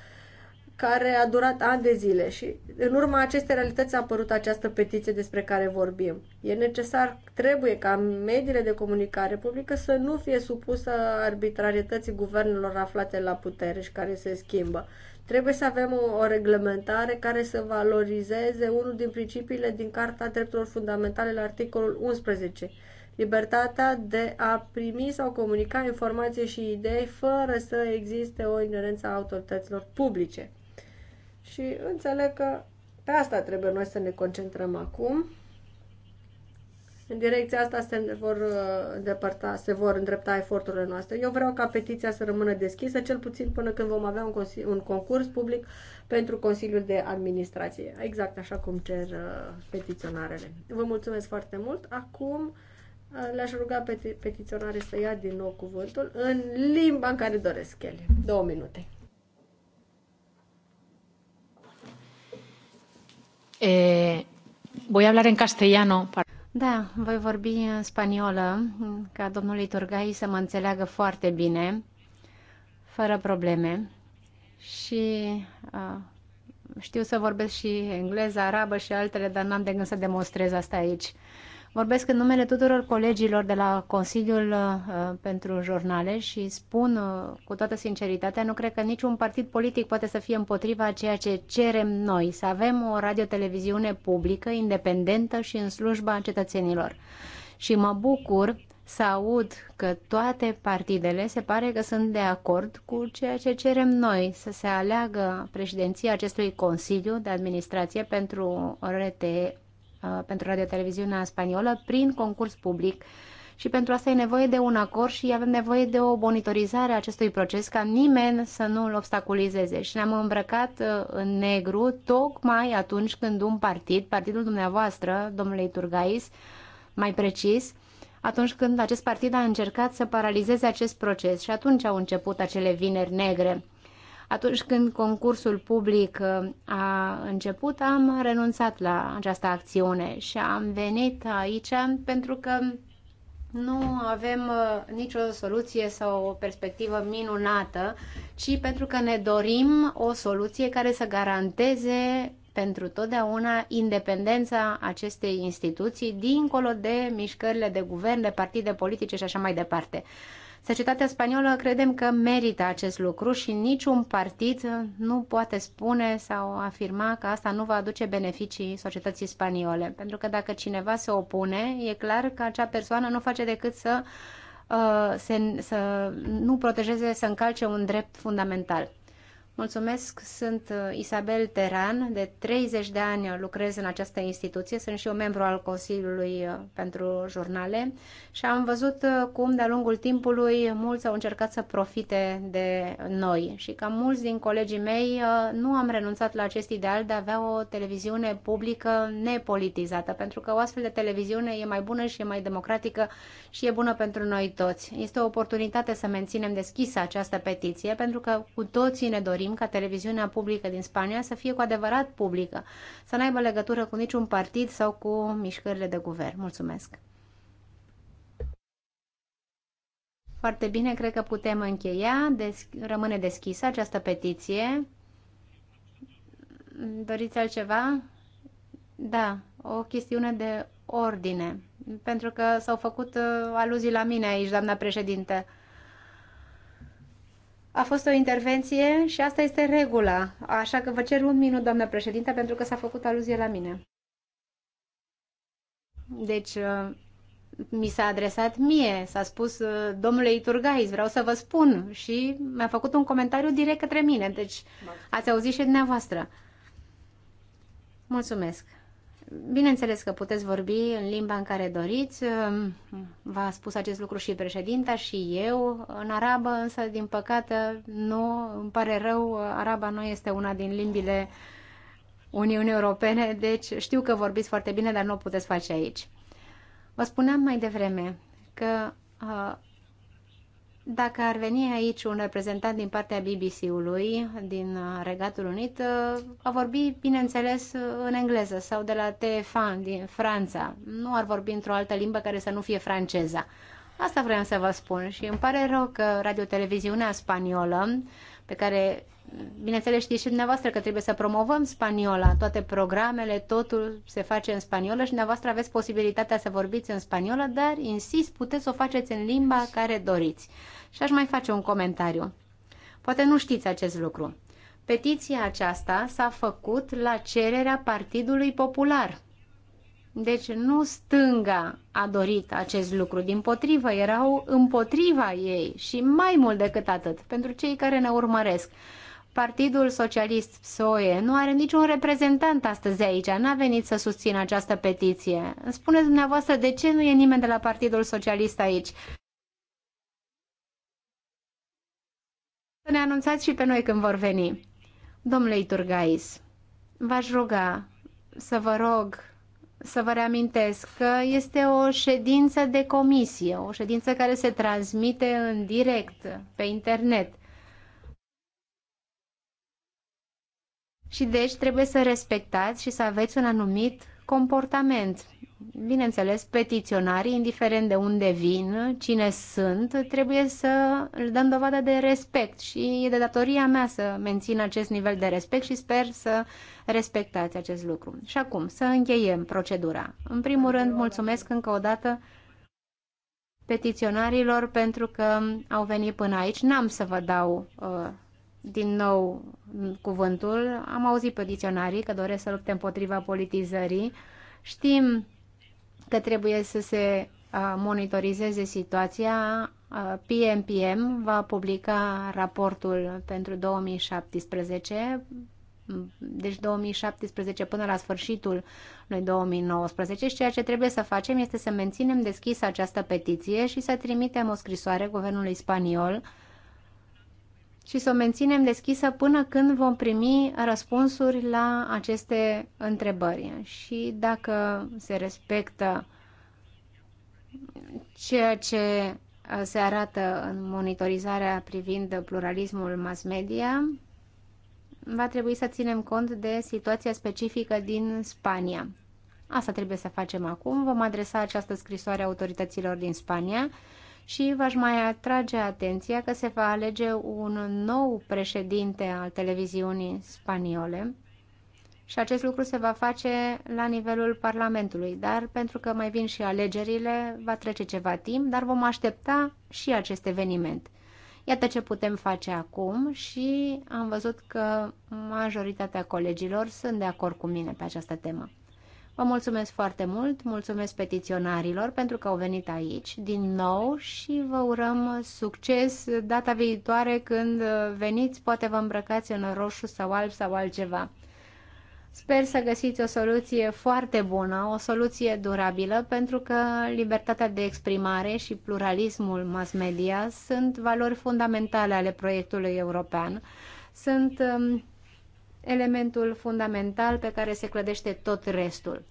D: care a durat ani de zile și în urma acestei realități a apărut această petiție despre care vorbim. E necesar, trebuie ca mediile de comunicare publică să nu fie supusă arbitrarietății guvernelor aflate la putere și care se schimbă. Trebuie să avem o, o reglementare care să valorizeze unul din principiile din Carta Drepturilor Fundamentale la articolul 11, libertatea de a primi sau comunica informații și idei fără să existe o inerență a autorităților publice. Și înțeleg că pe asta trebuie noi să ne concentrăm acum. În direcția asta se vor, uh, îndepărta, se vor îndrepta eforturile noastre. Eu vreau ca petiția să rămână deschisă, cel puțin până când vom avea un, un concurs public pentru Consiliul de Administrație, exact așa cum cer uh, petiționarele. Vă mulțumesc foarte mult. Acum uh, le-aș ruga pe petiționare să ia din nou cuvântul în limba în care doresc ele. Două minute.
C: Eh, voi hablar en castellano. Para...
B: Da, vorbi în spaniolă, ca domnul Iturgaiz să mă înțeleagă foarte bine, fără probleme. Și uh, știu să vorbesc și engleză, arabă și altele, dar n-am de gând să demonstrez asta aici. Vorbesc în numele tuturor colegilor de la Consiliul uh, pentru Jurnale și spun uh, cu toată sinceritatea, nu cred că niciun partid politic poate să fie împotriva a ceea ce cerem noi, să avem o radio-televiziune publică, independentă și în slujba cetățenilor. Și mă bucur să aud că toate partidele se pare că sunt de acord cu ceea ce cerem noi, să se aleagă președinția acestui Consiliu de Administrație pentru RTE Uh, pentru radioteleviziunea spaniolă prin concurs public și pentru asta e nevoie de un acord și avem nevoie de o monitorizare a acestui proces ca nimeni să nu îl obstaculizeze. Și ne-am îmbrăcat uh, în negru tocmai atunci când un partid, partidul dumneavoastră, domnule Iturgais, mai precis, atunci când acest partid a încercat să paralizeze acest proces și atunci au început acele vineri negre. Atunci când concursul public uh, a început, am renunțat la această acțiune și am venit aici pentru că nu avem uh, nicio soluție sau o perspectivă minunată, ci pentru că ne dorim o soluție care să garanteze pentru totdeauna independența acestei instituții, dincolo de mișcările de guvern, de partide politice și așa mai departe. Societatea spaniolă credem că merită acest lucru și niciun partid nu poate spune sau afirma că asta nu va aduce beneficii societății spaniole. Pentru că dacă cineva se opune, e clar că acea persoană nu face decât să, uh, se, să nu protejeze, să încalce un drept fundamental. Mulțumesc, sunt uh, Isabel Teran, de 30 de ani lucrez în această instituție, sunt și eu membru al Consiliului uh, pentru Jurnale și am văzut uh, cum de-a lungul timpului mulți au încercat să profite de noi și ca mulți din colegii mei nu am renunțat la acest ideal de a avea o televiziune publică nepolitizată, pentru că o astfel de televiziune e mai bună și e mai democratică și e bună pentru noi toți. Este o oportunitate să menținem deschisă această petiție, pentru că cu toții ne dorim dorim ca televiziunea publică din Spania să fie cu adevărat publică, să n-aibă legătură cu niciun partid sau cu mișcările de guvern. Mulțumesc! Foarte bine, cred că putem încheia. Des- rămâne deschisă această petiție. Doriți altceva? Da, o chestiune de ordine. Pentru că s-au făcut uh, aluzii la mine aici, doamna președinte. A fost o intervenție și asta este regula. Așa că vă cer un minut, doamnă președinte, pentru că s-a făcut aluzie la mine. Deci, uh, mi s-a adresat mie, s-a spus uh, domnule Iturgais, vreau să vă spun și mi-a făcut un comentariu direct către mine, deci ați auzit și dumneavoastră. Mulțumesc. Bineînțeles că puteți vorbi în limba în care doriți, ehm, v-a spus acest lucru și președinta și eu în arabă, însă din păcate nu, îmi pare rău, araba nu este una din limbile Uniunii Europene, deci știu că vorbiți foarte bine, dar nu o puteți face aici. Vă spuneam mai devreme că dacă ar veni aici un reprezentant din partea BBC-ului din Regatul Unit, a vorbi, bineînțeles, în engleză sau de la TF1 din Franța. Nu ar vorbi într-o altă limbă care să nu fie franceza. Asta vreau să vă spun și îmi pare rău că radioteleviziunea spaniolă, pe care bineînțeles știți și dumneavoastră că trebuie să promovăm spaniola, toate programele, totul se face în spaniolă și dumneavoastră aveți posibilitatea să vorbiți în spaniolă, dar insist, puteți să o faceți în limba care doriți. Și aș mai face un comentariu. Poate nu știți acest lucru. Petiția aceasta s-a făcut la cererea Partidului Popular. Deci nu stânga a dorit acest lucru, din potrivă, erau împotriva ei și mai mult decât atât, pentru cei care ne urmăresc. Partidul Socialist PSOE nu are niciun reprezentant astăzi aici, n-a venit să susțină această petiție. Spuneți dumneavoastră de ce nu e nimeni de la Partidul Socialist aici. Să ne anunțați și pe noi când vor veni. Domnule Iturgais, v-aș ruga să vă rog să vă reamintesc că este o ședință de comisie, o ședință care se transmite în direct pe internet – Și deci trebuie să respectați și să aveți un anumit comportament. Bineînțeles, petiționarii, indiferent de unde vin, cine sunt, trebuie să îl dăm dovadă de respect și e de datoria mea să mențin acest nivel de respect și sper să respectați acest lucru. Și acum, să încheiem procedura. În primul rând, mulțumesc încă o dată petiționarilor pentru că au venit până aici. N-am să vă dau uh, din nou cuvântul, am auzit pe dicționarii că doresc să lupte împotriva politizării, știm că trebuie să se monitorizeze situația. PMPM va publica raportul pentru 2017, deci 2017 până la sfârșitul lui 2019 și ceea ce trebuie să facem este să menținem deschisă această petiție și să trimitem o scrisoare Guvernului Spaniol uh, și să o menținem deschisă până când vom primi răspunsuri la aceste întrebări. Și dacă se respectă ceea ce uh, se arată în monitorizarea privind pluralismul mass media, va trebui să ținem cont de situația specifică din Spania. Asta trebuie să facem acum. Vom adresa această scrisoare autorităților din Spania și v-aș mai atrage atenția că se va alege un nou președinte al televiziunii spaniole și acest lucru se va face la nivelul Parlamentului, dar pentru că mai vin și alegerile, va trece ceva timp, dar vom aștepta și acest eveniment. Iată ce putem face acum și am văzut că majoritatea colegilor sunt de acord cu mine pe această temă. Vă mulțumesc foarte mult, mulțumesc petiționarilor pentru că au venit aici din nou și vă urăm succes data viitoare când veniți, poate vă îmbrăcați în roșu sau alb sau altceva. Sper să găsiți o soluție foarte bună, o soluție durabilă, pentru că libertatea de exprimare și pluralismul mass media sunt valori fundamentale ale proiectului european. Sunt um, elementul fundamental pe care se clădește tot restul.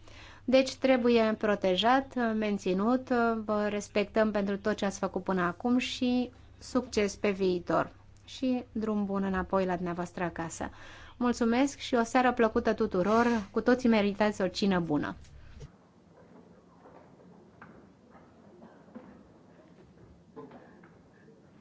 B: Deci trebuie protejat, menținut, vă respectăm pentru tot ce ați făcut până acum și succes pe viitor și drum bun înapoi la dumneavoastră acasă. Mulțumesc și o seară plăcută tuturor, cu toții meritați o cină bună!